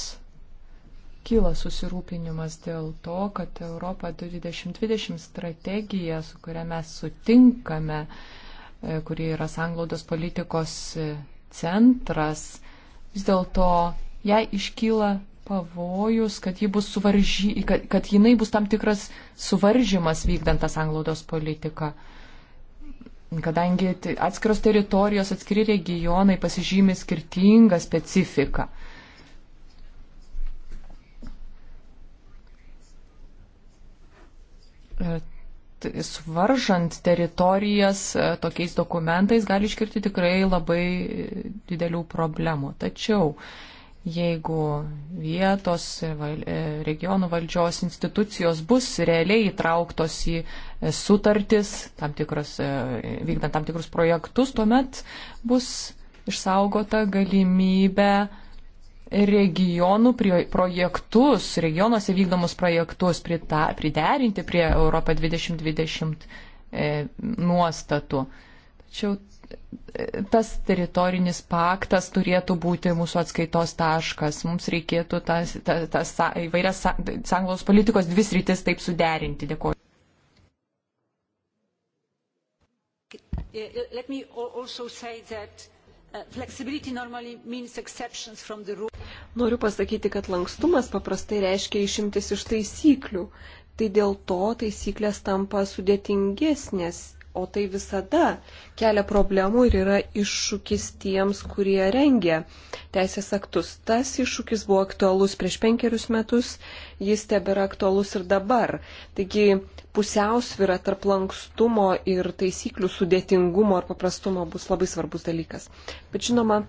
kyla susirūpinimas dėl to, kad Europa 2020 strategija, su kuria mes sutinkame, e, kuri yra sanglaudos politikos e, centras, vis dėlto jai iškyla pavojus, kad, bus suvaržy, kad, kad jinai bus tam tikras suvaržymas vykdant tą sanglaudos politiką. Uh, kadangi atskiros teritorijos, atskiri regionai pasižymi skirtingą specifiką. Svaržant teritorijas e, tokiais dokumentais gali iškirti tikrai labai e, didelių problemų. Tačiau jeigu vietos e, regionų valdžios institucijos bus realiai įtrauktos į e, sutartis, tam tikros, e, vykdant tam tikrus projektus, tuomet bus išsaugota galimybė regionų projektus, regionuose vykdomus projektus prita, priderinti prie Europą 2020 nuostatų. Tačiau tas teritorinis paktas turėtų būti mūsų atskaitos taškas. Mums reikėtų tas, tas, tas įvairias sanglos politikos dvi sritis taip suderinti. Dėkuoju. Uh, Noriu pasakyti, kad lankstumas paprastai reiškia išimtis iš taisyklių. Tai dėl to taisyklės tampa sudėtingesnės o tai visada kelia problemų ir yra iššūkis tiems, kurie rengia teisės aktus. Tas iššūkis buvo aktualus prieš penkerius metus, jis tebėra aktualus ir dabar. Taigi pusiausvyra tarp lankstumo ir taisyklių sudėtingumo ar paprastumo bus labai svarbus dalykas. Bet žinoma,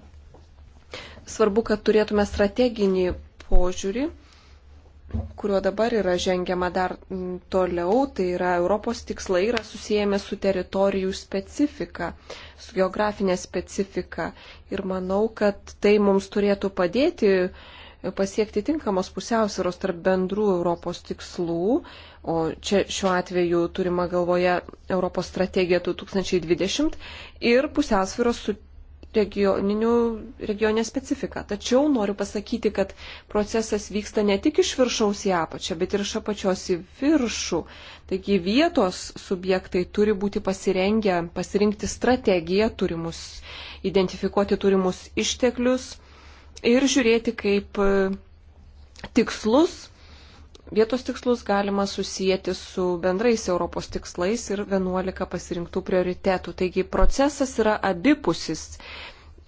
svarbu, kad turėtume strateginį požiūrį kuriuo dabar yra žengiama dar mm, toliau, tai yra Europos tikslai yra susijęmi su teritorijų specifika, su geografinė specifika. Ir manau, kad tai mums turėtų padėti e, pasiekti tinkamos pusiausvėros tarp bendrų Europos tikslų, o čia šiuo atveju turima galvoje Europos strategija 2020 ir pusiausvėros su regioninę specifiką. Tačiau noriu pasakyti, kad procesas vyksta ne tik iš viršaus į apačią, bet ir iš apačios į viršų. Taigi vietos subjektai turi būti pasirengę pasirinkti strategiją, turimus, identifikuoti turimus išteklius ir žiūrėti, kaip e, tikslus vietos tikslus galima susijęti su bendrais Europos tikslais ir 11 pasirinktų prioritetų. Taigi procesas yra abipusis.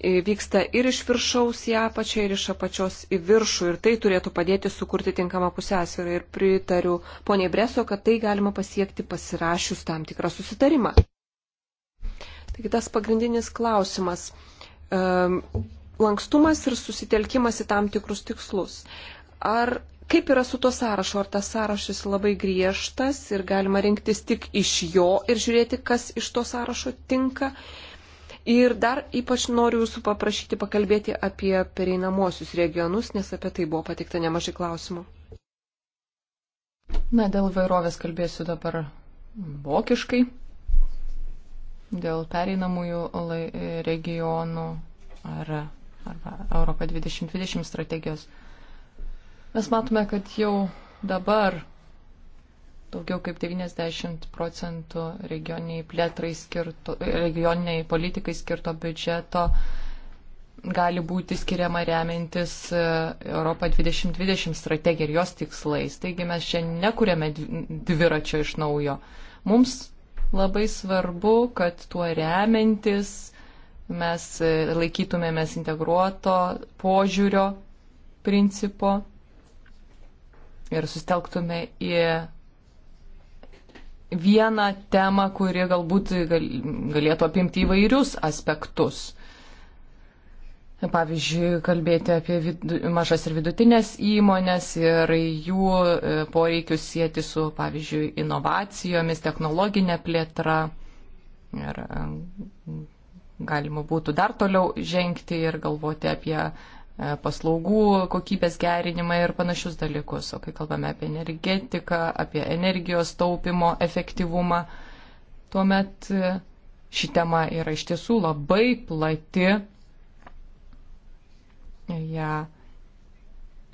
E, vyksta ir iš viršaus į apačią, ir iš apačios į viršų. Ir tai turėtų padėti sukurti tinkamą pusiausvyrą. Ir pritariu poniai Breso, kad tai galima pasiekti pasirašius tam tikrą susitarimą. Taigi tas pagrindinis klausimas. Um, lankstumas ir susitelkimas į tam tikrus tikslus. Ar Kaip yra su to sąrašu? Ar tas sąrašas labai griežtas ir galima rinktis tik iš jo ir žiūrėti, kas iš to sąrašo tinka? Ir dar ypač noriu jūsų paprašyti pakalbėti apie pereinamosius regionus, nes apie tai buvo patikta nemažai klausimų. Na, dėl vairovės kalbėsiu dabar vokiškai. Dėl pereinamųjų regionų ar, ar Europa 2020 strategijos. Mes matome, kad jau dabar daugiau kaip 90 procentų regioniniai plėtrai skirto, regioniniai politikai skirto biudžeto gali būti skiriama remiantis e, Europą 2020 strategiją ir jos tikslais. Taigi mes čia nekūrėme dviračio iš naujo. Mums labai svarbu, kad tuo remiantis mes e, laikytumėmės integruoto požiūrio principo ir sustelktume į vieną temą, kuri galbūt galėtų apimti įvairius aspektus. Pavyzdžiui, kalbėti apie vidu, mažas ir vidutinės įmonės ir jų e, poreikius sieti su, pavyzdžiui, inovacijomis, technologinė plėtra. Ir e, galima būtų dar toliau žengti ir galvoti apie E, paslaugų kokybės gerinimą ir panašius dalykus. O kai kalbame apie energetiką, apie energijos taupimo efektyvumą, tuomet e, ši tema yra iš tiesų labai plati. Ja,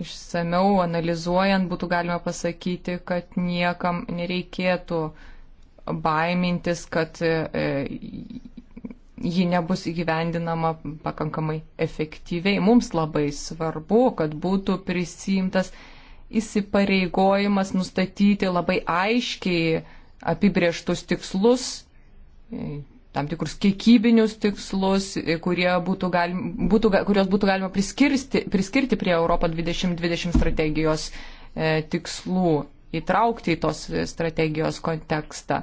išsameu analizuojant būtų galima pasakyti, kad niekam nereikėtų baimintis, kad e, ji nebus įgyvendinama pakankamai efektyviai. Mums labai svarbu, kad būtų prisimtas įsipareigojimas nustatyti labai aiškiai apibrieštus tikslus, tam tikrus kiekybinius tikslus, būtų galim, būtų, kurios būtų galima priskirti, priskirti prie Europą 2020 strategijos e, tikslų, įtraukti į tos strategijos kontekstą.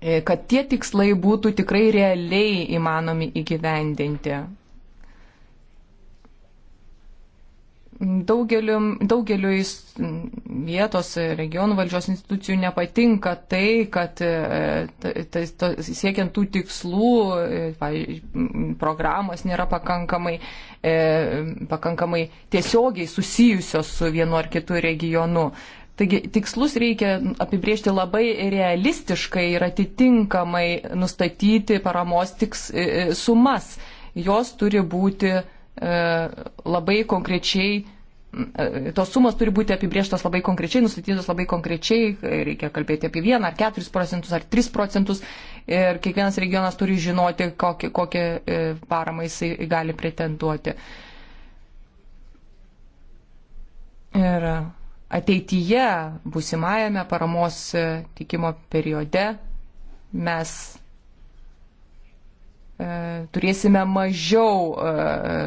E, kad tie tikslai būtų tikrai realiai įmanomi įgyvendinti. Daugeliu, daugeliu vietos e, regionų valdžios institucijų nepatinka tai, kad tai, to, siekiant tų tikslų programos nėra pakankamai, pakankamai tiesiogiai susijusios su vienu ar kitu regionu. Taigi tikslus reikia apibriežti labai realistiškai ir atitinkamai nustatyti paramos tiks, e, e, sumas. Jos turi būti e, labai konkrečiai, e, tos sumos turi būti apibrieštos labai konkrečiai, nustatytos labai konkrečiai, reikia kalbėti apie 1 ar 4 procentus ar 3 procentus ir kiekvienas regionas turi žinoti, kokią, kokią e, paramą jisai gali pretenduoti. Ir ateityje, būsimajame paramos e, tikimo periode mes e, turėsime mažiau e,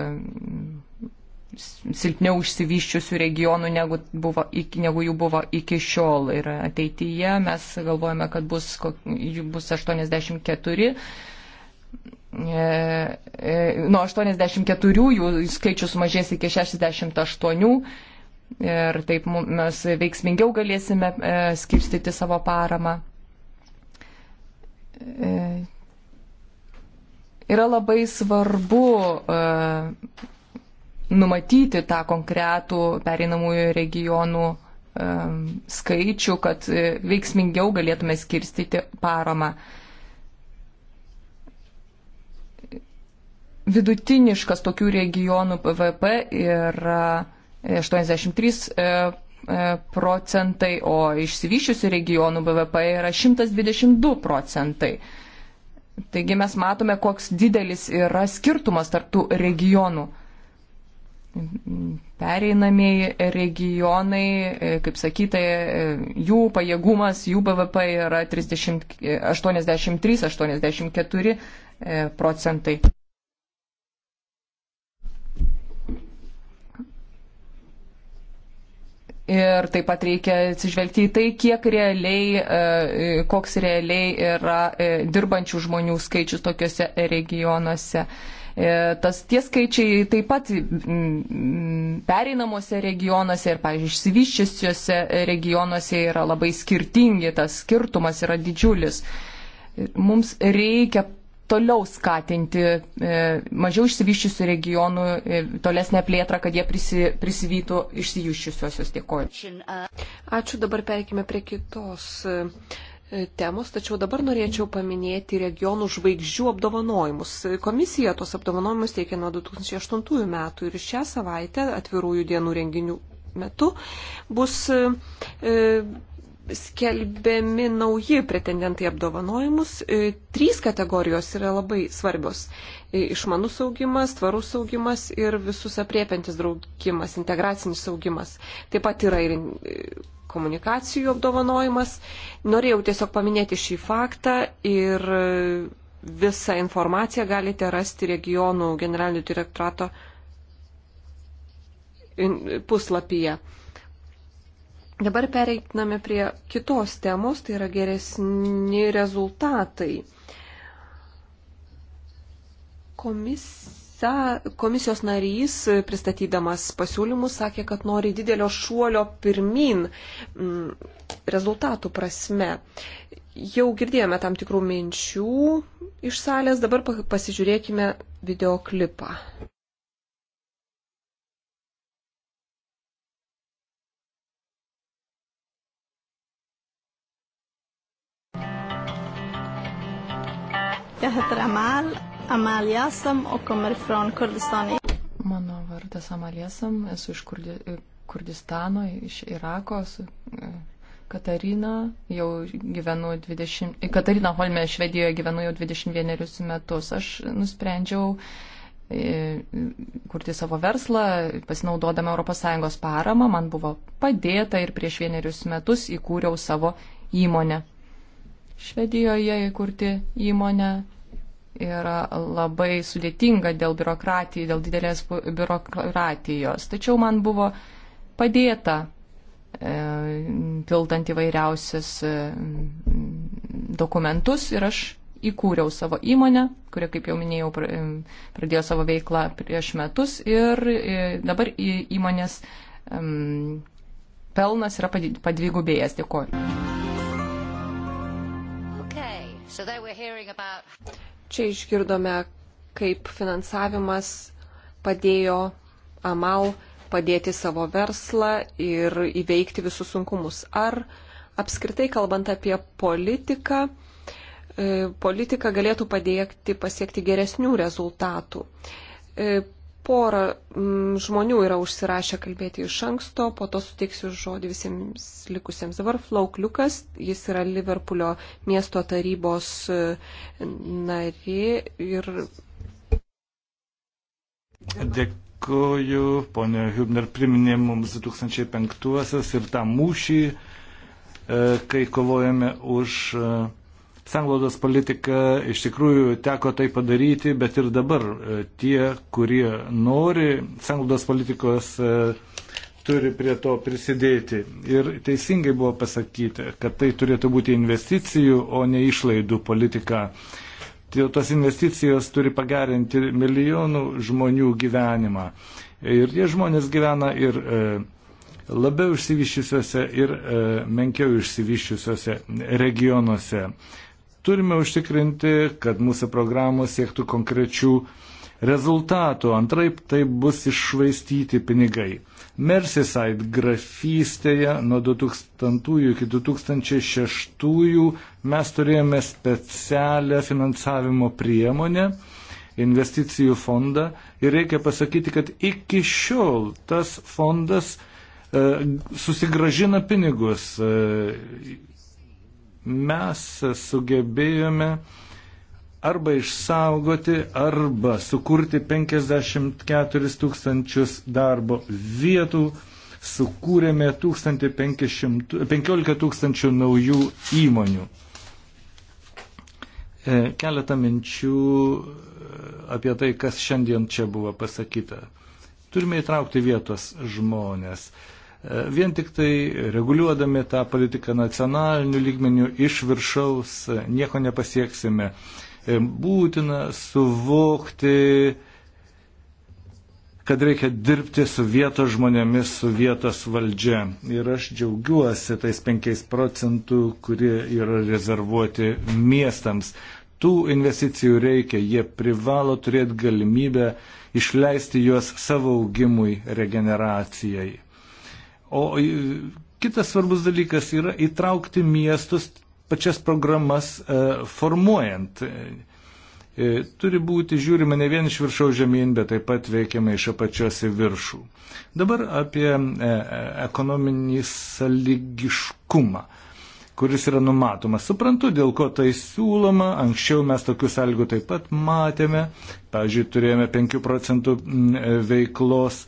silpniau išsivyščiusių regionų, negu, buvo, iki, negu jų buvo iki šiol. Ir ateityje mes galvojame, kad bus, jų bus 84 e, e, nuo 84 jų skaičius mažės iki 68 ir taip mes veiksmingiau galėsime e, skirstyti savo paramą. E, yra labai svarbu e, numatyti tą konkretų pereinamųjų regionų skaičių, kad veiksmingiau galėtume skirstyti paramą. Vidutiniškas tokių regionų PVP yra 83 e, e, procentai, o išsivyščiusių regionų BVP yra 122 procentai. Taigi mes matome, koks didelis yra skirtumas tarptų regionų. Pereinamieji regionai, e, kaip sakyta, jų pajėgumas, jų BVP yra 83-84 procentai. Ir taip pat reikia atsižvelgti į tai, kiek realiai, e, koks realiai yra e, dirbančių žmonių skaičius tokiuose regionuose. E, tas tie skaičiai taip pat pereinamuose regionuose ir, pavyzdžiui, išsivyščiusiuose regionuose yra labai skirtingi, tas skirtumas yra didžiulis. Mums reikia toliau skatinti e, mažiau išsivyščiusių regionų e, tolesnę plėtrą, kad jie prisi, prisivytų išsivyščiusiosios. Dėkoju. Ačiū, dabar perkime prie kitos e, temos, tačiau dabar norėčiau paminėti regionų žvaigždžių apdovanojimus. Komisija tos apdovanojimus teikia nuo 2008 metų ir šią savaitę atvirųjų dienų renginių metu bus e, skelbiami nauji pretendentai apdovanojimus. E, trys kategorijos yra labai svarbios e, - išmanus augimas, tvarus augimas ir visus apriepiantis draugimas, integracinis augimas. Taip pat yra ir e, komunikacijų apdovanojimas. Norėjau tiesiog paminėti šį faktą ir visą informaciją galite rasti regionų generalinio direktorato puslapyje. Dabar pereitiname prie kitos temos, tai yra geresni rezultatai. Komisa, komisijos narys, pristatydamas pasiūlymus, sakė, kad nori didelio šuolio pirmin m, mm, rezultatų prasme. Jau girdėjome tam tikrų minčių iš salės, dabar pasižiūrėkime videoklipą. Jag heter Amal, Amal Yasam och kommer från Kurdistan. Mano vardas Amal Yasam, esu iš Kurdi, Kurdistano, iš Irako, esu e, Katarina, jau gyvenu 20, e, Katarina Holme, Švedijoje gyvenu jau 21 metus. Aš nusprendžiau e, kurti savo verslą, pasinaudodama ES paramą, man buvo padėta ir prieš vienerius metus įkūriau savo įmonę. Švedijoje įkurti įmonę yra labai sudėtinga dėl biurokratijos, dėl didelės biurokratijos. Tačiau man buvo padėta e, pildant įvairiausias e, dokumentus ir aš įkūriau savo įmonę, kuri, kaip jau minėjau, e, pradėjo savo veiklą prieš metus ir dabar įmonės pelnas yra padvigubėjęs. Dėkuoju. Čia išgirdome, kaip finansavimas padėjo Amal padėti savo verslą ir įveikti visus sunkumus. Ar apskritai kalbant apie politiką, e, politika galėtų padėti pasiekti geresnių rezultatų? E, porą mm, žmonių yra užsirašę kalbėti iš anksto, po to suteiksiu žodį visiems likusiems. Dabar Flaukliukas, jis yra Liverpoolio miesto tarybos e, nari ir. Dėkoju, ponė Hübner priminė mums 2005 ir tą mūšį, e, kai kovojame už e, sanglaudos politika iš tikrųjų teko tai padaryti, bet ir dabar e, tie, kurie nori sanglaudos politikos, e, turi prie to prisidėti. Ir teisingai buvo pasakyta, kad tai turėtų būti investicijų, o ne išlaidų politika. Tai tos investicijos turi pagerinti milijonų žmonių gyvenimą. Ir tie žmonės gyvena ir e, labiau išsivyščiusiuose ir menkiau išsivyščiusiuose regionuose. Turime užtikrinti, kad mūsų programos siektų konkrečių rezultatų, antraip tai bus iššvaistyti pinigai. Merseyside grafystėje nuo 2000 iki 2006 mes turėjome specialią finansavimo priemonę, investicijų fondą ir reikia pasakyti, kad iki šiol tas fondas e, susigražina pinigus. E, mes sugebėjome arba išsaugoti, arba sukurti 54 tūkstančius darbo vietų, sukūrėme 1500, 15 tūkstančių naujų įmonių. E, keletą minčių e, apie tai, kas šiandien čia buvo pasakyta. Turime įtraukti vietos žmonės. E, Vien tik tai reguliuodami tą politiką nacionaliniu lygmeniu iš viršaus nieko nepasieksime. E, būtina suvokti, kad reikia dirbti su vietos žmonėmis, su vietos valdžia. Ir aš džiaugiuosi tais penkiais procentų, kurie yra rezervuoti miestams. Tų investicijų reikia, jie privalo turėti galimybę išleisti juos savo augimui, regeneracijai. O e, kitas svarbus dalykas yra įtraukti miestus pačias programas e, formuojant. E, turi būti žiūrima ne vien iš viršaus žemyn, bet taip pat veikiama iš apačios į viršų. Dabar apie ekonominį saligiškumą kuris yra numatomas. Suprantu, dėl ko tai siūloma. Anksčiau mes tokių sąlygų taip pat matėme. Pavyzdžiui, turėjome 5 procentų veiklos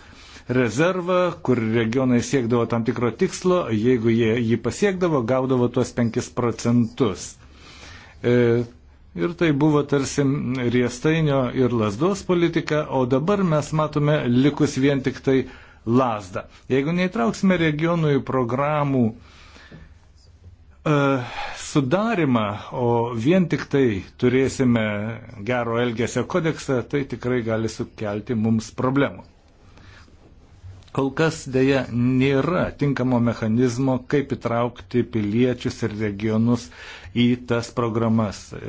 rezervą, kur regionai siekdavo tam tikro tikslo, jeigu jie jį pasiekdavo, gaudavo tuos 5 procentus. E, ir tai buvo tarsi riestainio ir lasdos politika, o dabar mes matome likus vien tik tai lasdą. Jeigu neįtrauksime regionų į programų e, sudarimą, o vien tik tai turėsime gero elgesio kodeksą, tai tikrai gali sukelti mums problemų. Kol kas dėja nėra tinkamo mechanizmo, kaip įtraukti piliečius ir regionus į tas programas. E,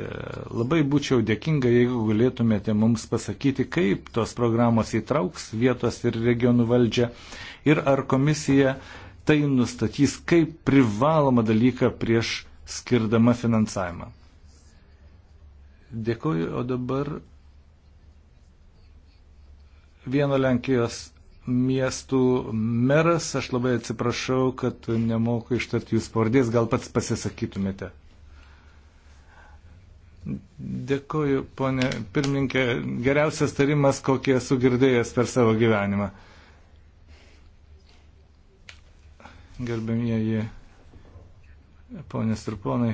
labai būčiau dėkinga, jeigu galėtumėte mums pasakyti, kaip tos programos įtrauks vietos ir regionų valdžią ir ar komisija tai nustatys kaip privalomą dalyką prieš skirdama finansavimą. Dėkuoju, o dabar vieno Lenkijos miestų meras. Aš labai atsiprašau, kad nemoku ištarti jūsų pavardės, gal pats pasisakytumėte. Dėkuoju, ponė pirmininkė, geriausias tarimas, kokį esu girdėjęs per savo gyvenimą. Gerbėmieji, ponės ir ponai.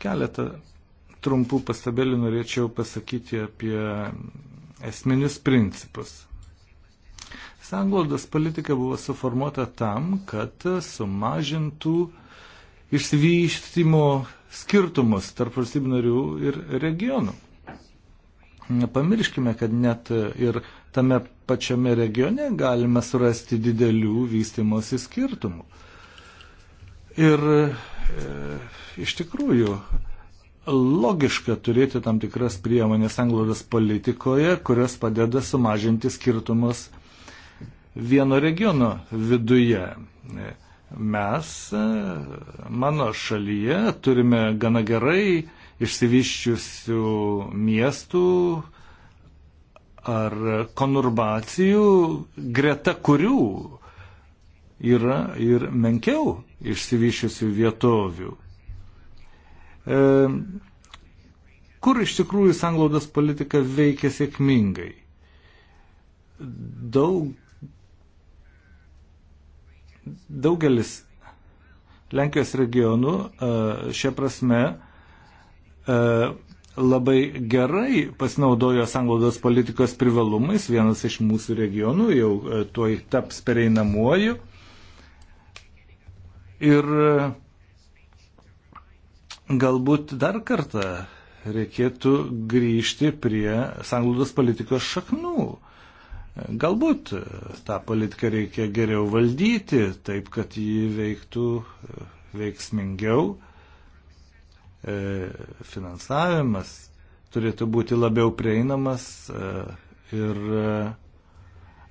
Keletą trumpų pastabėlių norėčiau pasakyti apie esminius principus. Sanglaudos politika buvo suformuota tam, kad sumažintų išsivystymo skirtumus tarp valstybių narių ir regionų. Nepamirškime, kad net ir tame pačiame regione galime surasti didelių vystimosi skirtumų. Ir e, iš tikrųjų, e, logiška turėti tam tikras priemonės anglodas politikoje, kurios padeda sumažinti skirtumus vieno regiono viduje. Mes mano šalyje turime gana gerai išsivyščiusių miestų ar konurbacijų, greta kurių yra ir menkiau išsivyščiusių vietovių. E, kur iš tikrųjų sanglaudos politika veikia sėkmingai? Daug, daugelis Lenkijos regionų e, šia prasme e, labai gerai pasinaudojo sanglaudos politikos privalumais. Vienas iš mūsų regionų jau tuoj taps pereinamuoju. Ir Galbūt dar kartą reikėtų grįžti prie sanglaudos politikos šaknų. Galbūt tą politiką reikia geriau valdyti, taip kad ji veiktų e, veiksmingiau. E, finansavimas turėtų būti labiau prieinamas e, ir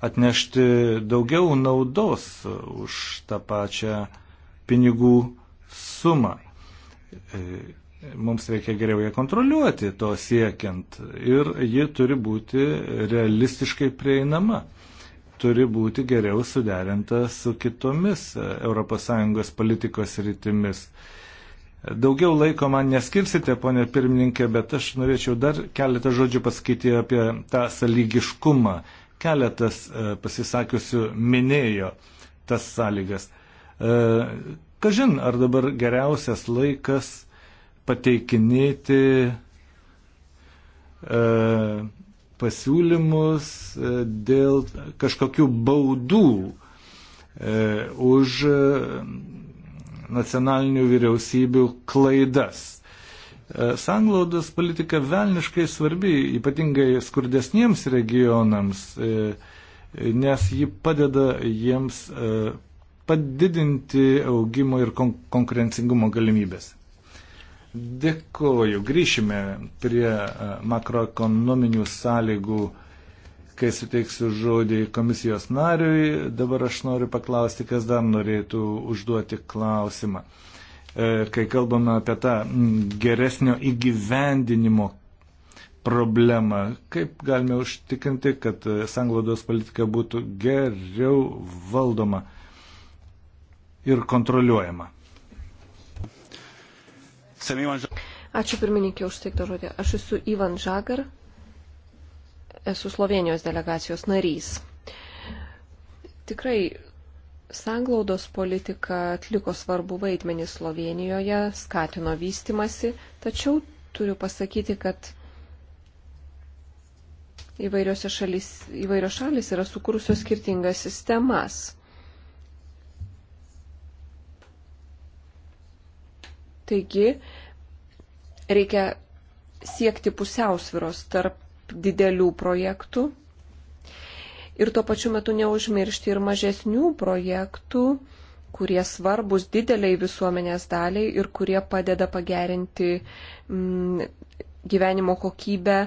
atnešti daugiau naudos už tą pačią pinigų sumą. E, mums reikia geriau ją kontroliuoti to siekiant ir ji turi būti realistiškai prieinama, turi būti geriau suderinta su kitomis e, ES politikos rytimis. Daugiau laiko man neskirsite, ponė pirmininkė, bet aš norėčiau dar keletą žodžių pasakyti apie tą sąlygiškumą. Keletas e, pasisakiusių minėjo tas sąlygas Kažin, ar dabar geriausias laikas pateikinėti e, pasiūlymus e, dėl kažkokių baudų e, už e, nacionalinių vyriausybių klaidas. E, sanglaudos politika velniškai svarbi, ypatingai skurdesniems regionams, nes ji padeda jiems padidinti augimo ir kon konkurencingumo galimybės. Dėkoju. Grįšime prie e, makroekonominių sąlygų, kai suteiksiu žodį komisijos nariui. Dabar aš noriu paklausti, kas dar norėtų užduoti klausimą. E, kai kalbame apie tą geresnio įgyvendinimo problemą, kaip galime užtikrinti, kad e, sanglaudos politika būtų geriau valdoma ir kontroliuojama. Ačiū pirmininkė už teiktą žodį. Aš esu Ivan Žagar, esu Slovenijos delegacijos narys. Tikrai sanglaudos politika atliko svarbu vaidmenį Slovenijoje, skatino vystimasi, tačiau turiu pasakyti, kad įvairios šalis yra sukūrusios skirtingas sistemas. Taigi reikia siekti pusiausviros tarp didelių projektų ir tuo pačiu metu neužmiršti ir mažesnių projektų, kurie svarbus dideliai visuomenės daliai ir kurie padeda pagerinti mm, gyvenimo kokybę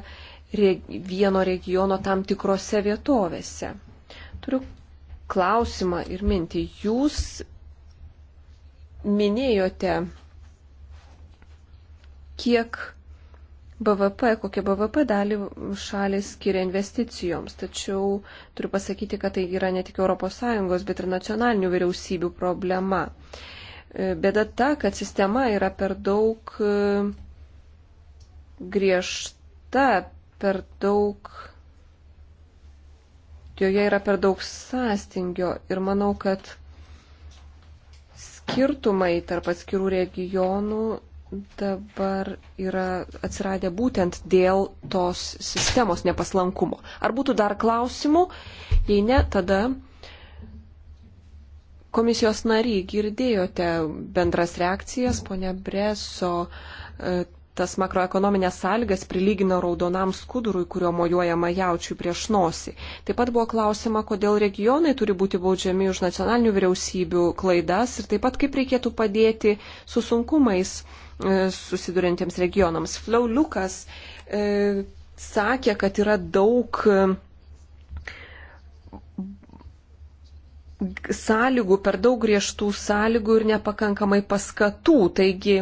reg vieno regiono tam tikrose vietovėse. Turiu klausimą ir mintį. Jūs minėjote kiek BVP, kokią BVP dalį šalis skiria investicijoms. Tačiau turiu pasakyti, kad tai yra ne tik ES, bet ir nacionalinių vyriausybių problema. E, bėda ta, kad sistema yra per daug e, griežta, per daug. Joje yra per daug sąstingio ir manau, kad skirtumai tarp atskirų regionų dabar yra atsiradę būtent dėl tos sistemos nepaslankumo. Ar būtų dar klausimų? Jei ne, tada komisijos nariai girdėjote bendras reakcijas, ponia Breso e, tas makroekonominės sąlygas prilygino raudonam skudurui, kurio mojuojama jaučiui prieš nosį. Taip pat buvo klausima, kodėl regionai turi būti baudžiami už nacionalinių vyriausybių klaidas ir taip pat kaip reikėtų padėti su sunkumais E, susidurintiems regionams. Flau Lukas e, sakė, kad yra daug e, sąlygų, per daug griežtų sąlygų ir nepakankamai paskatų. Taigi,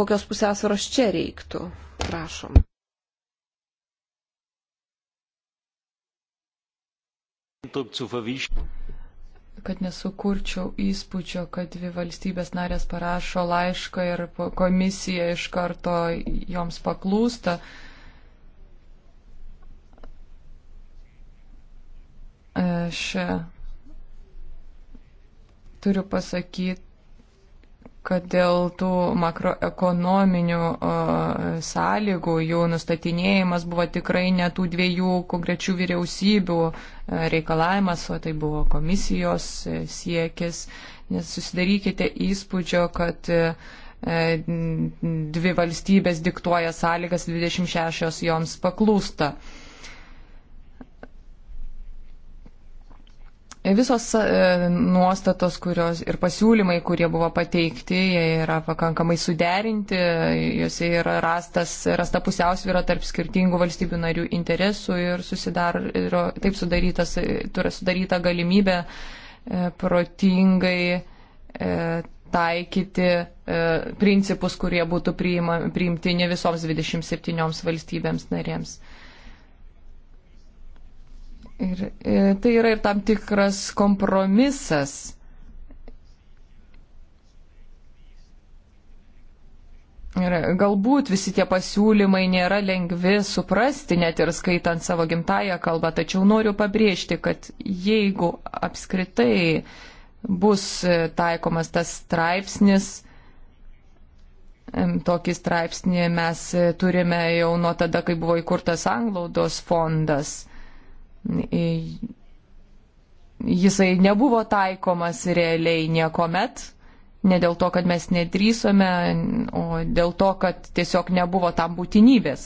kokios pusiausvėros čia reiktų? Prašom. Druck zu verwischen kad nesukurčiau įspūdžio, kad dvi valstybės narės parašo laišką ir komisija iš karto joms paklūsta. Aš turiu pasakyti, kad dėl tų makroekonominių sąlygų jų nustatinėjimas buvo tikrai ne tų dviejų konkrečių vyriausybių e, reikalavimas, o tai buvo komisijos e, siekis. Nes susidarykite įspūdžio, kad e, dvi valstybės diktuoja sąlygas, 26 joms paklūsta. Visos e, nuostatos kurios, ir pasiūlymai, kurie buvo pateikti, jie yra pakankamai suderinti, juose yra rastas, rasta pusiausvyra tarp skirtingų valstybių narių interesų ir susidar, ir taip sudarytas, e, turi sudaryta galimybė e, protingai taikyti principus, kurie būtų priima, priimtini visoms 27 valstybėms narėms. Ir, ir e, tai yra ir tam tikras kompromisas. Ir galbūt visi tie pasiūlymai nėra lengvi suprasti, net ir skaitant savo gimtają kalbą, tačiau noriu pabrėžti, kad jeigu apskritai bus taikomas tas straipsnis, tokį straipsnį mes turime jau nuo tada, kai buvo įkurtas Anglaudos fondas jisai nebuvo taikomas realiai niekuomet. Ne dėl to, kad mes nedrysome, o dėl to, kad tiesiog nebuvo tam būtinybės.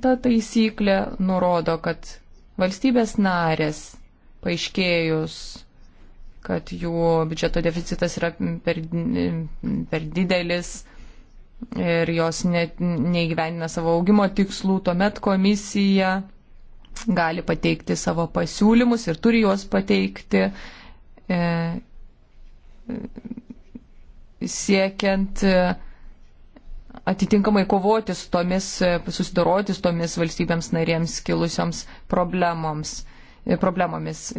Ta taisyklė nurodo, kad valstybės narės paaiškėjus, kad jų biudžeto deficitas yra per, per didelis, ir jos net neįgyvenina savo augimo tikslų, tuomet komisija gali pateikti savo pasiūlymus ir turi juos pateikti e, siekiant e, atitinkamai kovoti su tomis, e, susidoroti su tomis valstybėms narėms kilusioms problemoms, e, problemomis.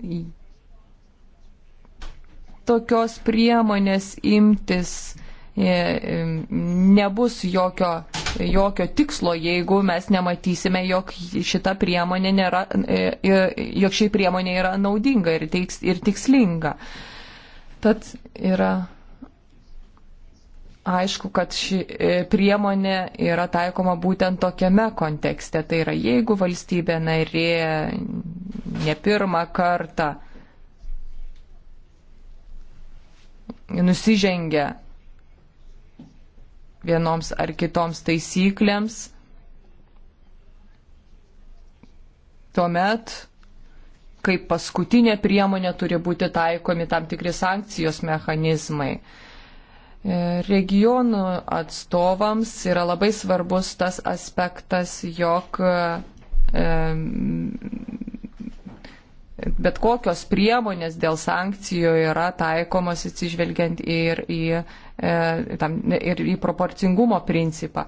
Ir tokios priemonės imtis nebus jokio jokio tikslo, jeigu mes nematysime, jog šita priemonė, nėra, e, e, jog šiai priemonė yra naudinga ir, teiks, ir tikslinga. Tad yra aišku, kad ši e, priemonė yra taikoma būtent tokiame kontekste. Tai yra, jeigu valstybė narė ne pirmą kartą nusižengia vienoms ar kitoms taisyklėms, tuomet kaip paskutinė priemonė turi būti taikomi tam tikri sankcijos mechanizmai. E, regionų atstovams yra labai svarbus tas aspektas, jog e, bet kokios priemonės dėl sankcijų yra taikomos atsižvelgiant ir į E, tam, ir į proporcingumo principą.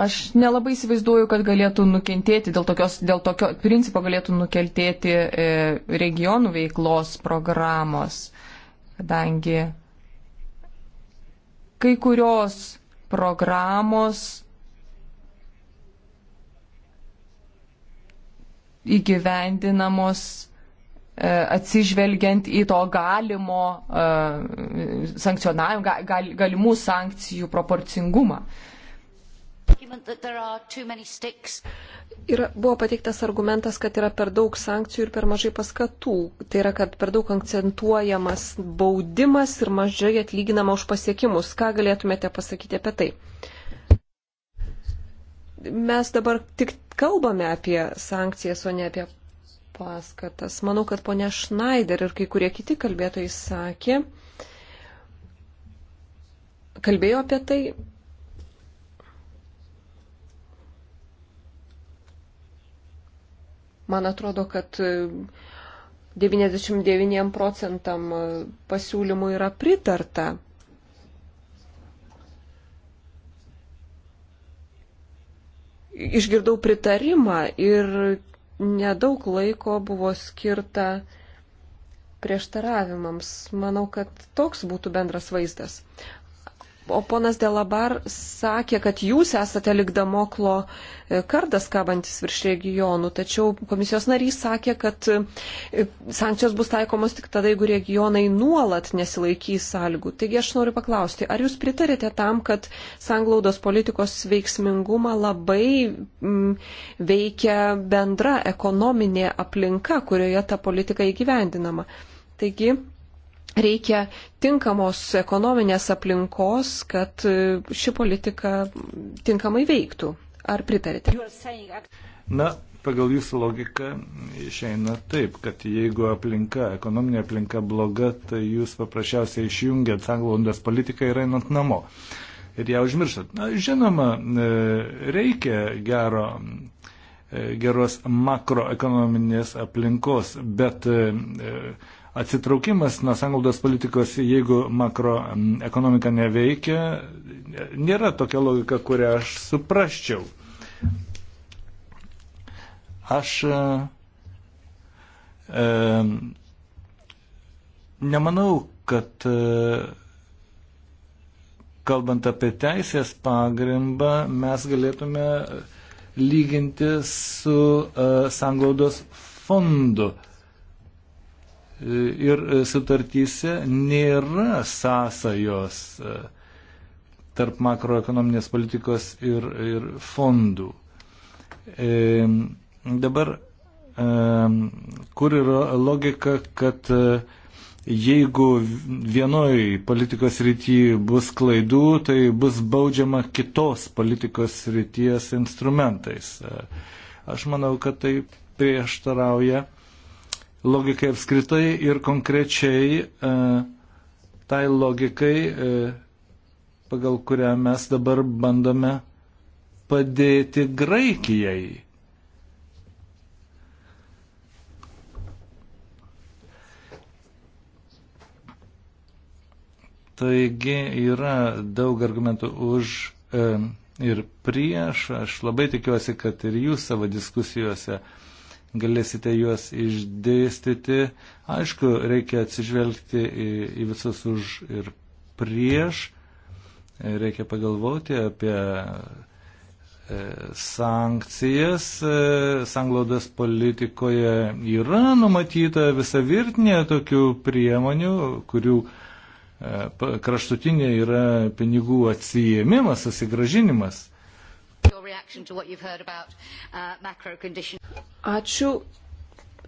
Aš nelabai įsivaizduoju, kad galėtų nukentėti, dėl, tokios, dėl tokio principo galėtų nukentėti e, regionų veiklos programos, kadangi kai kurios programos įgyvendinamos E, atsižvelgiant į to galimo e, sankcionavimo, gal, galimų sankcijų proporcingumą. Yra, buvo pateiktas argumentas, kad yra per daug sankcijų ir per mažai paskatų. Tai yra, kad per daug akcentuojamas baudimas ir mažai atlyginama už pasiekimus. Ką galėtumėte pasakyti apie tai? Mes dabar tik kalbame apie sankcijas, o ne apie paskatas. Manau, kad ponė Schneider ir kai kurie kiti kalbėtojai sakė, kalbėjo apie tai. Man atrodo, kad 99 procentam pasiūlymų yra pritarta. Išgirdau pritarimą ir nedaug laiko buvo skirta prieštaravimams. Manau, kad toks būtų bendras vaizdas o ponas Delabar sakė, kad jūs esate likdamoklo e, kardas kabantis virš regionų, tačiau komisijos narys sakė, kad e, sankcijos bus taikomos tik tada, jeigu regionai nuolat nesilaikys sąlygų. Taigi aš noriu paklausti, ar jūs pritarėte tam, kad sanglaudos politikos veiksmingumą labai mm, veikia bendra ekonominė aplinka, kurioje ta politika įgyvendinama? Taigi, reikia tinkamos ekonominės aplinkos, kad e, ši politika tinkamai veiktų. Ar pritarite? Na, pagal jūsų logiką išeina taip, kad jeigu aplinka, ekonominė aplinka bloga, tai jūs paprasčiausiai išjungiat sanglaudos politiką ir einat namo. Ir ją užmirštat. Na, žinoma, e, reikia gero e, geros makroekonominės aplinkos, bet atsitraukimas nuo sanglaudos politikos, jeigu makroekonomika neveikia, nėra tokia logika, kurią aš suprasčiau. Aš e, e nemanau, kad e, kalbant apie teisės pagrindą, mes galėtume lyginti su e, sanglaudos fondu. E, ir sutartyse nėra sąsajos e, tarp makroekonominės politikos ir, ir fondų. E, dabar, e, kur yra logika, kad e, jeigu vienoj politikos rytyje bus klaidų, tai bus baudžiama kitos politikos ryties instrumentais. E, aš manau, kad tai prieštarauja e, logikai apskritai ir konkrečiai e, tai logikai, e, pagal kurią mes dabar bandome padėti Graikijai. Taigi yra daug argumentų už e, ir prieš. Aš labai tikiuosi, kad ir jūs savo diskusijose e, galėsite juos išdėstyti. Aišku, reikia atsižvelgti į, į visus už ir prieš. Reikia pagalvoti apie e, sankcijas. E, Sanglaudas politikoje yra numatyta visa virtinė tokių priemonių, kurių e, kraštutinė yra pinigų atsijėmimas, susigražinimas reaction to what you've heard about uh, macro conditions. Ačiū.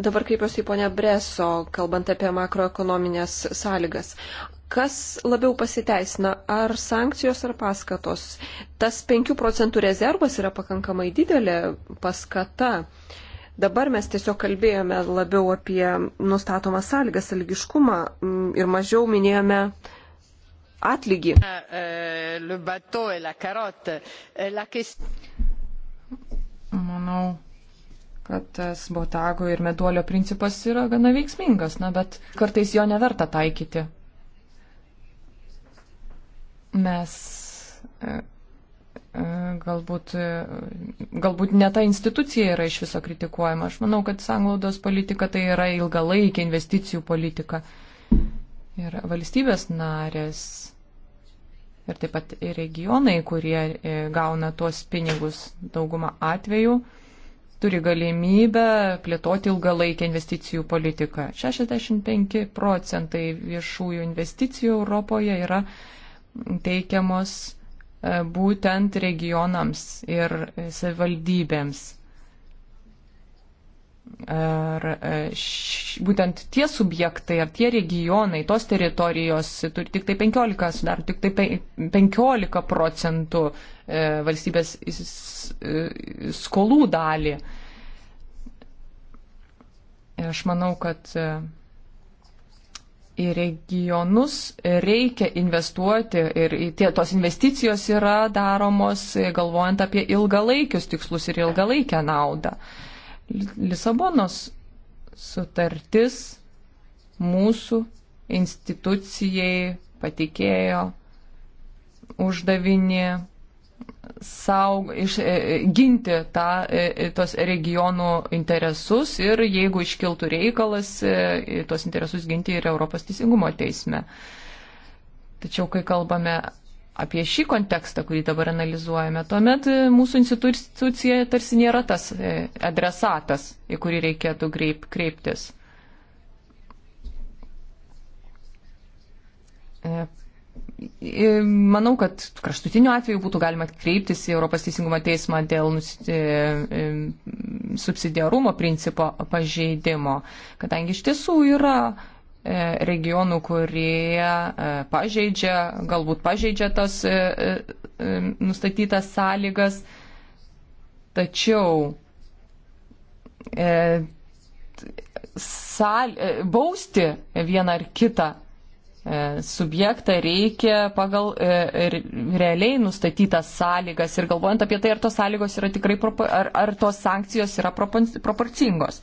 Dabar kreipiuosi į ponę Breso, kalbant apie makroekonominės sąlygas. Kas labiau pasiteisina, ar sankcijos ar paskatos? Tas 5 procentų rezervas yra pakankamai didelė paskata. Dabar mes tiesiog kalbėjome labiau apie nustatomą sąlygą, salgiškumą mm, ir mažiau minėjome atlygį. Uh, uh, Manau, kad tas botago ir meduolio principas yra gana veiksmingas, na, bet kartais jo neverta taikyti. Mes e, e, galbūt, e, galbūt ne ta institucija yra iš viso kritikuojama. Aš manau, kad sanglaudos politika tai yra ilgalaikė investicijų politika. Ir valstybės narės ir taip pat ir regionai, kurie e, gauna tuos pinigus daugumą atvejų, turi galimybę plėtoti ilgalaikę investicijų politiką. 65 procentai viešųjų investicijų Europoje yra teikiamos e, būtent regionams ir e, savivaldybėms. Ar e, š, būtent tie subjektai, ar tie regionai, tos teritorijos turi tik tai 15, sudaro tik tai 15 procentų e, valstybės e, skolų dalį. Ir aš manau, kad į regionus reikia investuoti ir tie, tos investicijos yra daromos galvojant apie ilgalaikius tikslus ir ilgalaikę naudą. Uh, Lisabonos sutartis mūsų institucijai patikėjo uždavinį saug, iš, e, e, ginti tą, e, tos regionų interesus ir jeigu iškiltų reikalas, tos interesus ginti ir Europos teisingumo teisme. Tačiau, kai kalbame apie šį kontekstą, kurį dabar analizuojame, tuomet mūsų institucija tarsi nėra tas e, adresatas, į kurį reikėtų greip, kreiptis. E, e, manau, kad kraštutiniu atveju būtų galima kreiptis į Europos Teisingumo teismą dėl subsidiarumo principo pažeidimo, kadangi iš tiesų yra E, regionų, kurie e, pažeidžia, galbūt pažeidžia tas e, nustatytas sąlygas, tačiau sal, bausti vieną ar kitą subjektą reikia pagal realiai nustatytas sąlygas ir galvojant apie tai, ar tos sąlygos yra tikrai, ar, ar tos sankcijos yra proporcingos. Propon,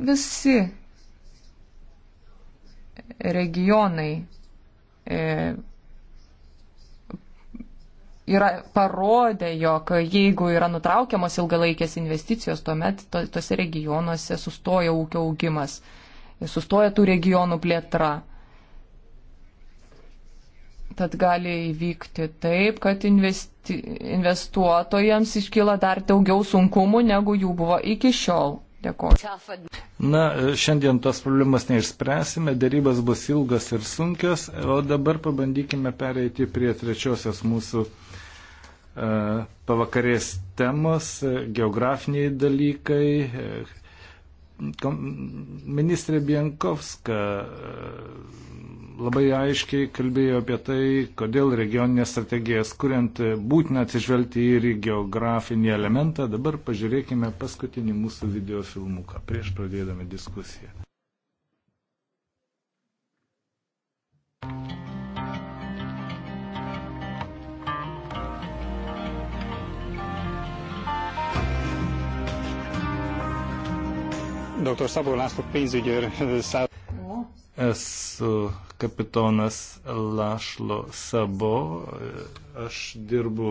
Visi regionai e, yra parodę, jog jeigu yra nutraukiamos ilgalaikės investicijos, tuomet to, tose regionuose sustoja ūkio augimas, sustoja tų regionų plėtra. Tad gali įvykti taip, kad investi, investuotojams iškyla dar daugiau sunkumų, negu jų buvo iki šiol. Dėkuoju. Na, šiandien tos problemas neišspręsime, dėrybas bus ilgas ir sunkios, o dabar pabandykime pereiti prie trečiosios mūsų uh, pavakarės temos, geografiniai dalykai. E, ministrė Bienkovska uh, labai aiškiai kalbėjo apie tai, kodėl regioninės strategijas kuriant būtina atsižvelgti ir į geografinį elementą. Dabar pažiūrėkime paskutinį mūsų video filmuką prieš pradėdami diskusiją. Dr. Szabó László pénzügyőr száll esu kapitonas Lašlo Sabo, aš dirbu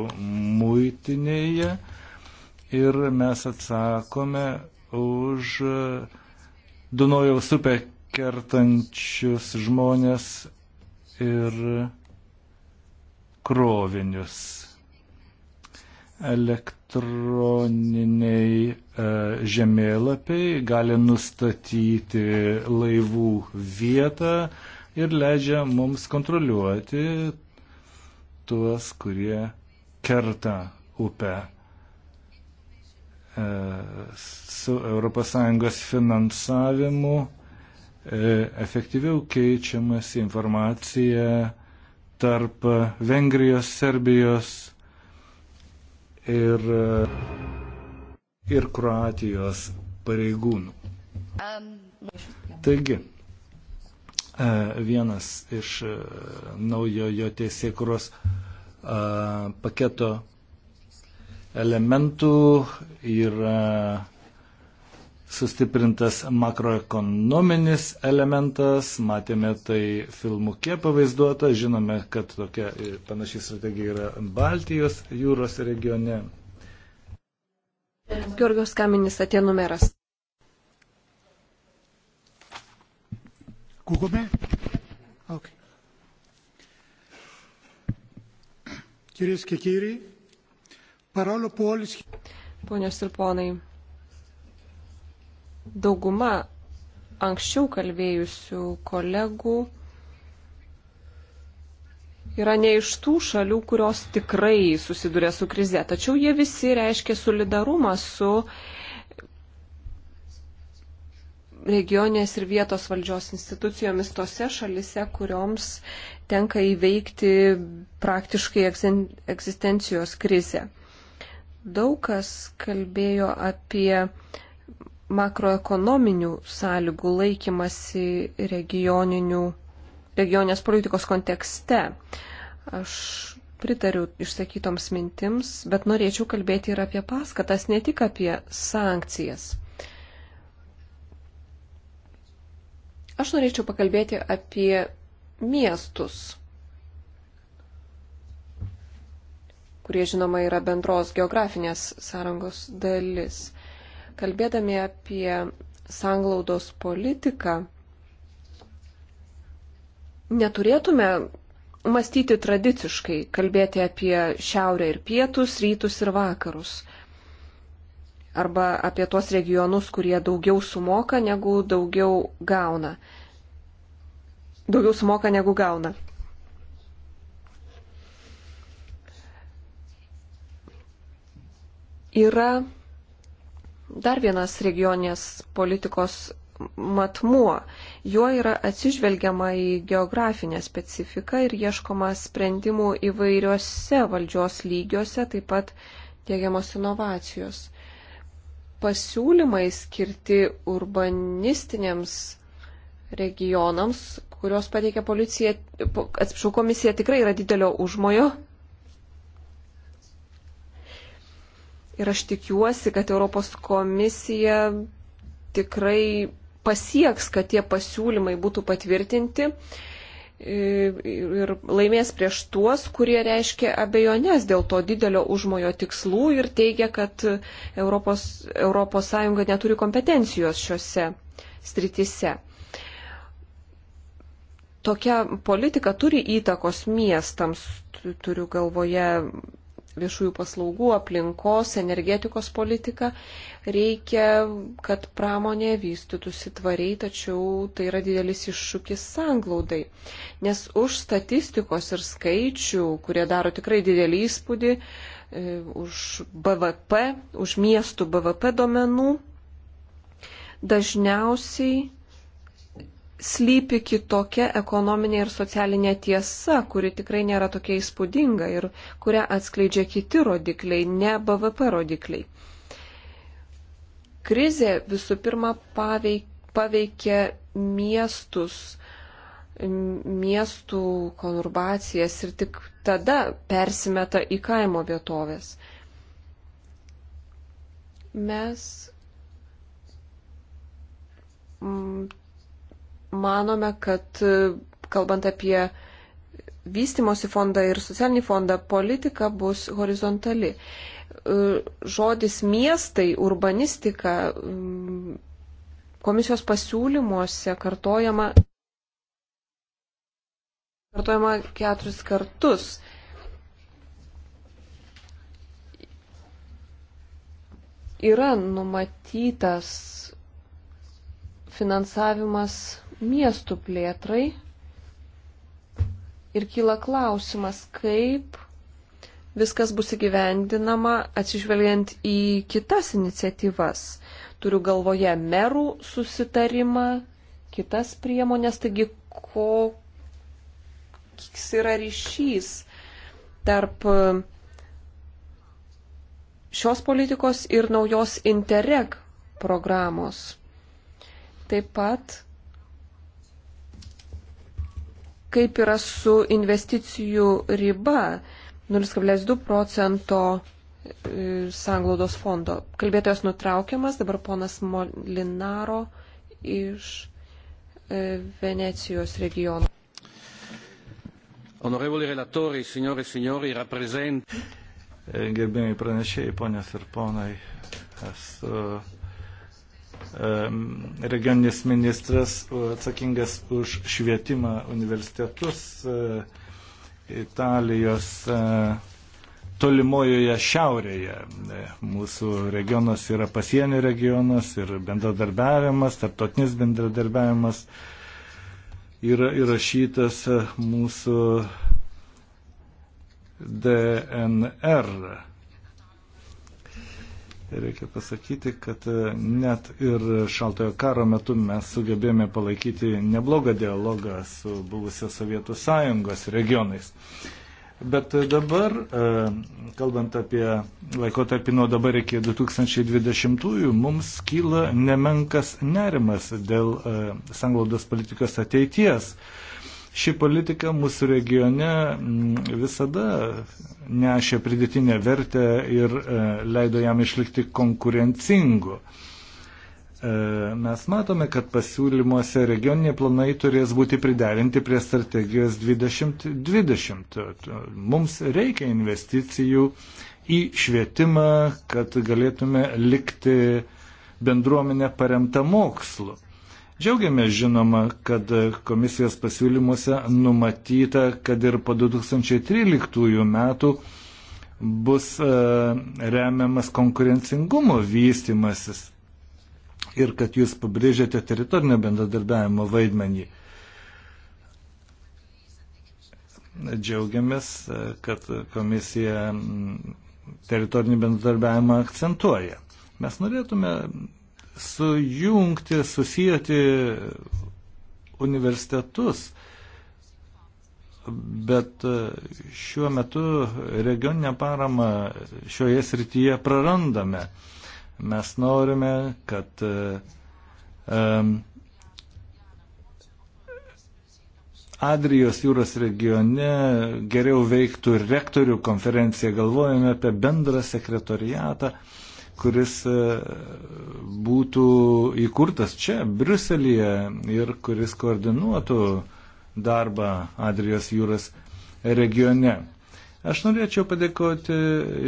muitinėje ir mes atsakome už Dunojaus upę kertančius žmonės ir krovinius. Elekt elektroniniai e, žemėlapiai gali nustatyti laivų vietą ir leidžia mums kontroliuoti tuos, kurie kerta upę. E, su ES finansavimu e, efektyviau keičiamas informacija tarp Vengrijos, Serbijos, ir, ir Kroatijos pareigūnų. Taigi, e, vienas iš e, naujojo teisėkuros e, paketo elementų yra sustiprintas makroekonominis elementas, matėme tai filmuke pavaizduota, žinome, kad tokia panaši strategija yra Baltijos jūros regione. Georgios Kaminis atėjo numeras. Google? Okay. Κυρίες και κύριοι, παρόλο που όλες... Ponios ir ponai, dauguma anksčiau kalbėjusių kolegų yra ne iš tų šalių, kurios tikrai susiduria su krize, tačiau jie visi reiškia solidarumą su regionės ir vietos valdžios institucijomis tose šalise, kurioms tenka įveikti praktiškai egzistencijos krizę. Daug kas kalbėjo apie makroekonominių sąlygų laikymasi regioninės politikos kontekste. Aš pritariu išsakytoms mintims, bet norėčiau kalbėti ir apie paskatas, ne tik apie sankcijas. Aš norėčiau pakalbėti apie miestus, kurie žinoma yra bendros geografinės sąrangos dalis. Kalbėdami apie sanglaudos politiką, neturėtume mąstyti tradiciškai, kalbėti apie šiaurę ir pietus, rytus ir vakarus. Arba apie tuos regionus, kurie daugiau sumoka, negu daugiau gauna. Daugiau sumoka, negu gauna. Yra dar vienas regioninės politikos matmuo. Juo yra atsižvelgiama į geografinę specifiką ir ieškoma sprendimų įvairiose valdžios lygiuose, taip pat dėgiamos inovacijos. Pasiūlymai skirti urbanistinėms regionams, kurios pateikia policija, atsiprašau, komisija tikrai yra didelio užmojo, Ir aš tikiuosi, kad Europos komisija tikrai pasieks, kad tie pasiūlymai būtų patvirtinti e, ir laimės prieš tuos, kurie reiškia abejonės dėl to didelio užmojo tikslų ir teigia, kad Europos, Europos Sąjunga neturi kompetencijos šiuose strityse. Tokia politika turi įtakos miestams, turiu galvoje viešųjų paslaugų, aplinkos, energetikos politiką. Reikia, kad pramonė vystytųsi tvariai, tačiau tai yra didelis iššūkis sanglaudai. Nes už statistikos ir skaičių, kurie daro tikrai didelį įspūdį, e, už BVP, už miestų BVP domenų, dažniausiai slypi kitokia ekonominė ir socialinė tiesa, kuri tikrai nėra tokia įspūdinga ir kurią atskleidžia kiti rodikliai, ne BVP rodikliai. Krizė visų pirma paveikė miestus, miestų konurbacijas ir tik tada persimeta į kaimo vietovės. Mes manome, kad e, kalbant apie vystimosi fondą ir socialinį fondą, politika bus horizontali. E, žodis miestai, urbanistika mm, komisijos pasiūlymuose kartojama, kartojama keturis kartus. Yra numatytas finansavimas miestų plėtrai. Ir kyla klausimas, kaip viskas bus įgyvendinama atsižvelgiant į kitas iniciatyvas. Turiu galvoje merų susitarimą, kitas priemonės, taigi koks yra ryšys tarp šios politikos ir naujos Interreg programos. Taip pat kaip yra su investicijų riba 0,2 procento e, sanglaudos fondo. Kalbėtojas nutraukiamas, dabar ponas Molinaro iš e, Venecijos regiono. Onorevoli relatori, signore e signori, rappresent. Gerbėjai pranešėjai, ponės ir ponai, esu regioninis ministras atsakingas už švietimą universitetus e, Italijos e, tolimojoje šiaurėje. E, mūsų regionas yra pasienio regionas ir bendradarbiavimas, tarptautinis bendradarbiavimas yra įrašytas mūsų DNR Reikia pasakyti, kad e, net ir šaltojo karo metu mes sugebėjome palaikyti neblogą dialogą su buvusios Sovietų sąjungos regionais. Bet dabar, e, kalbant apie laikotarpį nuo dabar iki 2020-ųjų, mums kyla nemenkas nerimas dėl e, sanglaudos politikos ateities. Ši politika mūsų regione mm, visada nešė pridėtinę vertę ir e, leido jam išlikti konkurencingu. E, mes matome, kad pasiūlymuose regioniniai planai turės būti priderinti prie strategijos 2020. Mums reikia investicijų į švietimą, kad galėtume likti bendruomenę paremtą mokslu. Džiaugiamės žinoma, kad komisijos pasiūlymuose numatyta, kad ir po 2013 metų bus e, remiamas konkurencingumo vystimasis ir kad jūs pabrėžėte teritorinio bendradarbiavimo vaidmenį. Džiaugiamės, e, kad komisija teritorinį bendradarbiavimą akcentuoja. Mes norėtume sujungti, susijęti universitetus, bet e, šiuo metu regioninę paramą šioje srityje prarandame. Mes norime, kad um, Adrijos jūros regione geriau veiktų rektorių konferencija, galvojame apie bendrą sekretoriatą. Uh, kuris e, būtų įkurtas čia, Briuselėje, ir kuris koordinuotų darbą Adrijos jūros regione. Aš norėčiau padėkoti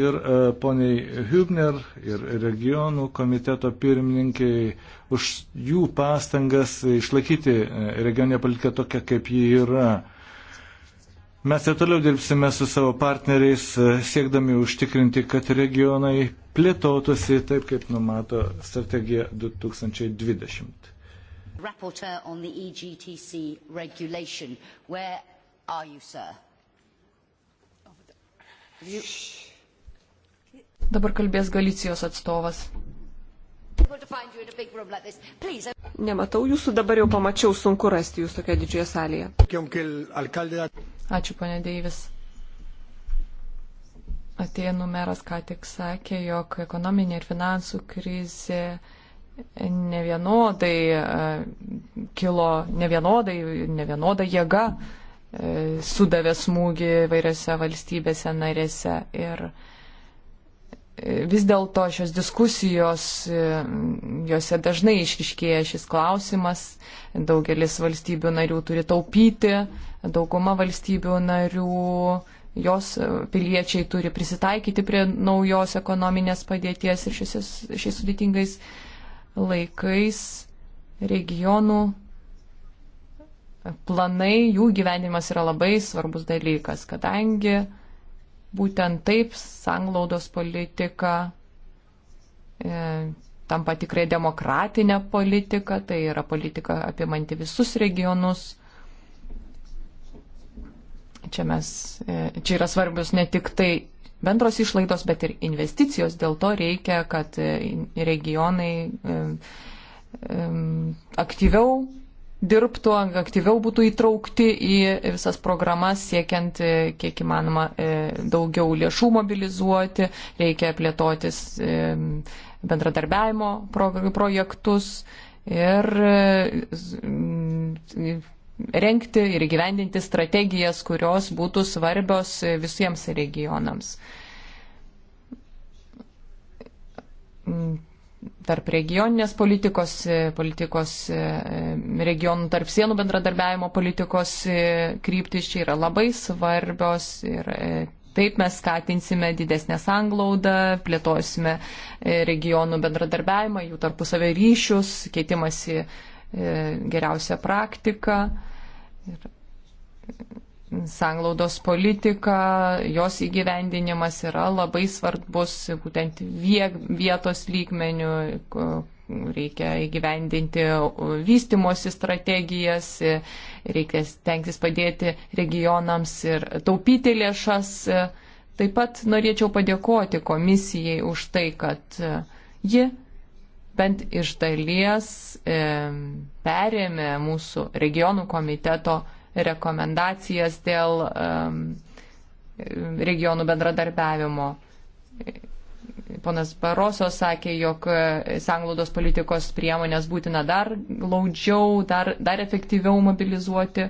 ir e, poniai Hübner, ir regionų komiteto pirmininkiai už jų pastangas išlaikyti e, regioninę politiką tokią, kaip ji yra. Mes ir toliau dirbsime su savo partneriais, e, siekdami užtikrinti, kad regionai plėtotųsi taip, kaip numato strategija 2020. Rapporteur on the EGTC regulation. Where are you, sir? You... Dabar kalbės Galicijos atstovas. Nematau jūsų, dabar jau pamačiau, sunku rasti jūs tokia didžioje salėje. Ačiū, ponė Deivis. Atėnų meras ką tik sakė, jog ekonominė ir finansų krizė nevienodai e, kilo, nevienodai, nevienoda jėga e, sudavė smūgį vairiose valstybėse narėse. Ir vis dėlto šios diskusijos, e, juose dažnai išriškėja šis klausimas, daugelis valstybių narių turi taupyti, dauguma valstybių narių, jos piliečiai turi prisitaikyti prie naujos ekonominės padėties ir šiais, šiais sudėtingais laikais regionų planai, jų gyvenimas yra labai svarbus dalykas, kadangi Būtent taip sanglaudos politika e, tampa tikrai demokratinė politika, tai yra politika apimanti visus regionus. Čia, mes, e, čia yra svarbios ne tik tai bendros išlaidos, bet ir investicijos. Dėl to reikia, kad e, regionai e, e, aktyviau dirbtų, aktyviau būtų įtraukti į visas programas, siekiant e, kiek įmanoma e, daugiau lėšų mobilizuoti, reikia plėtotis e, bendradarbiavimo projektus ir renkti ir gyvendinti strategijas, kurios būtų svarbios visiems regionams tarp regioninės politikos, e, politikos e, regionų tarp sienų bendradarbiavimo politikos e, kryptis čia yra labai svarbios ir taip mes skatinsime didesnę sanglaudą, plėtosime regionų bendradarbiavimą, jų tarpusavio ryšius, keitimasi geriausią praktiką. Ir sanglaudos politika, jos įgyvendinimas yra labai svarbus būtent vietos lygmenių, reikia įgyvendinti vystimosi strategijas, reikia stengtis padėti regionams ir taupyti lėšas. Taip pat norėčiau padėkoti komisijai už tai, kad ji bent iš dalies e, perėmė mūsų regionų komiteto rekomendacijas dėl um, regionų bendradarbiavimo. Ponas Baroso sakė, jog sanglaudos politikos priemonės būtina dar glaudžiau, dar, dar efektyviau mobilizuoti.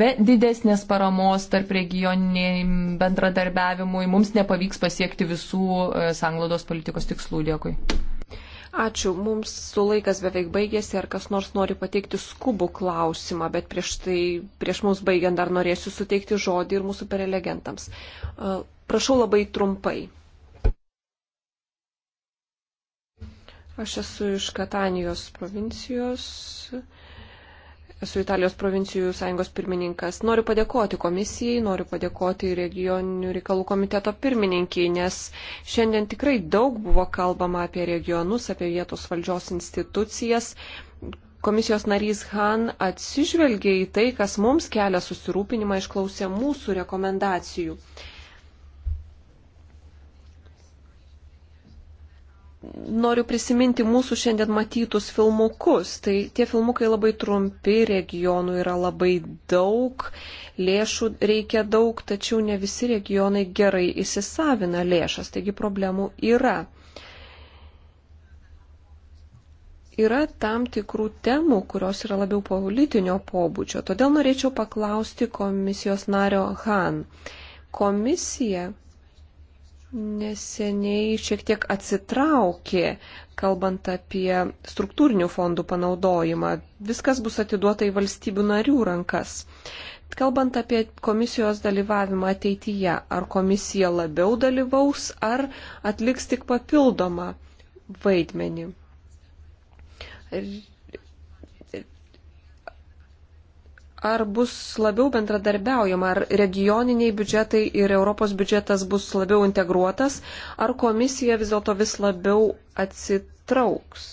Be didesnės paramos tarp regioniniam bendradarbiavimui mums nepavyks pasiekti visų e, sanglaudos politikos tikslų. Dėkui. Ačiū. Mums su laikas beveik baigėsi, ar kas nors nori pateikti skubų klausimą, bet prieš, tai, prieš mums baigiant dar norėsiu suteikti žodį ir mūsų prelegentams. Prašau labai trumpai. Aš esu iš Katanijos provincijos Esu Italijos provincijų sąjungos pirmininkas. Noriu padėkoti komisijai, noriu padėkoti regioninių reikalų komiteto pirmininkiai, nes šiandien tikrai daug buvo kalbama apie regionus, apie vietos valdžios institucijas. Komisijos narys Han atsižvelgia į tai, kas mums kelia susirūpinimą, išklausė mūsų rekomendacijų. noriu prisiminti mūsų šiandien matytus filmukus. Tai tie filmukai labai trumpi, regionų yra labai daug, lėšų reikia daug, tačiau ne visi regionai gerai įsisavina lėšas, taigi problemų yra. Yra tam tikrų temų, kurios yra labiau politinio pobūdžio. Todėl norėčiau paklausti komisijos nario Han. Komisija neseniai šiek tiek atsitraukė, kalbant apie struktūrinių fondų panaudojimą. Viskas bus atiduota į valstybių narių rankas. Kalbant apie komisijos dalyvavimą ateityje, ar komisija labiau dalyvaus, ar atliks tik papildomą vaidmenį. ar bus labiau bendradarbiaujama, ar regioniniai biudžetai ir Europos biudžetas bus labiau integruotas, ar komisija vis dėlto vis labiau atsitrauks.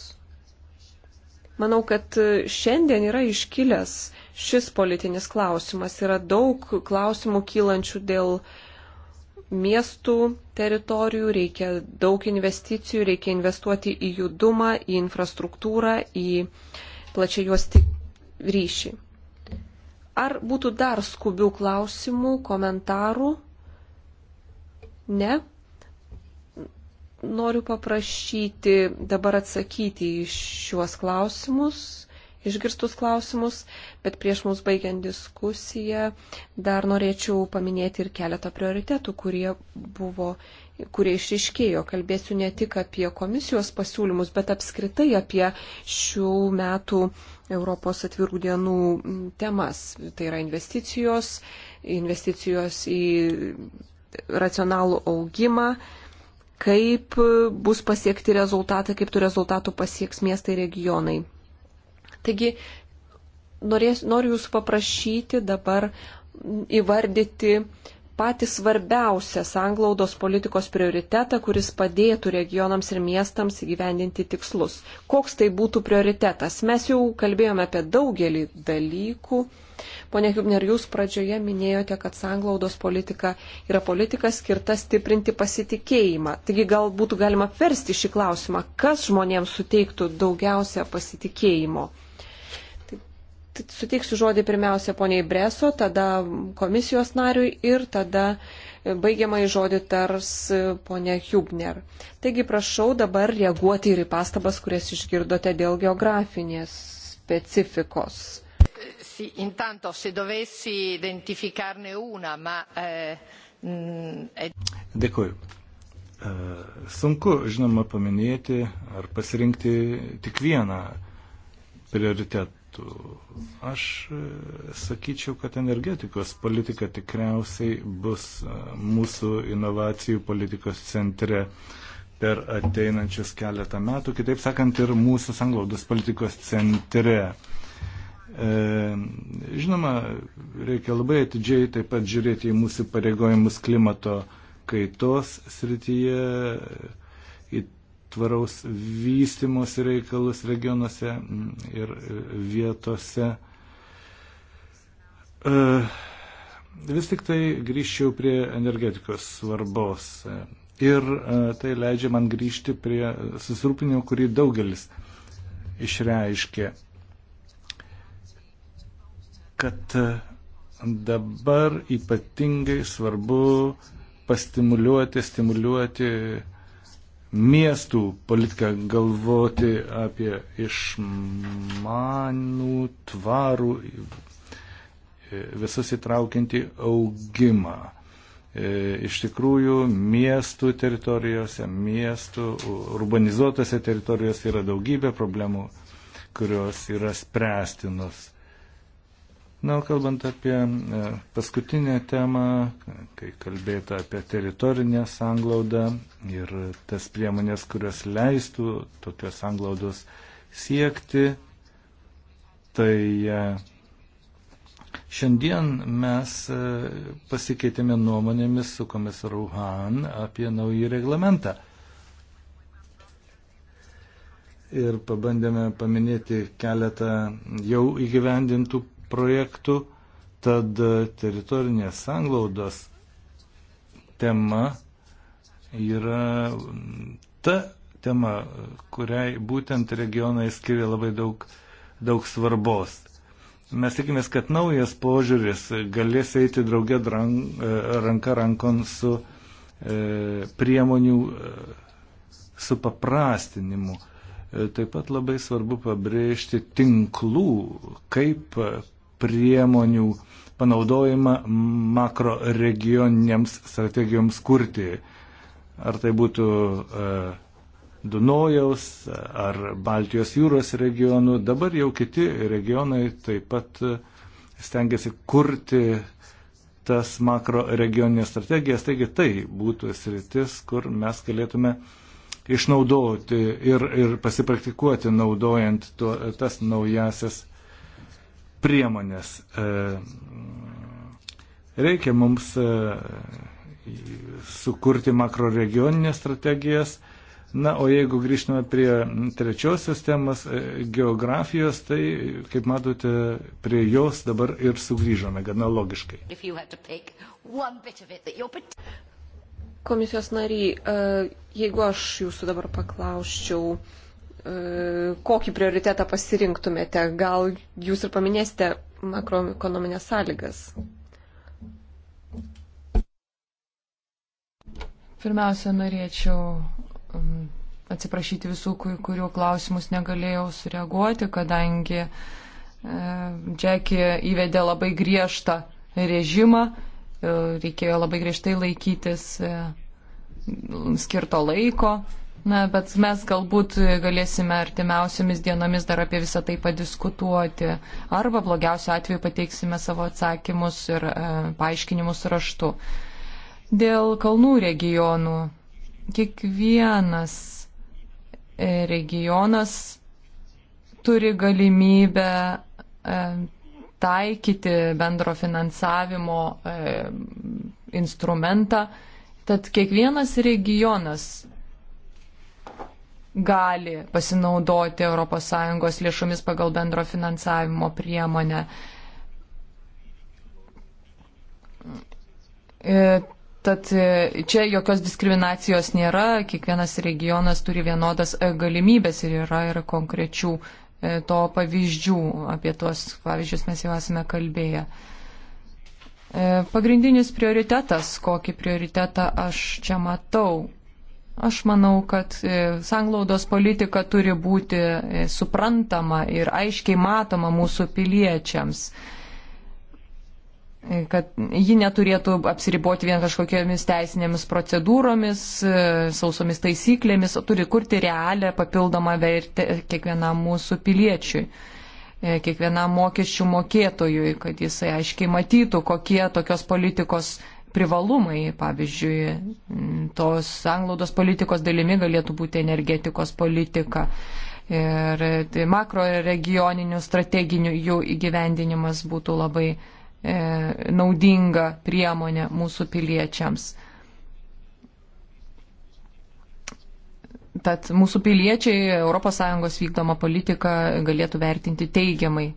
Manau, kad šiandien yra iškilęs šis politinis klausimas. Yra daug klausimų kylančių dėl miestų teritorijų, reikia daug investicijų, reikia investuoti į judumą, į infrastruktūrą, į plačiai juosti ryšį. Ar būtų dar skubių klausimų, komentarų? Ne? Noriu paprašyti dabar atsakyti į šiuos klausimus, išgirstus klausimus, bet prieš mus baigiant diskusiją dar norėčiau paminėti ir keletą prioritetų, kurie buvo kurie išriškėjo. Kalbėsiu ne tik apie komisijos pasiūlymus, bet apskritai apie šių metų Europos atvirų dienų temas. Tai yra investicijos, investicijos į racionalų augimą, kaip bus pasiekti rezultatai, kaip tų rezultatų pasieks miestai regionai. Taigi, norės, noriu jūsų paprašyti dabar įvardyti uh, patį svarbiausią sanglaudos politikos prioritetą, kuris padėtų regionams ir miestams įgyvendinti tikslus. Koks tai būtų prioritetas? Mes jau kalbėjome apie daugelį dalykų. Pone Hubner, jūs pradžioje minėjote, kad sanglaudos politika yra politika skirta stiprinti pasitikėjimą. Taigi gal būtų galima apversti šį klausimą, kas žmonėms suteiktų daugiausia pasitikėjimo suteiksiu žodį pirmiausia poniai Breso, tada komisijos nariui ir tada baigiamai žodį tars ponia Hubner. Taigi prašau dabar reaguoti ir į pastabas, kurias išgirdote dėl geografinės specifikos. Sì, intanto se dovessi identificarne una, ma... Eh, mh, Dėkuoju. Eh, sunku, žinoma, paminėti ar pasirinkti tik vieną prioritetą metų. Aš e, sakyčiau, kad energetikos politika tikriausiai bus e, mūsų inovacijų politikos centre per ateinančius keletą metų, kitaip sakant, ir mūsų sanglaudos politikos centre. E, žinoma, reikia labai atidžiai taip pat žiūrėti į mūsų pareigojimus klimato kaitos srityje, į tvaraus vystimus reikalus regionuose ir vietose. E, vis tik tai grįžčiau prie energetikos svarbos. Ir e, tai leidžia man grįžti prie susirūpinimo, kurį daugelis išreiškė, kad e, dabar ypatingai svarbu pastimuliuoti, stimuliuoti uh, miestų politiką, galvoti apie išmanų, tvarų, visas įtraukiantį augimą. E, iš tikrųjų, miestų teritorijose, miestų urbanizuotose teritorijose yra daugybė problemų, kurios yra spręstinos. Na, o kalbant apie e, paskutinę temą, kai kalbėta apie teritorinę sanglaudą ir tas priemonės, kurios leistų tokios sanglaudos siekti, tai e, šiandien mes e, pasikeitėme nuomonėmis su komisaru Han apie naują reglamentą ir pabandėme paminėti keletą jau įgyvendintų projektų, tad teritorinės sanglaudos tema yra ta tema, kuriai būtent regionai skiria labai daug, daug svarbos. Mes tikimės, kad naujas požiūris galės eiti draugė e, ranka rankon su e, priemonių e, supaprastinimu. E, taip pat labai svarbu pabrėžti tinklų kaip priemonių panaudojimą makro regioniniams strategijoms kurti. Ar tai būtų e, Dunojaus ar Baltijos jūros regionų, dabar jau kiti regionai taip pat e, stengiasi kurti tas makro regioninės strategijas, taigi tai būtų sritis, kur mes galėtume išnaudoti ir, ir pasipraktikuoti naudojant tuo, tas naujasias priemonės. E, reikia mums e, sukurti makroregioninės strategijas. Na, o jeigu grįžtume prie trečiosios temos e, geografijos, tai, kaip matote, prie jos dabar ir sugrįžome gana logiškai. Komisijos nariai, jeigu aš jūsų dabar paklausčiau, E, kokį prioritetą pasirinktumėte? Gal jūs ir paminėsite makroekonominės sąlygas? Pirmiausia, norėčiau atsiprašyti visų, kurių klausimus negalėjau sureaguoti, kadangi e, Džekį įvedė labai griežtą režimą, e, reikėjo labai griežtai laikytis skirto laiko Na, bet mes galbūt galėsime artimiausiamis dienomis dar apie visą tai padiskutuoti. Arba blogiausio atveju pateiksime savo atsakymus ir e, paaiškinimus raštu. Dėl kalnų regionų. Kiekvienas e, regionas turi galimybę e, taikyti bendro finansavimo e, instrumentą. Tad kiekvienas regionas gali pasinaudoti ES lėšomis pagal bendro finansavimo priemonę. E, tad e, čia jokios diskriminacijos nėra, kiekvienas regionas turi vienodas e, galimybės ir yra ir konkrečių to pavyzdžių, apie tuos pavyzdžius mes jau esame kalbėję. Pagrindinis prioritetas, kokį prioritetą aš čia matau, Aš manau, kad e, sanglaudos politika turi būti e, suprantama ir aiškiai matoma mūsų piliečiams e, kad ji neturėtų apsiriboti vien kažkokiamis teisinėmis procedūromis, sausomis taisyklėmis, o turi kurti realią papildomą vertę kiekvienam mūsų piliečiui, kiekvienam mokesčių mokėtojui, kad jisai aiškiai matytų, kokie tokios politikos privalumai, pavyzdžiui, tos sanglaudos politikos dalimi galėtų būti energetikos politika. Ir tai makro regioninių strateginių jų įgyvendinimas būtų labai e, naudinga priemonė mūsų piliečiams. Tad mūsų piliečiai ES vykdomą politiką galėtų vertinti teigiamai.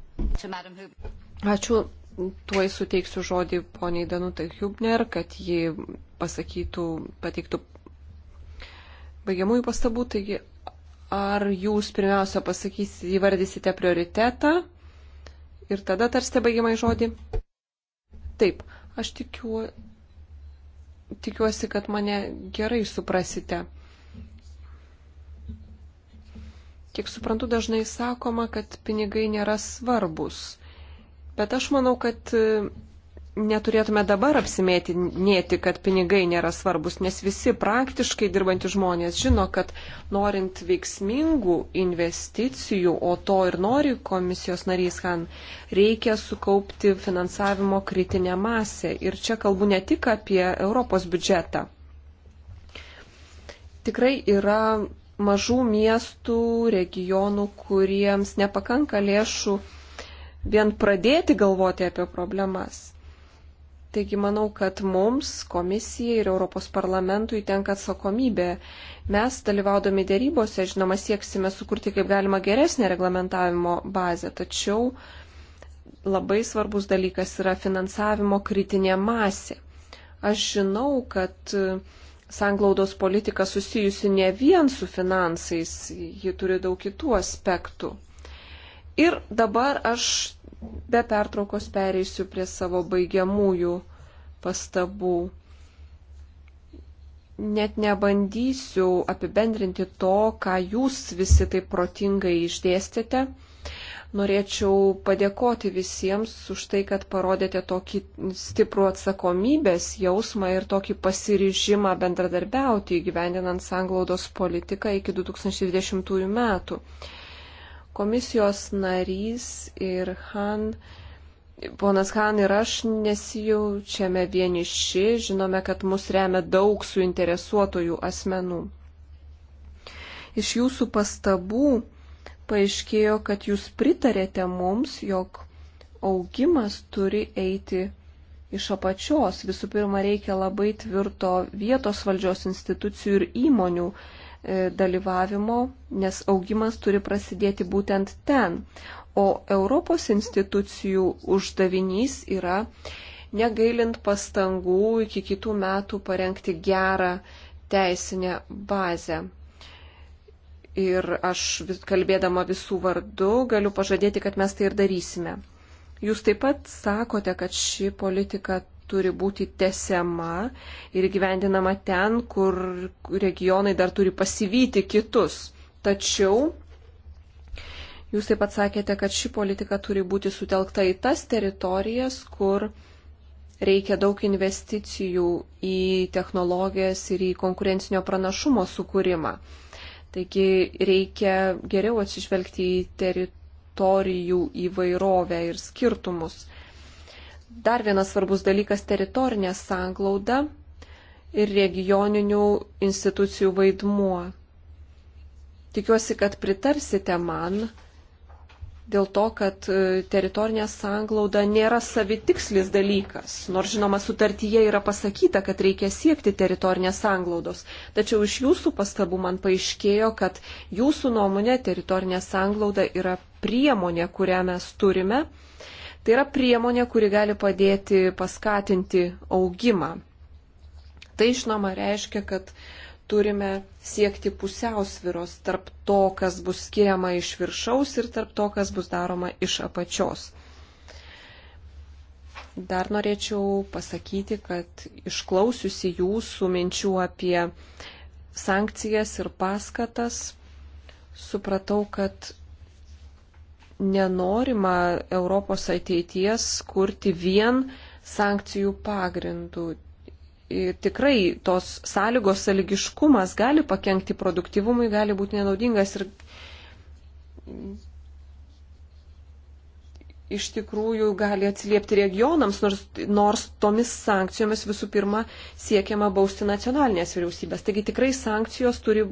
Ačiū tuoj suteiksiu žodį poniai Danutai Hubner, kad ji pasakytų, pateiktų baigiamųjų pastabų. Taigi, ar jūs pirmiausia pasakysite, įvardysite prioritetą ir tada tarsite baigiamąjį žodį? Taip, aš tikiu, tikiuosi, kad mane gerai suprasite. Kiek suprantu, dažnai sakoma, kad pinigai nėra svarbus. Bet aš manau, kad e, neturėtume dabar apsimėtinėti, kad pinigai nėra svarbus, nes visi praktiškai dirbantys žmonės žino, kad norint veiksmingų investicijų, o to ir nori komisijos narys Han, reikia sukaupti finansavimo kritinę masę. Ir čia kalbu ne tik apie Europos biudžetą. Tikrai yra mažų miestų, regionų, kuriems nepakanka lėšų vien pradėti galvoti apie problemas. Taigi manau, kad mums, komisijai ir Europos parlamentui tenka atsakomybė. Mes, dalyvaudami dėrybose, žinoma, sieksime sukurti kaip galima geresnę reglamentavimo bazę, tačiau labai svarbus dalykas yra finansavimo kritinė masė. Aš žinau, kad sanglaudos politika susijusi ne vien su finansais, ji turi daug kitų aspektų. Ir dabar aš be pertraukos pereisiu prie savo baigiamųjų pastabų. Net nebandysiu apibendrinti to, ką jūs visi taip protingai išdėstėte. Norėčiau padėkoti visiems už tai, kad parodėte tokį stiprų atsakomybės jausmą ir tokį pasiryžimą bendradarbiauti įgyvendinant sanglaudos politiką iki 2020 metų. Komisijos narys ir Han, ponas Han ir aš nesijaučiame vieniši, žinome, kad mus remia daug suinteresuotojų asmenų. Iš jūsų pastabų paaiškėjo, kad jūs pritarėte mums, jog augimas turi eiti iš apačios. Visų pirma, reikia labai tvirto vietos valdžios institucijų ir įmonių, E, dalyvavimo, nes augimas turi prasidėti būtent ten. O Europos institucijų uždavinys yra negailint pastangų iki kitų metų parengti gerą teisinę bazę. Ir aš kalbėdama visų vardų galiu pažadėti, kad mes tai ir darysime. Jūs taip pat sakote, kad ši politika turi būti tesiama ir gyvendinama ten, kur regionai dar turi pasivyti kitus. Tačiau Jūs taip pat sakėte, kad ši politika turi būti sutelkta į tas teritorijas, kur reikia daug investicijų į technologijas ir į konkurencinio pranašumo sukūrimą. Taigi reikia geriau atsižvelgti į teritorijų įvairovę ir skirtumus dar vienas svarbus dalykas - teritorinė sanglauda ir regioninių institucijų vaidmuo. Tikiuosi, kad pritarsite man dėl to, kad e, teritorinė sanglauda nėra savitikslis dalykas. Nors, žinoma, sutartyje yra pasakyta, kad reikia siekti teritorinės sanglaudos. Tačiau iš jūsų pastabų man paaiškėjo, kad jūsų nuomonė teritorinė sanglauda yra priemonė, kurią mes turime Tai yra priemonė, kuri gali padėti paskatinti augimą. Tai žinoma reiškia, kad turime siekti pusiausviros tarp to, kas bus skiriama iš viršaus ir tarp to, kas bus daroma iš apačios. Dar norėčiau pasakyti, kad išklausiusi jūsų minčių apie sankcijas ir paskatas, supratau, kad nenorima Europos ateities kurti vien sankcijų pagrindų. Ir tikrai tos sąlygos sąlygiškumas gali pakengti produktivumui, gali būti nenaudingas ir iš tikrųjų gali atsiliepti regionams, nors, nors tomis sankcijomis visų pirma siekiama bausti nacionalinės vyriausybės. Taigi tikrai sankcijos turi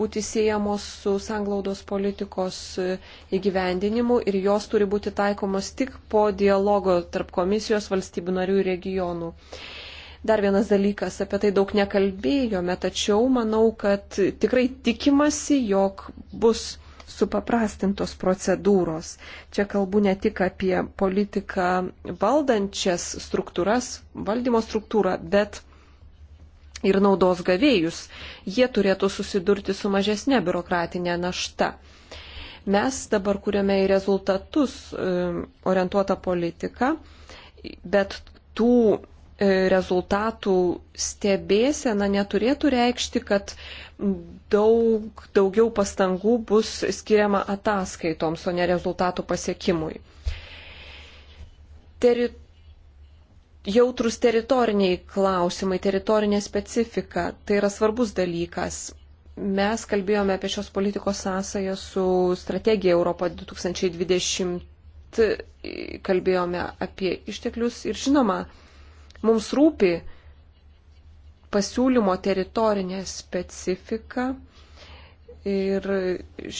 būti siejamos su sanglaudos politikos įgyvendinimu ir jos turi būti taikomos tik po dialogo tarp komisijos valstybių narių ir regionų. Dar vienas dalykas, apie tai daug nekalbėjome, tačiau manau, kad tikrai tikimasi, jog bus supaprastintos procedūros. Čia kalbu ne tik apie politiką valdančias struktūras, valdymo struktūrą, bet ir ir naudos gavėjus. Jie turėtų susidurti su mažesnė biurokratinė našta. Mes dabar kuriame į rezultatus e, orientuotą politiką, bet tų e, rezultatų stebėsena neturėtų reikšti, kad daug, daugiau pastangų bus skiriama ataskaitoms, o ne rezultatų pasiekimui. Terit jautrus teritoriniai klausimai, teritorinė specifika. Tai yra svarbus dalykas. Mes kalbėjome apie šios politikos sąsąją su strategija Europa 2020, kalbėjome apie išteklius ir žinoma, mums rūpi pasiūlymo teritorinė specifika ir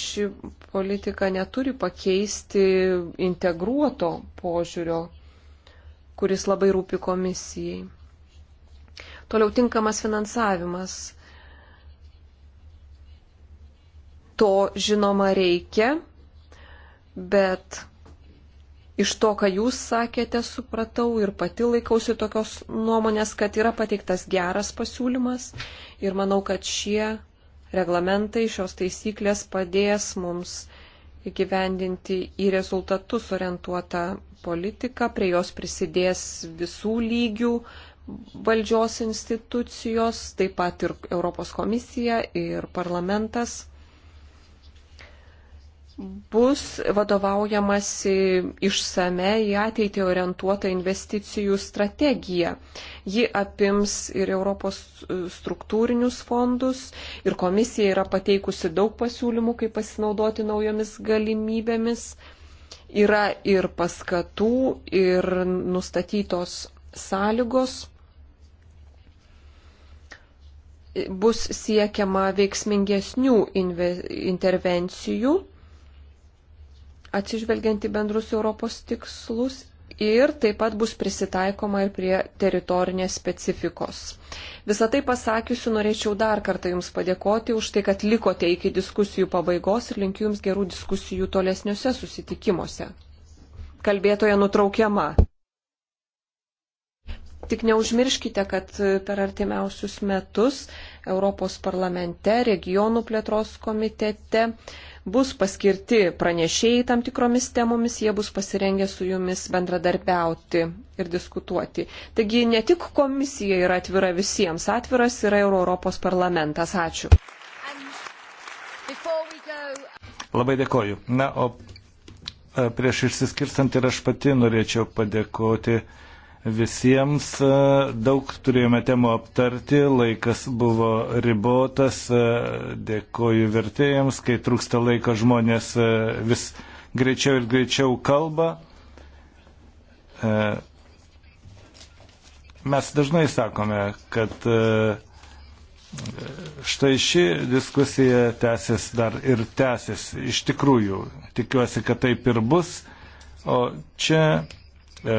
ši politika neturi pakeisti integruoto požiūrio kuris labai rūpi komisijai. Toliau tinkamas finansavimas. To žinoma reikia, bet iš to, ką jūs sakėte, supratau ir pati laikausi tokios nuomonės, kad yra pateiktas geras pasiūlymas ir manau, kad šie reglamentai, šios taisyklės padės mums įgyvendinti į rezultatus orientuotą politika, prie jos prisidės visų lygių valdžios institucijos, taip pat ir Europos komisija ir parlamentas bus vadovaujamasi išsame į ateitį orientuota investicijų strategija. Ji apims ir Europos struktūrinius fondus ir komisija yra pateikusi daug pasiūlymų, kaip pasinaudoti naujomis galimybėmis. Yra ir paskatų, ir nustatytos sąlygos. Bus siekiama veiksmingesnių intervencijų atsižvelgiant į bendrus Europos tikslus ir taip pat bus prisitaikoma ir prie teritorinės specifikos. Visą tai pasakiusiu, norėčiau dar kartą Jums padėkoti už tai, kad likote iki diskusijų pabaigos ir linkiu Jums gerų diskusijų tolesniuose susitikimuose. Kalbėtoja nutraukiama. Tik neužmirškite, kad per artimiausius metus Europos parlamente, regionų plėtros komitete, bus paskirti pranešėjai tam tikromis temomis, jie bus pasirengę su jumis bendradarbiauti ir diskutuoti. Taigi ne tik komisija yra atvira visiems, atviras yra ir Europos parlamentas. Ačiū. Labai dėkoju. Na, o e, prieš išsiskirstant ir aš pati norėčiau padėkoti visiems. E, daug turėjome temų aptarti, laikas buvo ribotas, e, dėkoju vertėjams, kai trūksta laiko žmonės e, vis greičiau ir greičiau kalba. Mes dažnai sakome, kad Štai ši diskusija tęsis dar ir tęsis. Iš tikrųjų, tikiuosi, kad taip ir bus. O čia E,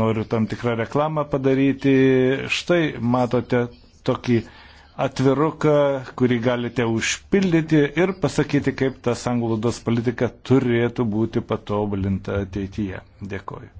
noriu tam tikrą reklamą padaryti. Štai matote tokį atviruką, kurį galite užpildyti ir pasakyti, kaip ta sanglaudos politika turėtų būti patobulinta ateityje. Dėkoju.